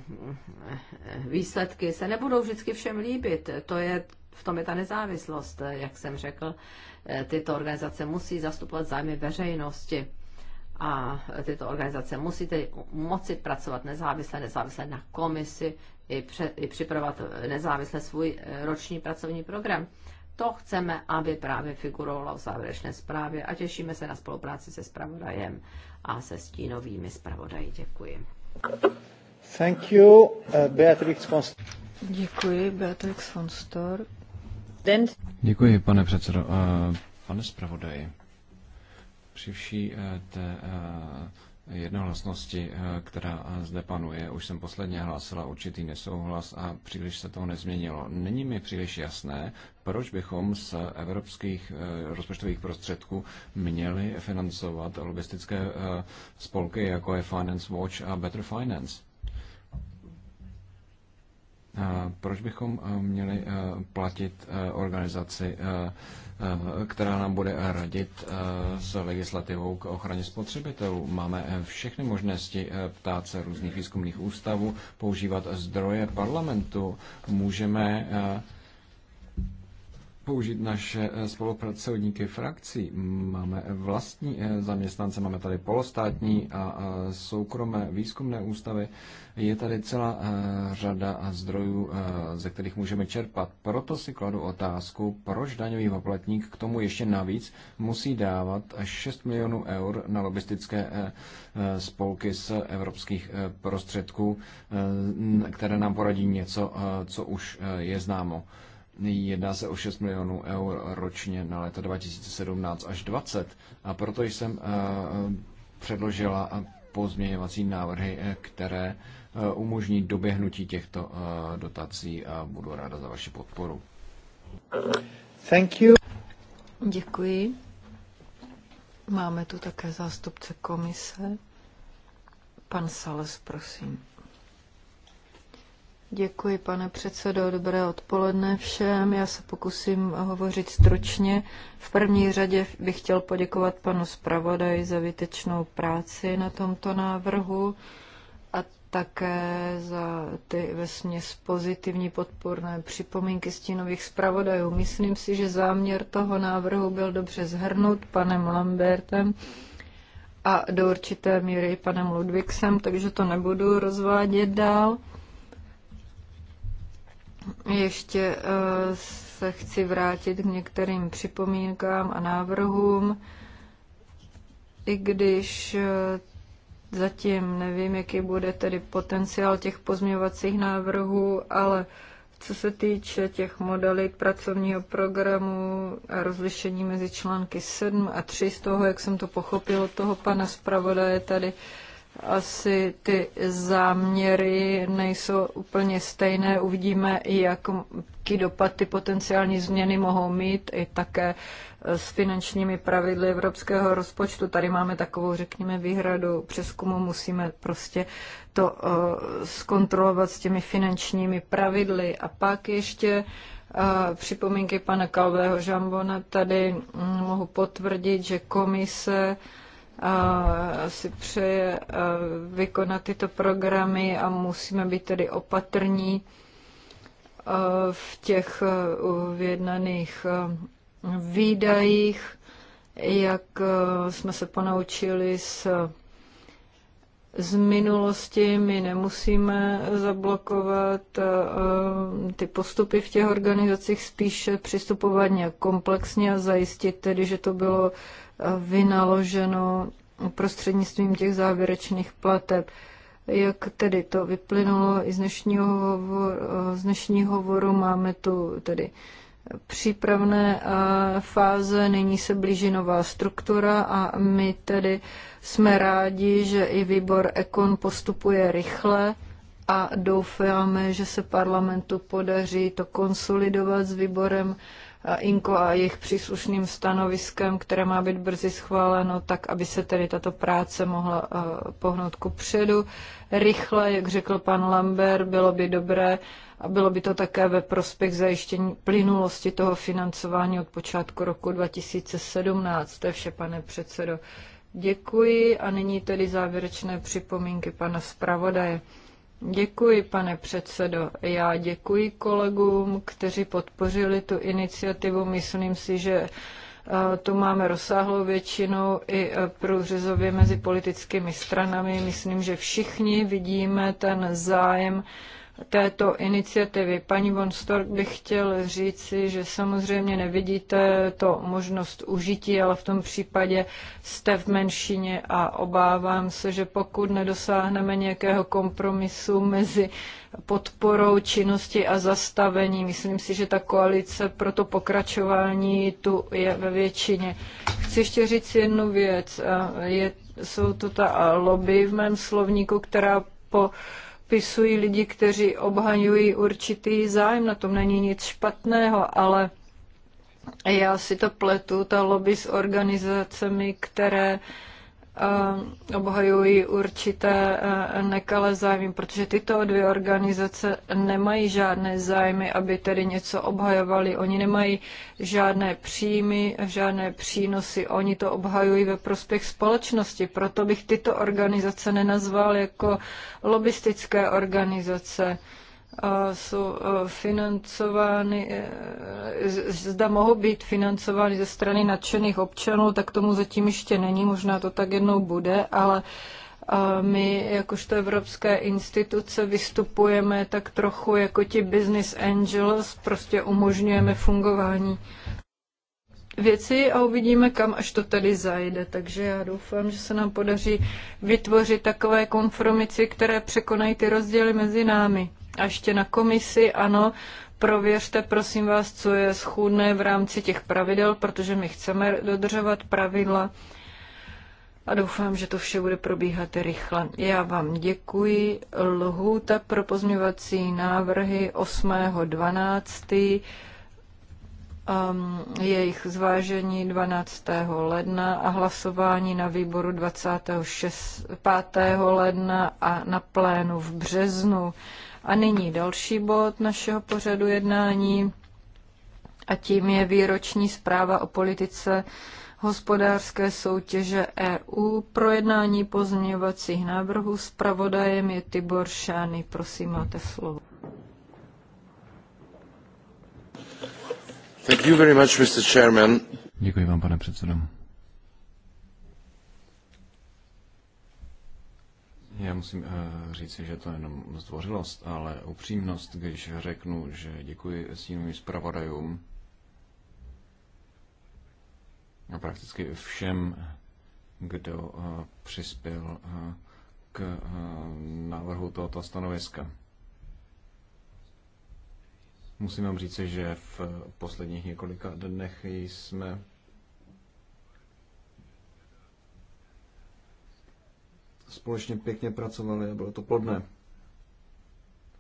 eh, výsledky se nebudou vždycky všem líbit. To je v tom je ta nezávislost, eh, jak jsem řekl. Eh, tyto organizace musí zastupovat zájmy veřejnosti a tyto organizace musí tedy moci pracovat nezávisle, nezávisle na komisi, i, pře, i připravovat eh, nezávisle svůj roční pracovní program. To chceme, aby právě figurovalo v závěrečné zprávě a těšíme se na spolupráci se spravodajem a se stínovými spravodaji. Děkuji. Thank you, Beatrix von Děkuji, Beatrix von Stork. Děkuji, pane předsedo. Eh, pane zpravodaji, při vší eh, té eh, jednohlasnosti, která zde panuje, už jsem posledně hlásila určitý nesouhlas a příliš se toho nezměnilo. Není mi příliš jasné, proč bychom z evropských rozpočtových prostředků měli financovat lobistické spolky, jako je Finance Watch a Better Finance Eh, proč bychom eh, měli eh, platit organizaci, která nám bude radit s legislativou k ochraně spotřebitelů? Máme všechny možnosti ptát se různých výzkumných ústavů, používat zdroje parlamentu, můžeme použít naše eh, spolupracovníky frakcí. Máme vlastní eh, zaměstnance, máme tady polostátní a soukromé výzkumné ústavy. Je tady celá eh, řada zdrojů, ze kterých můžeme čerpat. Proto si kladu otázku, proč daňový poplatník k tomu ještě navíc musí dávat 6 milionů eur na lobistické spolky z evropských prostředků, které nám poradí něco, co už je známo. Jedná se o 6 milionů eur ročně na léta 2017 až 2020 a proto jsem eh, předložila eh, pozměňovací návrhy, eh, které umožní doběhnutí těchto dotací a budu ráda za vaši podporu. Thank you. Děkuji. Máme tu také zástupce komise. Pan Sales, prosím. Děkuji, pane předsedo. Dobré odpoledne všem. Já se pokusím hovořit stručně. V první řadě bych chtěl poděkovat panu zpravodaji za výtečnou práci na tomto návrhu a také za ty vesměs pozitivní podporné připomínky stínových zpravodajů. Myslím si, že záměr toho návrhu byl dobře zhrnut panem Lambertem a do určité míry i panem Ludvíksem, takže to nebudu rozvádět dál. Ještě eh, se chci vrátit k některým připomínkám a návrhům, i když eh, zatím nevím, jaký bude tedy potenciál těch pozměňovacích návrhů, ale co se týče těch modalit pracovního programu a rozlišení mezi články 7 a 3, z toho, jak jsem to pochopil, toho pana zpravodaje tady asi ty záměry nejsou úplně stejné. Uvidíme, jaký dopad ty potenciální změny mohou mít i také eh, s finančními pravidly evropského rozpočtu. Tady máme takovou, řekněme, výhradu přeskumu. Musíme prostě to eh, zkontrolovat s těmi finančními pravidly. A pak ještě eh, připomínky pana Kalvého Žambona. Tady mm, mohu potvrdit, že komise si přeje e, vykonat tyto programy a musíme být tedy opatrní e, v těch e, vyjednaných výdajích, jak jsme se ponaučili z, z minulosti. My nemusíme zablokovat ty postupy v těch organizacích, spíše přistupovat nějak komplexně a zajistit tedy, že to bylo vynaloženo prostřednictvím těch závěrečných plateb. Jak tedy to vyplynulo i z dnešního hovoru, z dnešního hovoru máme tu tedy přípravné eh, fáze, nyní se blíží nová struktura a my tedy jsme rádi, že i výbor Ekon postupuje rychle a doufáme, že se parlamentu podaří to konsolidovat s výborem INKO a jejich příslušným stanoviskem, které má být brzy schváleno, tak aby se tedy tato práce mohla eh, pohnout ku předu. Rychle, jak řekl pan Lambert, bylo by dobré a bylo by to také ve prospěch zajištění plynulosti toho financování od počátku roku 2017. To je vše, pane předsedo. Děkuji a nyní tedy závěrečné připomínky pana zpravodaje. Děkuji, pane předsedo. Já děkuji kolegům, kteří podpořili tu iniciativu. Myslím si, že eh, tu máme rozsáhlou většinu i eh, průřezově mezi politickými stranami. Myslím, že všichni vidíme ten zájem této iniciativy. Paní von Stork bych chtěl říci, že samozřejmě nevidíte to možnost užití, ale v tom případě jste v menšině a obávám se, že pokud nedosáhneme nějakého kompromisu mezi podporou činnosti a zastavení, myslím si, že ta koalice pro to pokračování tu je ve většině. Chci ještě říct jednu věc. Je, jsou to ta lobby v mém slovníku, která po uh, popisují lidi, kteří obhaňují určitý zájem, na tom není nic špatného, ale já si to pletu, ta lobby s organizacemi, které Eh, obhajují určité eh, nekalé zájmy, protože tyto dvě organizace nemají žádné zájmy, aby tedy něco obhajovali. Oni nemají žádné příjmy, žádné přínosy. Oni to obhajují ve prospěch společnosti. Proto bych tyto organizace nenazval jako lobistické organizace jsou e, financovány, e, zda mohou být financovány ze strany nadšených občanů, tak tomu zatím ještě není, možná to tak jednou bude, ale my jakožto evropské instituce vystupujeme tak trochu jako ti business angels, prostě umožňujeme fungování věci a uvidíme, kam až to tady zajde. Takže já doufám, že se nám podaří vytvořit takové konformici, které překonají ty rozdíly mezi námi. A ještě na komisi, ano, prověřte prosím vás, co je schůdné v rámci těch pravidel, protože my chceme dodržovat pravidla a doufám, že to vše bude probíhat rychle. Já vám děkuji. Lhůta pro pozměvací návrhy 8.12. Um, jejich zvážení 12. ledna a hlasování na výboru 26. 5. ledna a na plénu v březnu. A nyní další bod našeho pořadu jednání a tím je výroční zpráva o politice hospodářské soutěže EU. Projednání pozměňovacích návrhů s pravodajem je Tibor Šány. Prosím, máte slovo. Thank you very much, Mr. Chairman. Děkuji vám, pane předsedo. Já musím eh, říct, že to je jenom zdvořilost, ale upřímnost, když řeknu, že děkuji svým zpravodajům a prakticky všem, kdo eh, přispěl eh, k návrhu tohoto stanoviska. Musím vám říct, že v posledních několika dnech jsme společně pěkně pracovali a bylo to plodné.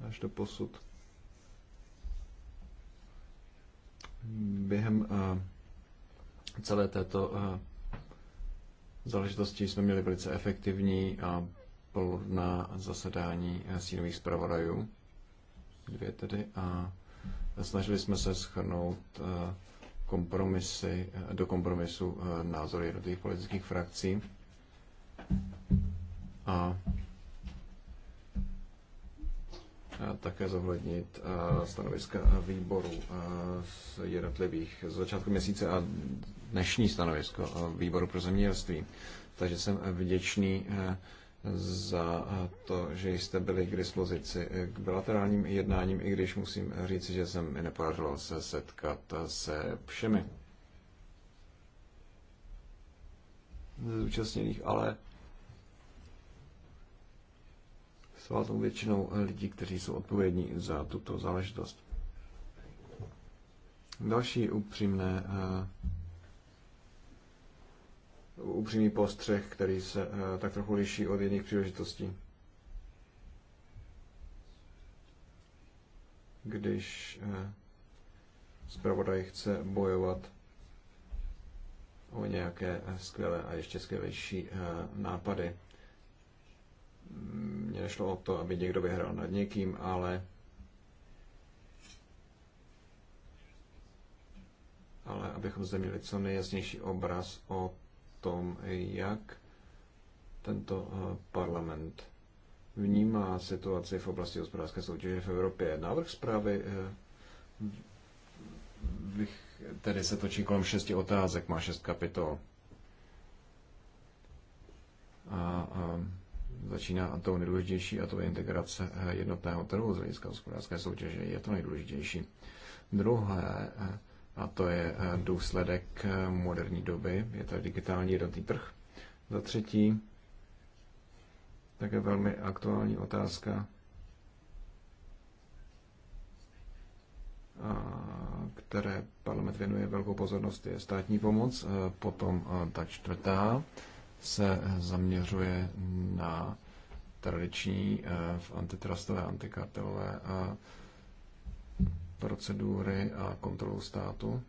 Až do posud. Během eh, celé této eh, záležitosti jsme měli velice efektivní a plodná zasedání eh, sínových zpravodajů. Dvě tedy. A snažili jsme se schrnout kompromisy, do kompromisu názory jednotlivých politických frakcí a také zohlednit stanoviska výboru z jednotlivých z začátku měsíce a dnešní stanovisko výboru pro zemědělství. Takže jsem vděčný za to, že jste byli k dispozici e, k bilaterálním jednáním, i když musím říct, že jsem mi nepodařilo se setkat se všemi zúčastněných, ale s velkou většinou lidí, kteří jsou odpovědní za tuto záležitost. Další upřímné eh, upřímný postřeh, který se eh, tak trochu liší od jiných příležitostí. Když eh, zpravodaj chce bojovat o nějaké skvělé a ještě skvělejší nápady. Mně nešlo o to, aby někdo vyhrál nad někým, ale ale abychom zde měli co nejjasnější obraz o tom, jak tento eh, parlament vnímá situaci v oblasti hospodářské soutěže v Evropě. Návrh zprávy eh, tedy se točí kolem šesti otázek, má šest kapitol. A, a začíná to nejdůležitější a to je integrace eh, jednotného trhu z hlediska hospodářské soutěže. Je to nejdůležitější. Druhé, eh, a to je eh, důsledek moderní doby, je to digitální jednotný trh. Za třetí, také velmi aktuální otázka, které parlament věnuje velkou pozornost, je státní pomoc. Potom ta čtvrtá, se zaměřuje na tradiční eh, v antitrustové, antikartelové eh, procedury a kontrolu státu,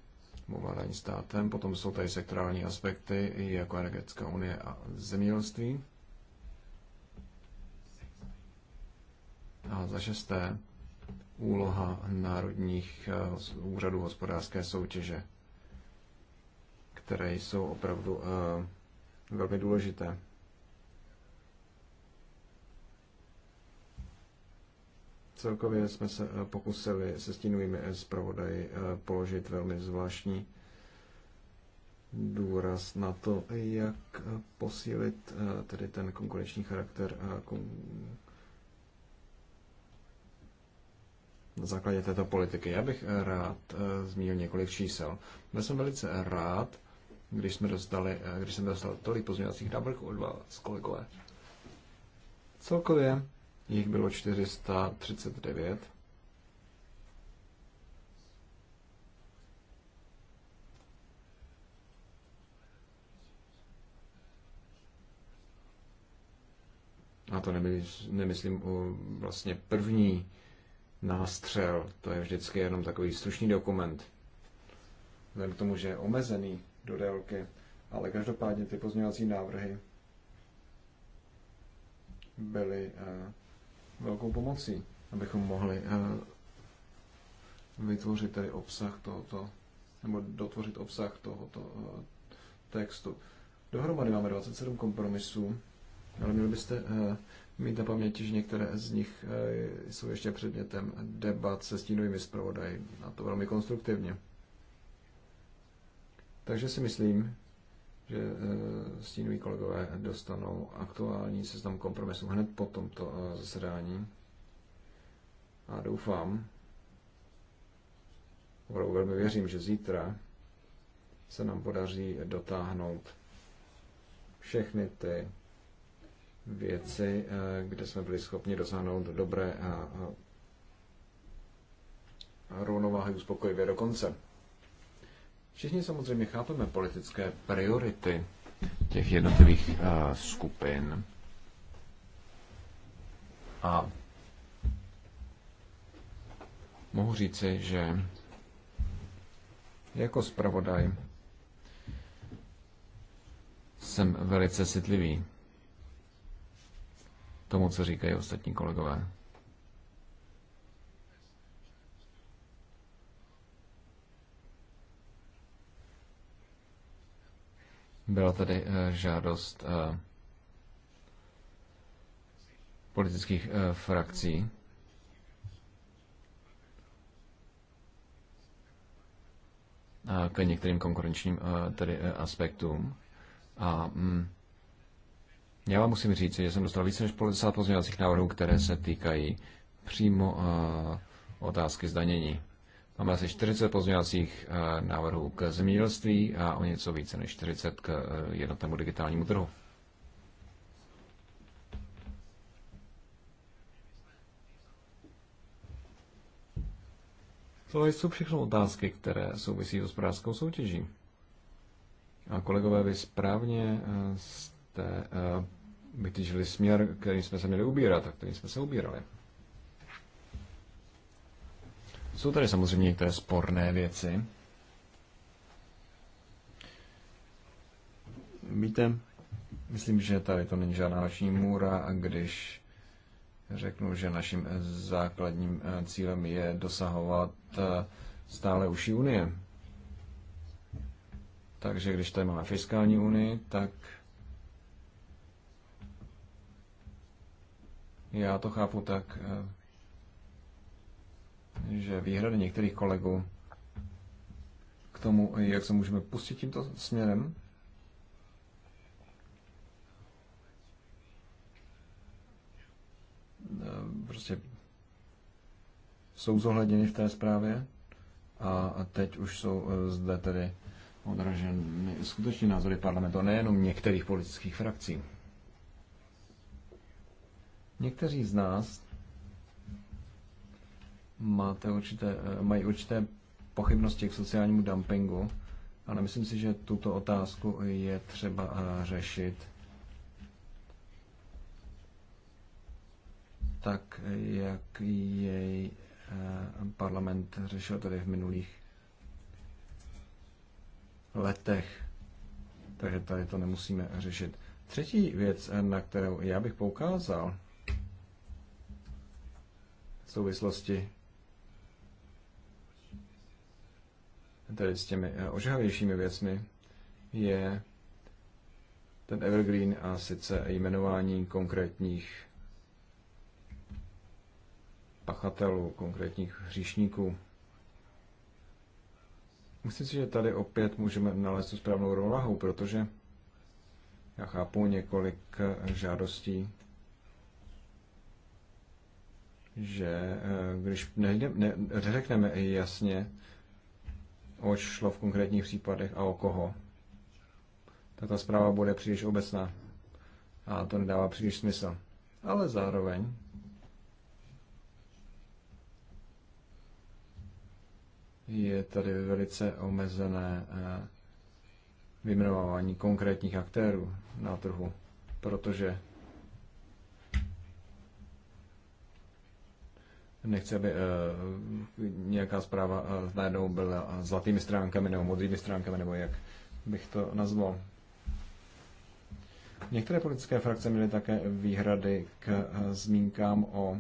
ovládání státem. Potom jsou tady sektorální aspekty, jako energetická unie a zemědělství. A za šesté, úloha národních eh, úřadů hospodářské soutěže, které jsou opravdu velmi důležité. Celkově jsme se eh, pokusili se stínovými eh, zpravodaji eh, položit velmi zvláštní důraz na to, jak posílit tedy ten konkurenční charakter na základě této politiky. Já bych rád zmínil několik čísel. Byl jsem velice rád, když jsme dostali, eh, když jsem dostal tolik pozměňovacích návrhů od vás, kolegové. Celkově jich bylo 439. A to nemyslím vlastně první nástřel, to je vždycky jenom takový stručný dokument. Vzhledem k tomu, že je omezený, do délky. Ale každopádně ty pozměňovací návrhy byly eh, velkou pomocí, abychom mohli eh, vytvořit tedy obsah tohoto, nebo dotvořit obsah tohoto eh, textu. Dohromady máme 27 kompromisů, ale měli byste mít na paměti, že některé z nich jsou ještě předmětem debat se stínovými zpravodaji, a to velmi konstruktivně. Takže si myslím, že eh, stínoví kolegové dostanou aktuální seznam kompromisů hned po tomto eh, zasedání. A doufám, opravdu velmi věřím, že zítra se nám podaří dotáhnout všechny ty věci, eh, kde jsme byli schopni dosáhnout dobré a rovnováhy uspokojivě do konce. Všichni samozřejmě chápeme politické priority těch jednotlivých uh, skupin. A mohu říci, že jako zpravodaj jsem velice citlivý tomu, co říkají ostatní kolegové. Byla tady eh, žádost eh, politických eh, frakcí. k některým konkurenčním tedy aspektům. A mm, já vám musím říct, že jsem dostal více než 50 pozměňovacích návrhů, které se týkají přímo otázky zdanění. Máme asi 40 pozměňovacích eh, návrhů k zemědělství a o něco více než 40 k eh, jednotnému digitálnímu trhu. To jsou všechno otázky, které souvisí s hospodářskou soutěží. A kolegové, vy správně eh, jste vytyčili směr, kterým jsme se měli ubírat a kterým jsme se ubírali. Jsou tady samozřejmě některé sporné věci. Víte, myslím, že tady to není žádná noční můra, a když řeknu, že naším základním eh, cílem je dosahovat eh, stále užší unie. Takže když tady máme fiskální unii, tak já to chápu tak, eh, že výhrady některých kolegů k tomu, jak se můžeme pustit tímto směrem, eh, prostě jsou zohledněny v té zprávě a teď už jsou eh, zde tedy odraženy skutečně názory parlamentu, nejenom některých politických frakcí. Někteří z nás máte určité, eh, mají určité pochybnosti k sociálnímu dumpingu, ale myslím si, že tuto otázku je třeba eh, řešit tak, jak jej eh, parlament řešil tady v minulých letech. Takže tady to nemusíme řešit. Třetí věc, na kterou já bych poukázal v souvislosti tedy s těmi eh, ožahavějšími věcmi, je ten evergreen a sice jmenování konkrétních pachatelů, konkrétních hříšníků. Myslím si, že tady opět můžeme nalézt tu správnou rovnováhu, protože já chápu několik eh, žádostí, že eh, když neřekneme ne, jasně, oč šlo v konkrétních případech a o koho. Tato zpráva bude příliš obecná a to nedává příliš smysl. Ale zároveň je tady velice omezené eh, vyjmenovávání konkrétních aktérů na trhu, protože Nechci, aby uh, nějaká zpráva uh, najednou byla eh, zlatými stránkami nebo modrými stránkami, nebo jak bych to nazval. Některé politické frakce měly také výhrady k uh, zmínkám o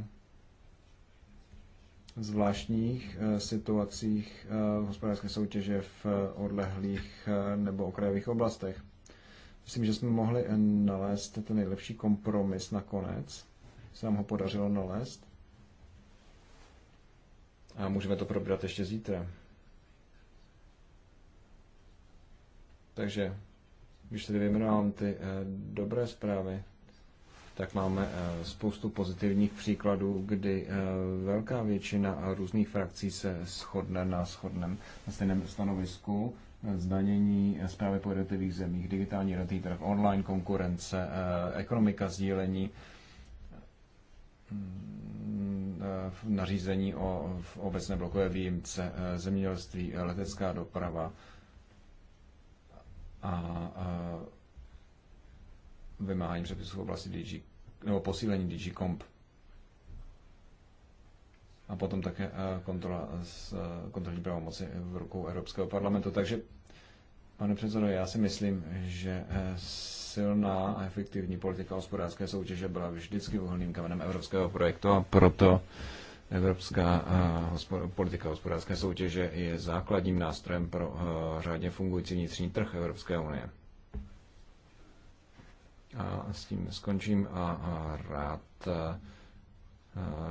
zvláštních uh, situacích uh, v hospodářské soutěže v uh, odlehlých uh, nebo okrajových oblastech. Myslím, že jsme mohli nalézt ten nejlepší kompromis nakonec. Se nám ho podařilo nalézt. A můžeme to probrat ještě zítra. Takže, když tady vyjmenovám ty eh, dobré zprávy, tak máme eh, spoustu pozitivních příkladů, kdy eh, velká většina různých frakcí se shodne na shodném na stejném stanovisku, zdanění zprávy po jednotlivých zemích, digitální jednotný trh, online konkurence, ekonomika sdílení, Mm, eh, nařízení o obecné blokové výjimce, eh, zemědělství, eh, letecká doprava a vymáhání předpisů v oblasti DG, nebo posílení DG Comp. A potom také kontrola s kontrolní pravomoci v rukou Evropského parlamentu. Takže Pane předsedo, já si myslím, že eh, silná a efektivní politika hospodářské soutěže byla vždycky uhelným kamenem evropského projektu a proto evropská eh, politika hospodářské soutěže je základním nástrojem pro eh, řádně fungující vnitřní trh Evropské unie. A s tím skončím a rád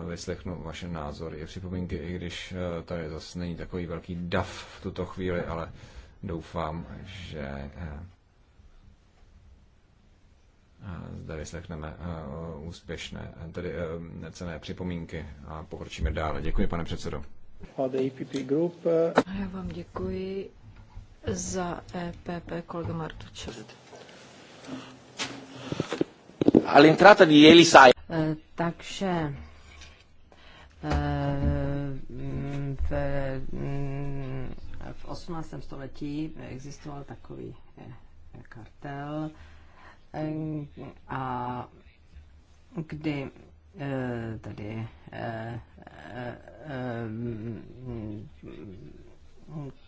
vyslechnu vaše názory a připomínky, i když tady zase není takový velký dav v tuto chvíli, ale Doufám, že eh, eh, zde vyslechneme eh, úspěšné, tedy cené připomínky a pokročíme dále. Děkuji, pane předsedo. Já vám děkuji za EPP kolega Martuče. All'entrata di Elisai. Takže mm, v mm, v 18. století existoval takový eh, kartel, eh, a kdy eh, tady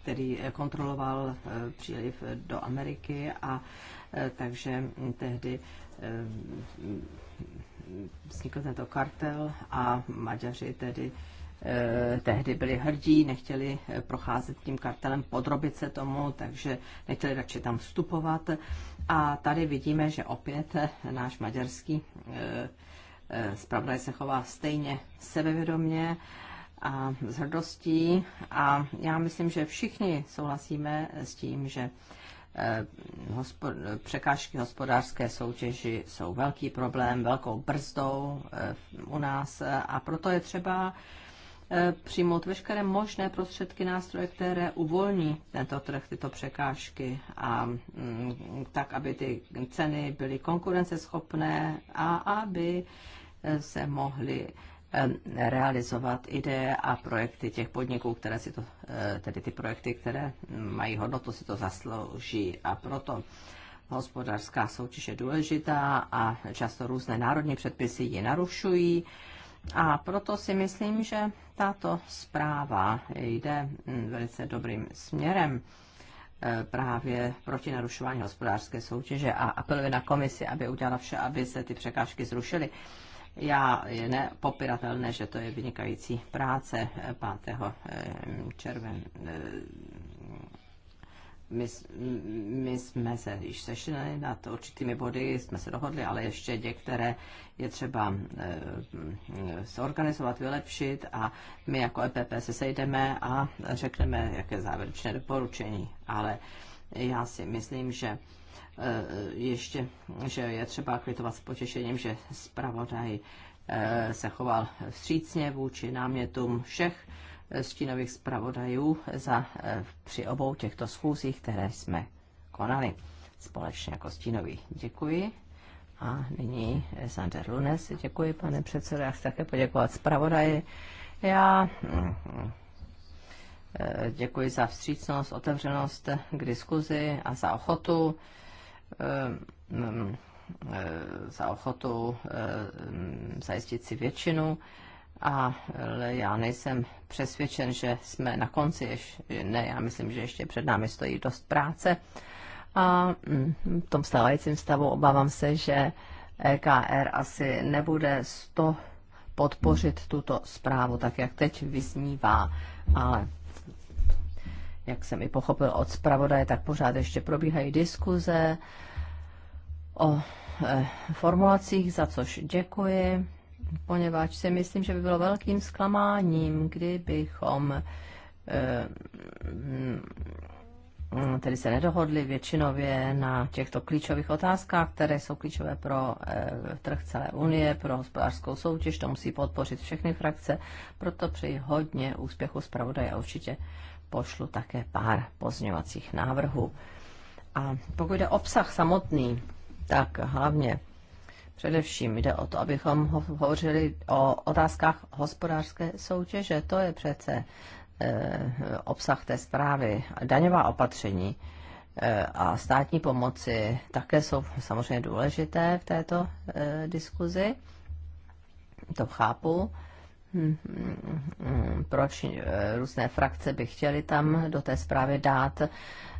který kontroloval příliv do Ameriky a takže tehdy vznikl tento kartel a Maďaři tedy Eh, tehdy byli hrdí, nechtěli eh, procházet tím kartelem, podrobit se tomu, takže nechtěli radši tam vstupovat. A tady vidíme, že opět eh, náš maďarský zpravodaj se chová stejně sebevědomně a s hrdostí. A já myslím, že všichni souhlasíme s tím, že překážky hospodářské soutěži jsou velký problém, velkou brzdou u nás a proto je třeba Eh, přijmout veškeré možné prostředky, nástroje, které uvolní tento trh, tyto překážky, a mm, tak, aby ty ceny byly konkurenceschopné a aby eh, se mohly eh, realizovat ideje a projekty těch podniků, které si to, tedy ty projekty, které mají hodnotu, si to zaslouží. A proto hospodářská soutěž je důležitá a často různé národní předpisy ji narušují a proto si myslím, že tato zpráva jde velice dobrým směrem eh, právě proti narušování hospodářské soutěže a apeluje na komisi, aby udělala vše, aby se ty překážky zrušily. Já je nepopiratelné, že to je vynikající práce 5. Eh, eh, červen, my, my jsme se již sešli nad určitými body, jsme se dohodli, ale ještě některé je třeba e, zorganizovat, vylepšit a my jako EPP se sejdeme a řekneme, jaké závěrečné doporučení. Ale já si myslím, že e, ještě, že je třeba kvitovat s potěšením, že zpravodaj e, se choval vstřícně vůči námětům všech stínových zpravodajů za, eh, při obou těchto schůzích, které jsme konali společně jako stínový. Děkuji. A nyní Sander Lunes. Děkuji, pane předsedo. Já chci také poděkovat zpravodaji. Já mm, mm, eh, děkuji za vstřícnost, otevřenost k diskuzi a za ochotu eh, mm, za ochotu zajistit si většinu ale já nejsem přesvědčen, že jsme na konci, ješ, ne, já myslím, že ještě před námi stojí dost práce. A mm, v tom stávajícím stavu obávám se, že EKR asi nebude to podpořit tuto zprávu, tak jak teď vyznívá, ale jak jsem i pochopil od zpravodaje, tak pořád ještě probíhají diskuze o eh, formulacích, za což děkuji poněvadž si myslím, že by bylo velkým zklamáním, kdybychom eh, tedy se nedohodli většinově na těchto klíčových otázkách, které jsou klíčové pro eh, trh celé Unie, pro hospodářskou soutěž. To musí podpořit všechny frakce, proto přeji hodně úspěchu zpravodaje a určitě pošlu také pár pozměňovacích návrhů. A pokud jde obsah samotný, tak hlavně Především jde o to, abychom hovořili o otázkách hospodářské soutěže. To je přece eh, obsah té zprávy. Daňová opatření eh, a státní pomoci také jsou samozřejmě důležité v této eh, diskuzi. To chápu proč eh, různé frakce by chtěly tam do té zprávy dát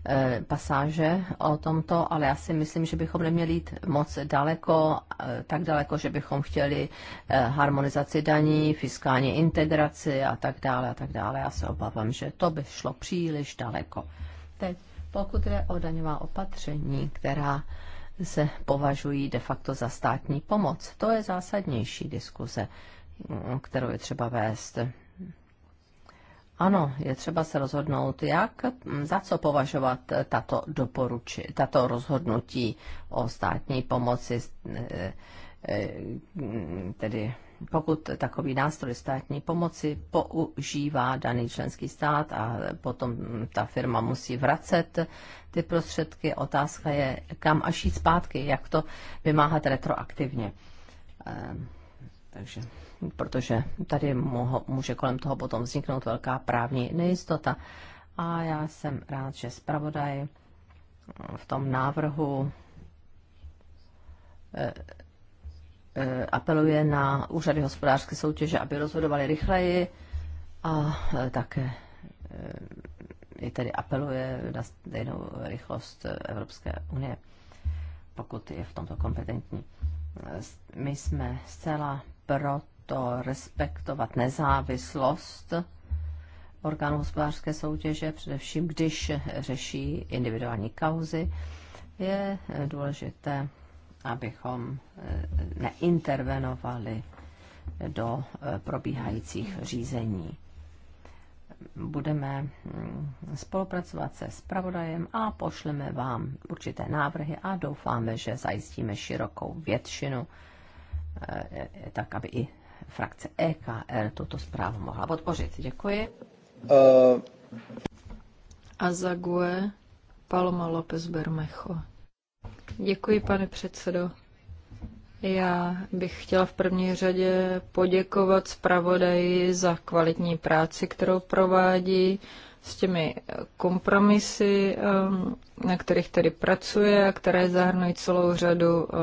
eh, pasáže o tomto, ale já si myslím, že bychom neměli jít moc daleko, eh, tak daleko, že bychom chtěli harmonizaci daní, fiskální integraci a tak dále a tak dále. Já se obávám, že to by šlo příliš daleko. Teď pokud jde o daňová opatření, která se považují de facto za státní pomoc, to je zásadnější diskuze kterou je třeba vést. Ano, je třeba se rozhodnout, jak, za co považovat tato, doporuči, tato rozhodnutí o státní pomoci, e, e, tedy pokud takový nástroj státní pomoci používá daný členský stát a potom ta firma musí vracet ty prostředky, otázka je, kam až jít zpátky, jak to vymáhat retroaktivně. Ehm, takže protože tady moho, může kolem toho potom vzniknout velká právní nejistota. A já jsem rád, že zpravodaj v tom návrhu eh, eh, apeluje na úřady hospodářské soutěže, aby rozhodovali rychleji a eh, také i tedy apeluje na stejnou rychlost Evropské unie, pokud je v tomto kompetentní. My jsme zcela pro to respektovat nezávislost orgánů hospodářské soutěže, především když řeší individuální kauzy, je důležité, abychom eh, neintervenovali do eh, probíhajících řízení. Budeme hm, spolupracovat se spravodajem a pošleme vám určité návrhy a doufáme, že zajistíme širokou většinu, eh, tak aby i frakce EKR tuto zprávu mohla podpořit. Děkuji. Uh... A e Paloma López Bermecho. Děkuji, pane předsedo. Já bych chtěla v první řadě poděkovat zpravodaji za kvalitní práci, kterou provádí s těmi eh, kompromisy, eh, na kterých tedy pracuje a které zahrnují celou řadu eh,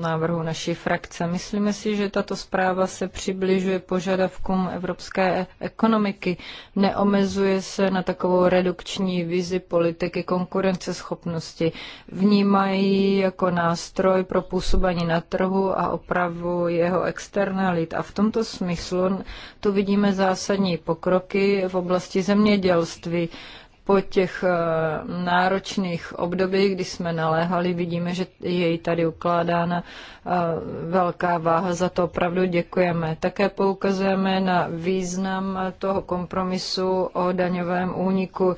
návrhů naší frakce. Myslíme si, že tato zpráva se přibližuje požadavkům evropské ekonomiky. Neomezuje se na takovou redukční vizi politiky konkurenceschopnosti. Vnímají jako nástroj pro působení na trhu a opravu jeho externalit. A v tomto smyslu tu vidíme zásadní pokroky v oblasti zemědělství školství Po těch eh, náročných obdobích, kdy jsme naléhali, vidíme, že je jí tady ukládána eh, velká váha. Za to opravdu děkujeme. Také poukazujeme na význam toho kompromisu o daňovém úniku.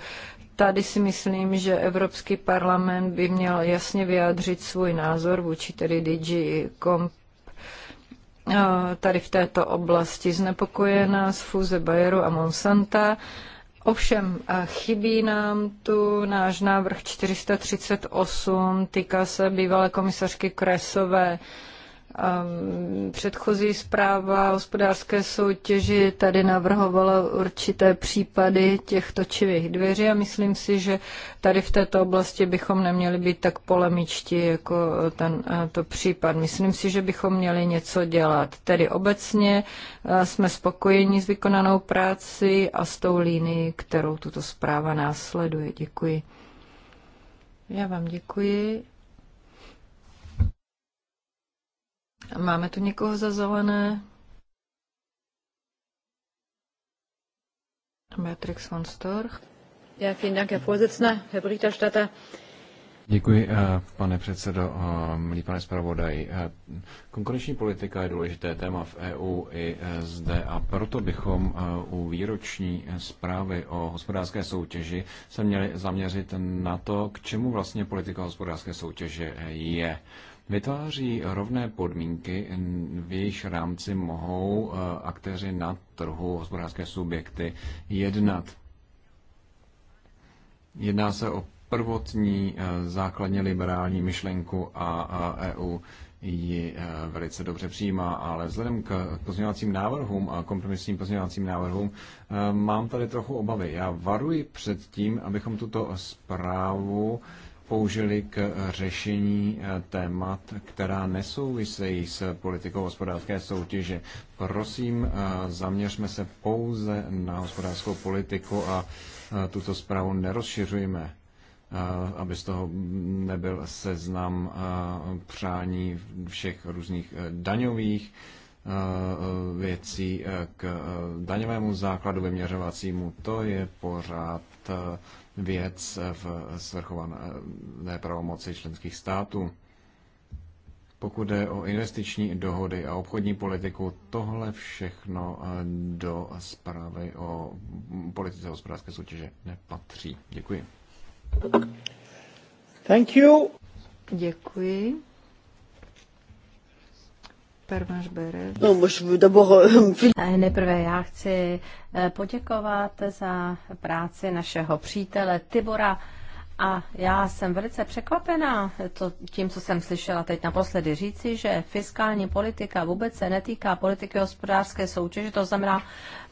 Tady si myslím, že Evropský parlament by měl jasně vyjádřit svůj názor vůči tedy DG Comp eh, tady v této oblasti. znepokojená z fuze Bayeru a Monsanta Ovšem, eh, chybí nám tu náš návrh 438, týká se bývalé komisařky Kresové. Ehm, předchozí zpráva hospodářské soutěži tady navrhovala určité případy těchto čivých dveří a myslím si, že tady v této oblasti bychom neměli být tak polemičtí jako ten, eh, to případ. Myslím si, že bychom měli něco dělat. Tedy obecně eh, jsme spokojeni s vykonanou práci a s tou línií, kterou tuto zpráva následuje. Děkuji. Já vám děkuji. Máme tu někoho za zelené? Matrix von Storch. Ja, vielen Dank, Herr Vorsitzender, Herr Berichterstatter. Děkuji, eh, pane předsedo, eh, milý pane zpravodaj. Eh, konkurenční politika je důležité téma v EU i zde a proto bychom u výroční zprávy o hospodářské soutěži se měli zaměřit na to, k čemu vlastně politika hospodářské soutěže je vytváří rovné podmínky, v jejich rámci mohou eh, aktéři na trhu, hospodářské subjekty jednat. Jedná se o prvotní eh, základně liberální myšlenku a EU ji eh, velice dobře přijímá, ale vzhledem k pozměňovacím návrhům a kompromisním pozměňovacím návrhům mám tady trochu obavy. Já varuji před tím, abychom tuto zprávu použili k řešení eh, témat, která nesouvisejí s politikou hospodářské soutěže. Prosím, eh, zaměřme se pouze na hospodářskou politiku a eh, tuto zprávu nerozšiřujme, aby z toho nebyl seznam přání všech různých daňových věcí k daňovému základu vyměřovacímu. To je pořád věc v svrchované pravomoci členských států. Pokud jde o investiční dohody a obchodní politiku, tohle všechno eh, do zprávy o politice hospodářské soutěže nepatří. Děkuji. Thank you. Děkuji. No, euh, eh, Nejprve já chci eh, poděkovat za práci našeho přítele Tibora a já jsem velice překvapená to, tím, co jsem slyšela teď naposledy říci, že fiskální politika vůbec se netýká politiky hospodářské soutěže, to znamená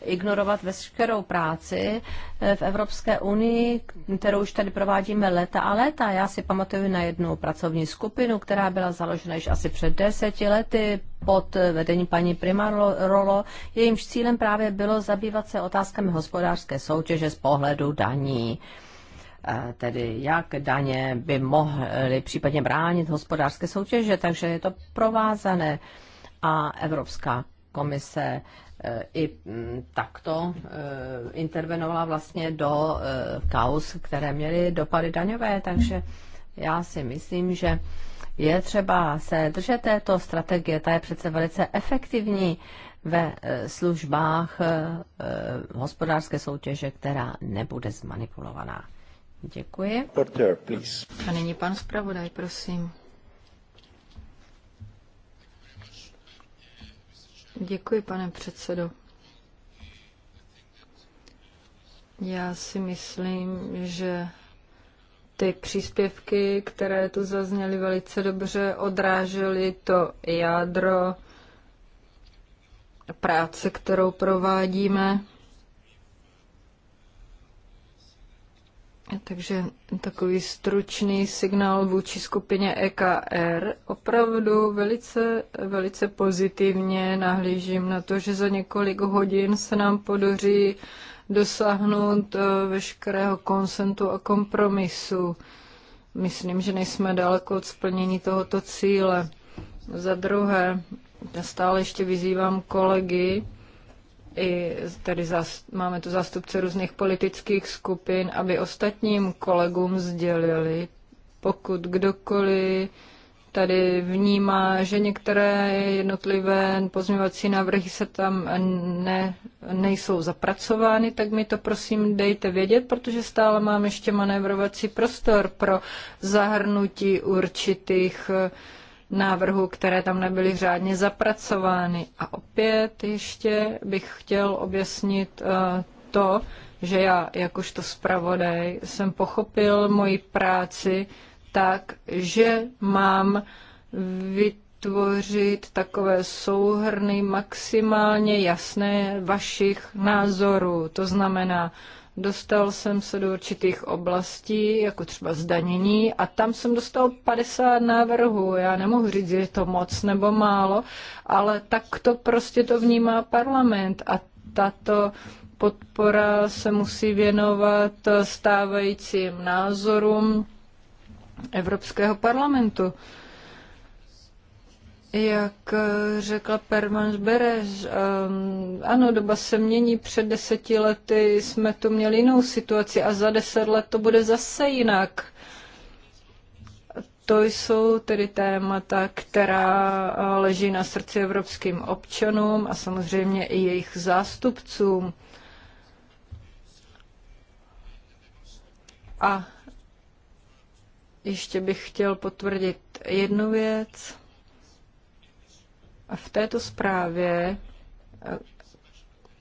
ignorovat veškerou práci eh, v Evropské unii, kterou už tady provádíme leta a léta. Já si pamatuju na jednu pracovní skupinu, která byla založena již asi před deseti lety pod eh, vedením paní Primarolo. Jejímž cílem právě bylo zabývat se otázkami hospodářské soutěže z pohledu daní tedy jak daně by mohly případně bránit hospodářské soutěže, takže je to provázané. A Evropská komise e, i takto e, intervenovala vlastně do e, kaus, které měly dopady daňové, takže já si myslím, že je třeba se držet této strategie, ta je přece velice efektivní ve službách hospodářské soutěže, která nebude zmanipulovaná. Děkuji. Porter, please. A nyní pan zpravodaj, prosím. Děkuji, pane předsedo. Já si myslím, že ty příspěvky, které tu zazněly velice dobře, odrážely to jádro práce, kterou provádíme Takže takový stručný signál vůči skupině EKR. Opravdu velice, velice pozitivně nahlížím na to, že za několik hodin se nám podaří dosáhnout eh, veškerého konsentu a kompromisu. Myslím, že nejsme daleko od splnění tohoto cíle. Za druhé, já stále ještě vyzývám kolegy, i tady zas, máme tu zástupce různých politických skupin, aby ostatním kolegům sdělili, pokud kdokoliv tady vnímá, že některé jednotlivé pozměňovací návrhy se tam ne, nejsou zapracovány, tak mi to prosím dejte vědět, protože stále mám ještě manévrovací prostor pro zahrnutí určitých uh, návrhů, které tam nebyly řádně zapracovány. A opět ještě bych chtěl objasnit eh, to, že já, jakožto zpravodaj, jsem pochopil moji práci tak, že mám vytvořit takové souhrny maximálně jasné vašich názorů. To znamená, Dostal jsem se do určitých oblastí, jako třeba zdanění, a tam jsem dostal 50 návrhů. Já nemohu říct, že je to moc nebo málo, ale tak to prostě to vnímá parlament a tato podpora se musí věnovat stávajícím názorům Evropského parlamentu. Jak eh, řekla Permanš Bereš, um, ehm, ano, doba se mění. Před deseti lety jsme tu měli jinou situaci a za deset let to bude zase jinak. To jsou tedy témata, která eh, leží na srdci evropským občanům a samozřejmě i jejich zástupcům. A ještě bych chtěl potvrdit jednu věc. V této zprávě eh,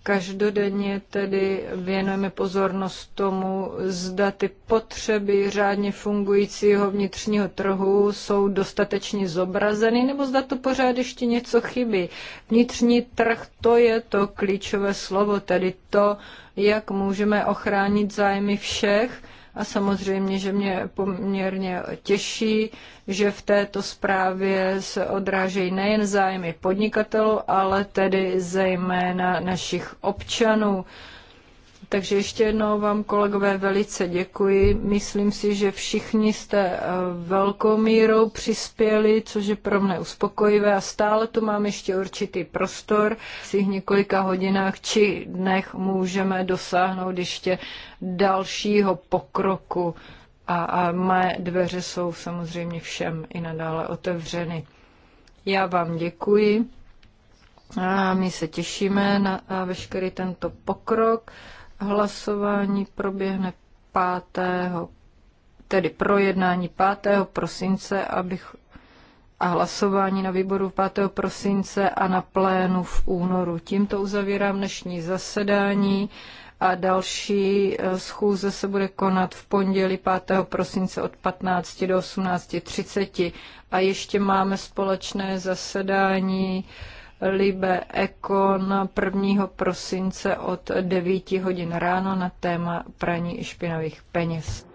každodenně tedy věnujeme pozornost tomu, zda ty potřeby řádně fungujícího vnitřního trhu jsou dostatečně zobrazeny, nebo zda to pořád ještě něco chybí. Vnitřní trh to je to klíčové slovo, tedy to, jak můžeme ochránit zájmy všech, a samozřejmě, že mě poměrně těší, že v této zprávě se odrážejí nejen zájmy podnikatelů, ale tedy zejména našich občanů. Takže ještě jednou vám, kolegové, velice děkuji. Myslím si, že všichni jste eh, velkou mírou přispěli, což je pro mne uspokojivé a stále tu mám ještě určitý prostor. V těch několika hodinách či dnech můžeme dosáhnout ještě dalšího pokroku a, a mé dveře jsou samozřejmě všem i nadále otevřeny. Já vám děkuji. A my se těšíme na veškerý tento pokrok. Hlasování proběhne 5. tedy projednání 5. prosince, abych a hlasování na výboru 5. prosince a na plénu v únoru. Tímto uzavírám dnešní zasedání a další eh, schůze se bude konat v pondělí 5. prosince od 15 do 18.30 a ještě máme společné zasedání Libe Ekon 1. prosince od 9 hodin ráno na téma praní špinavých peněz.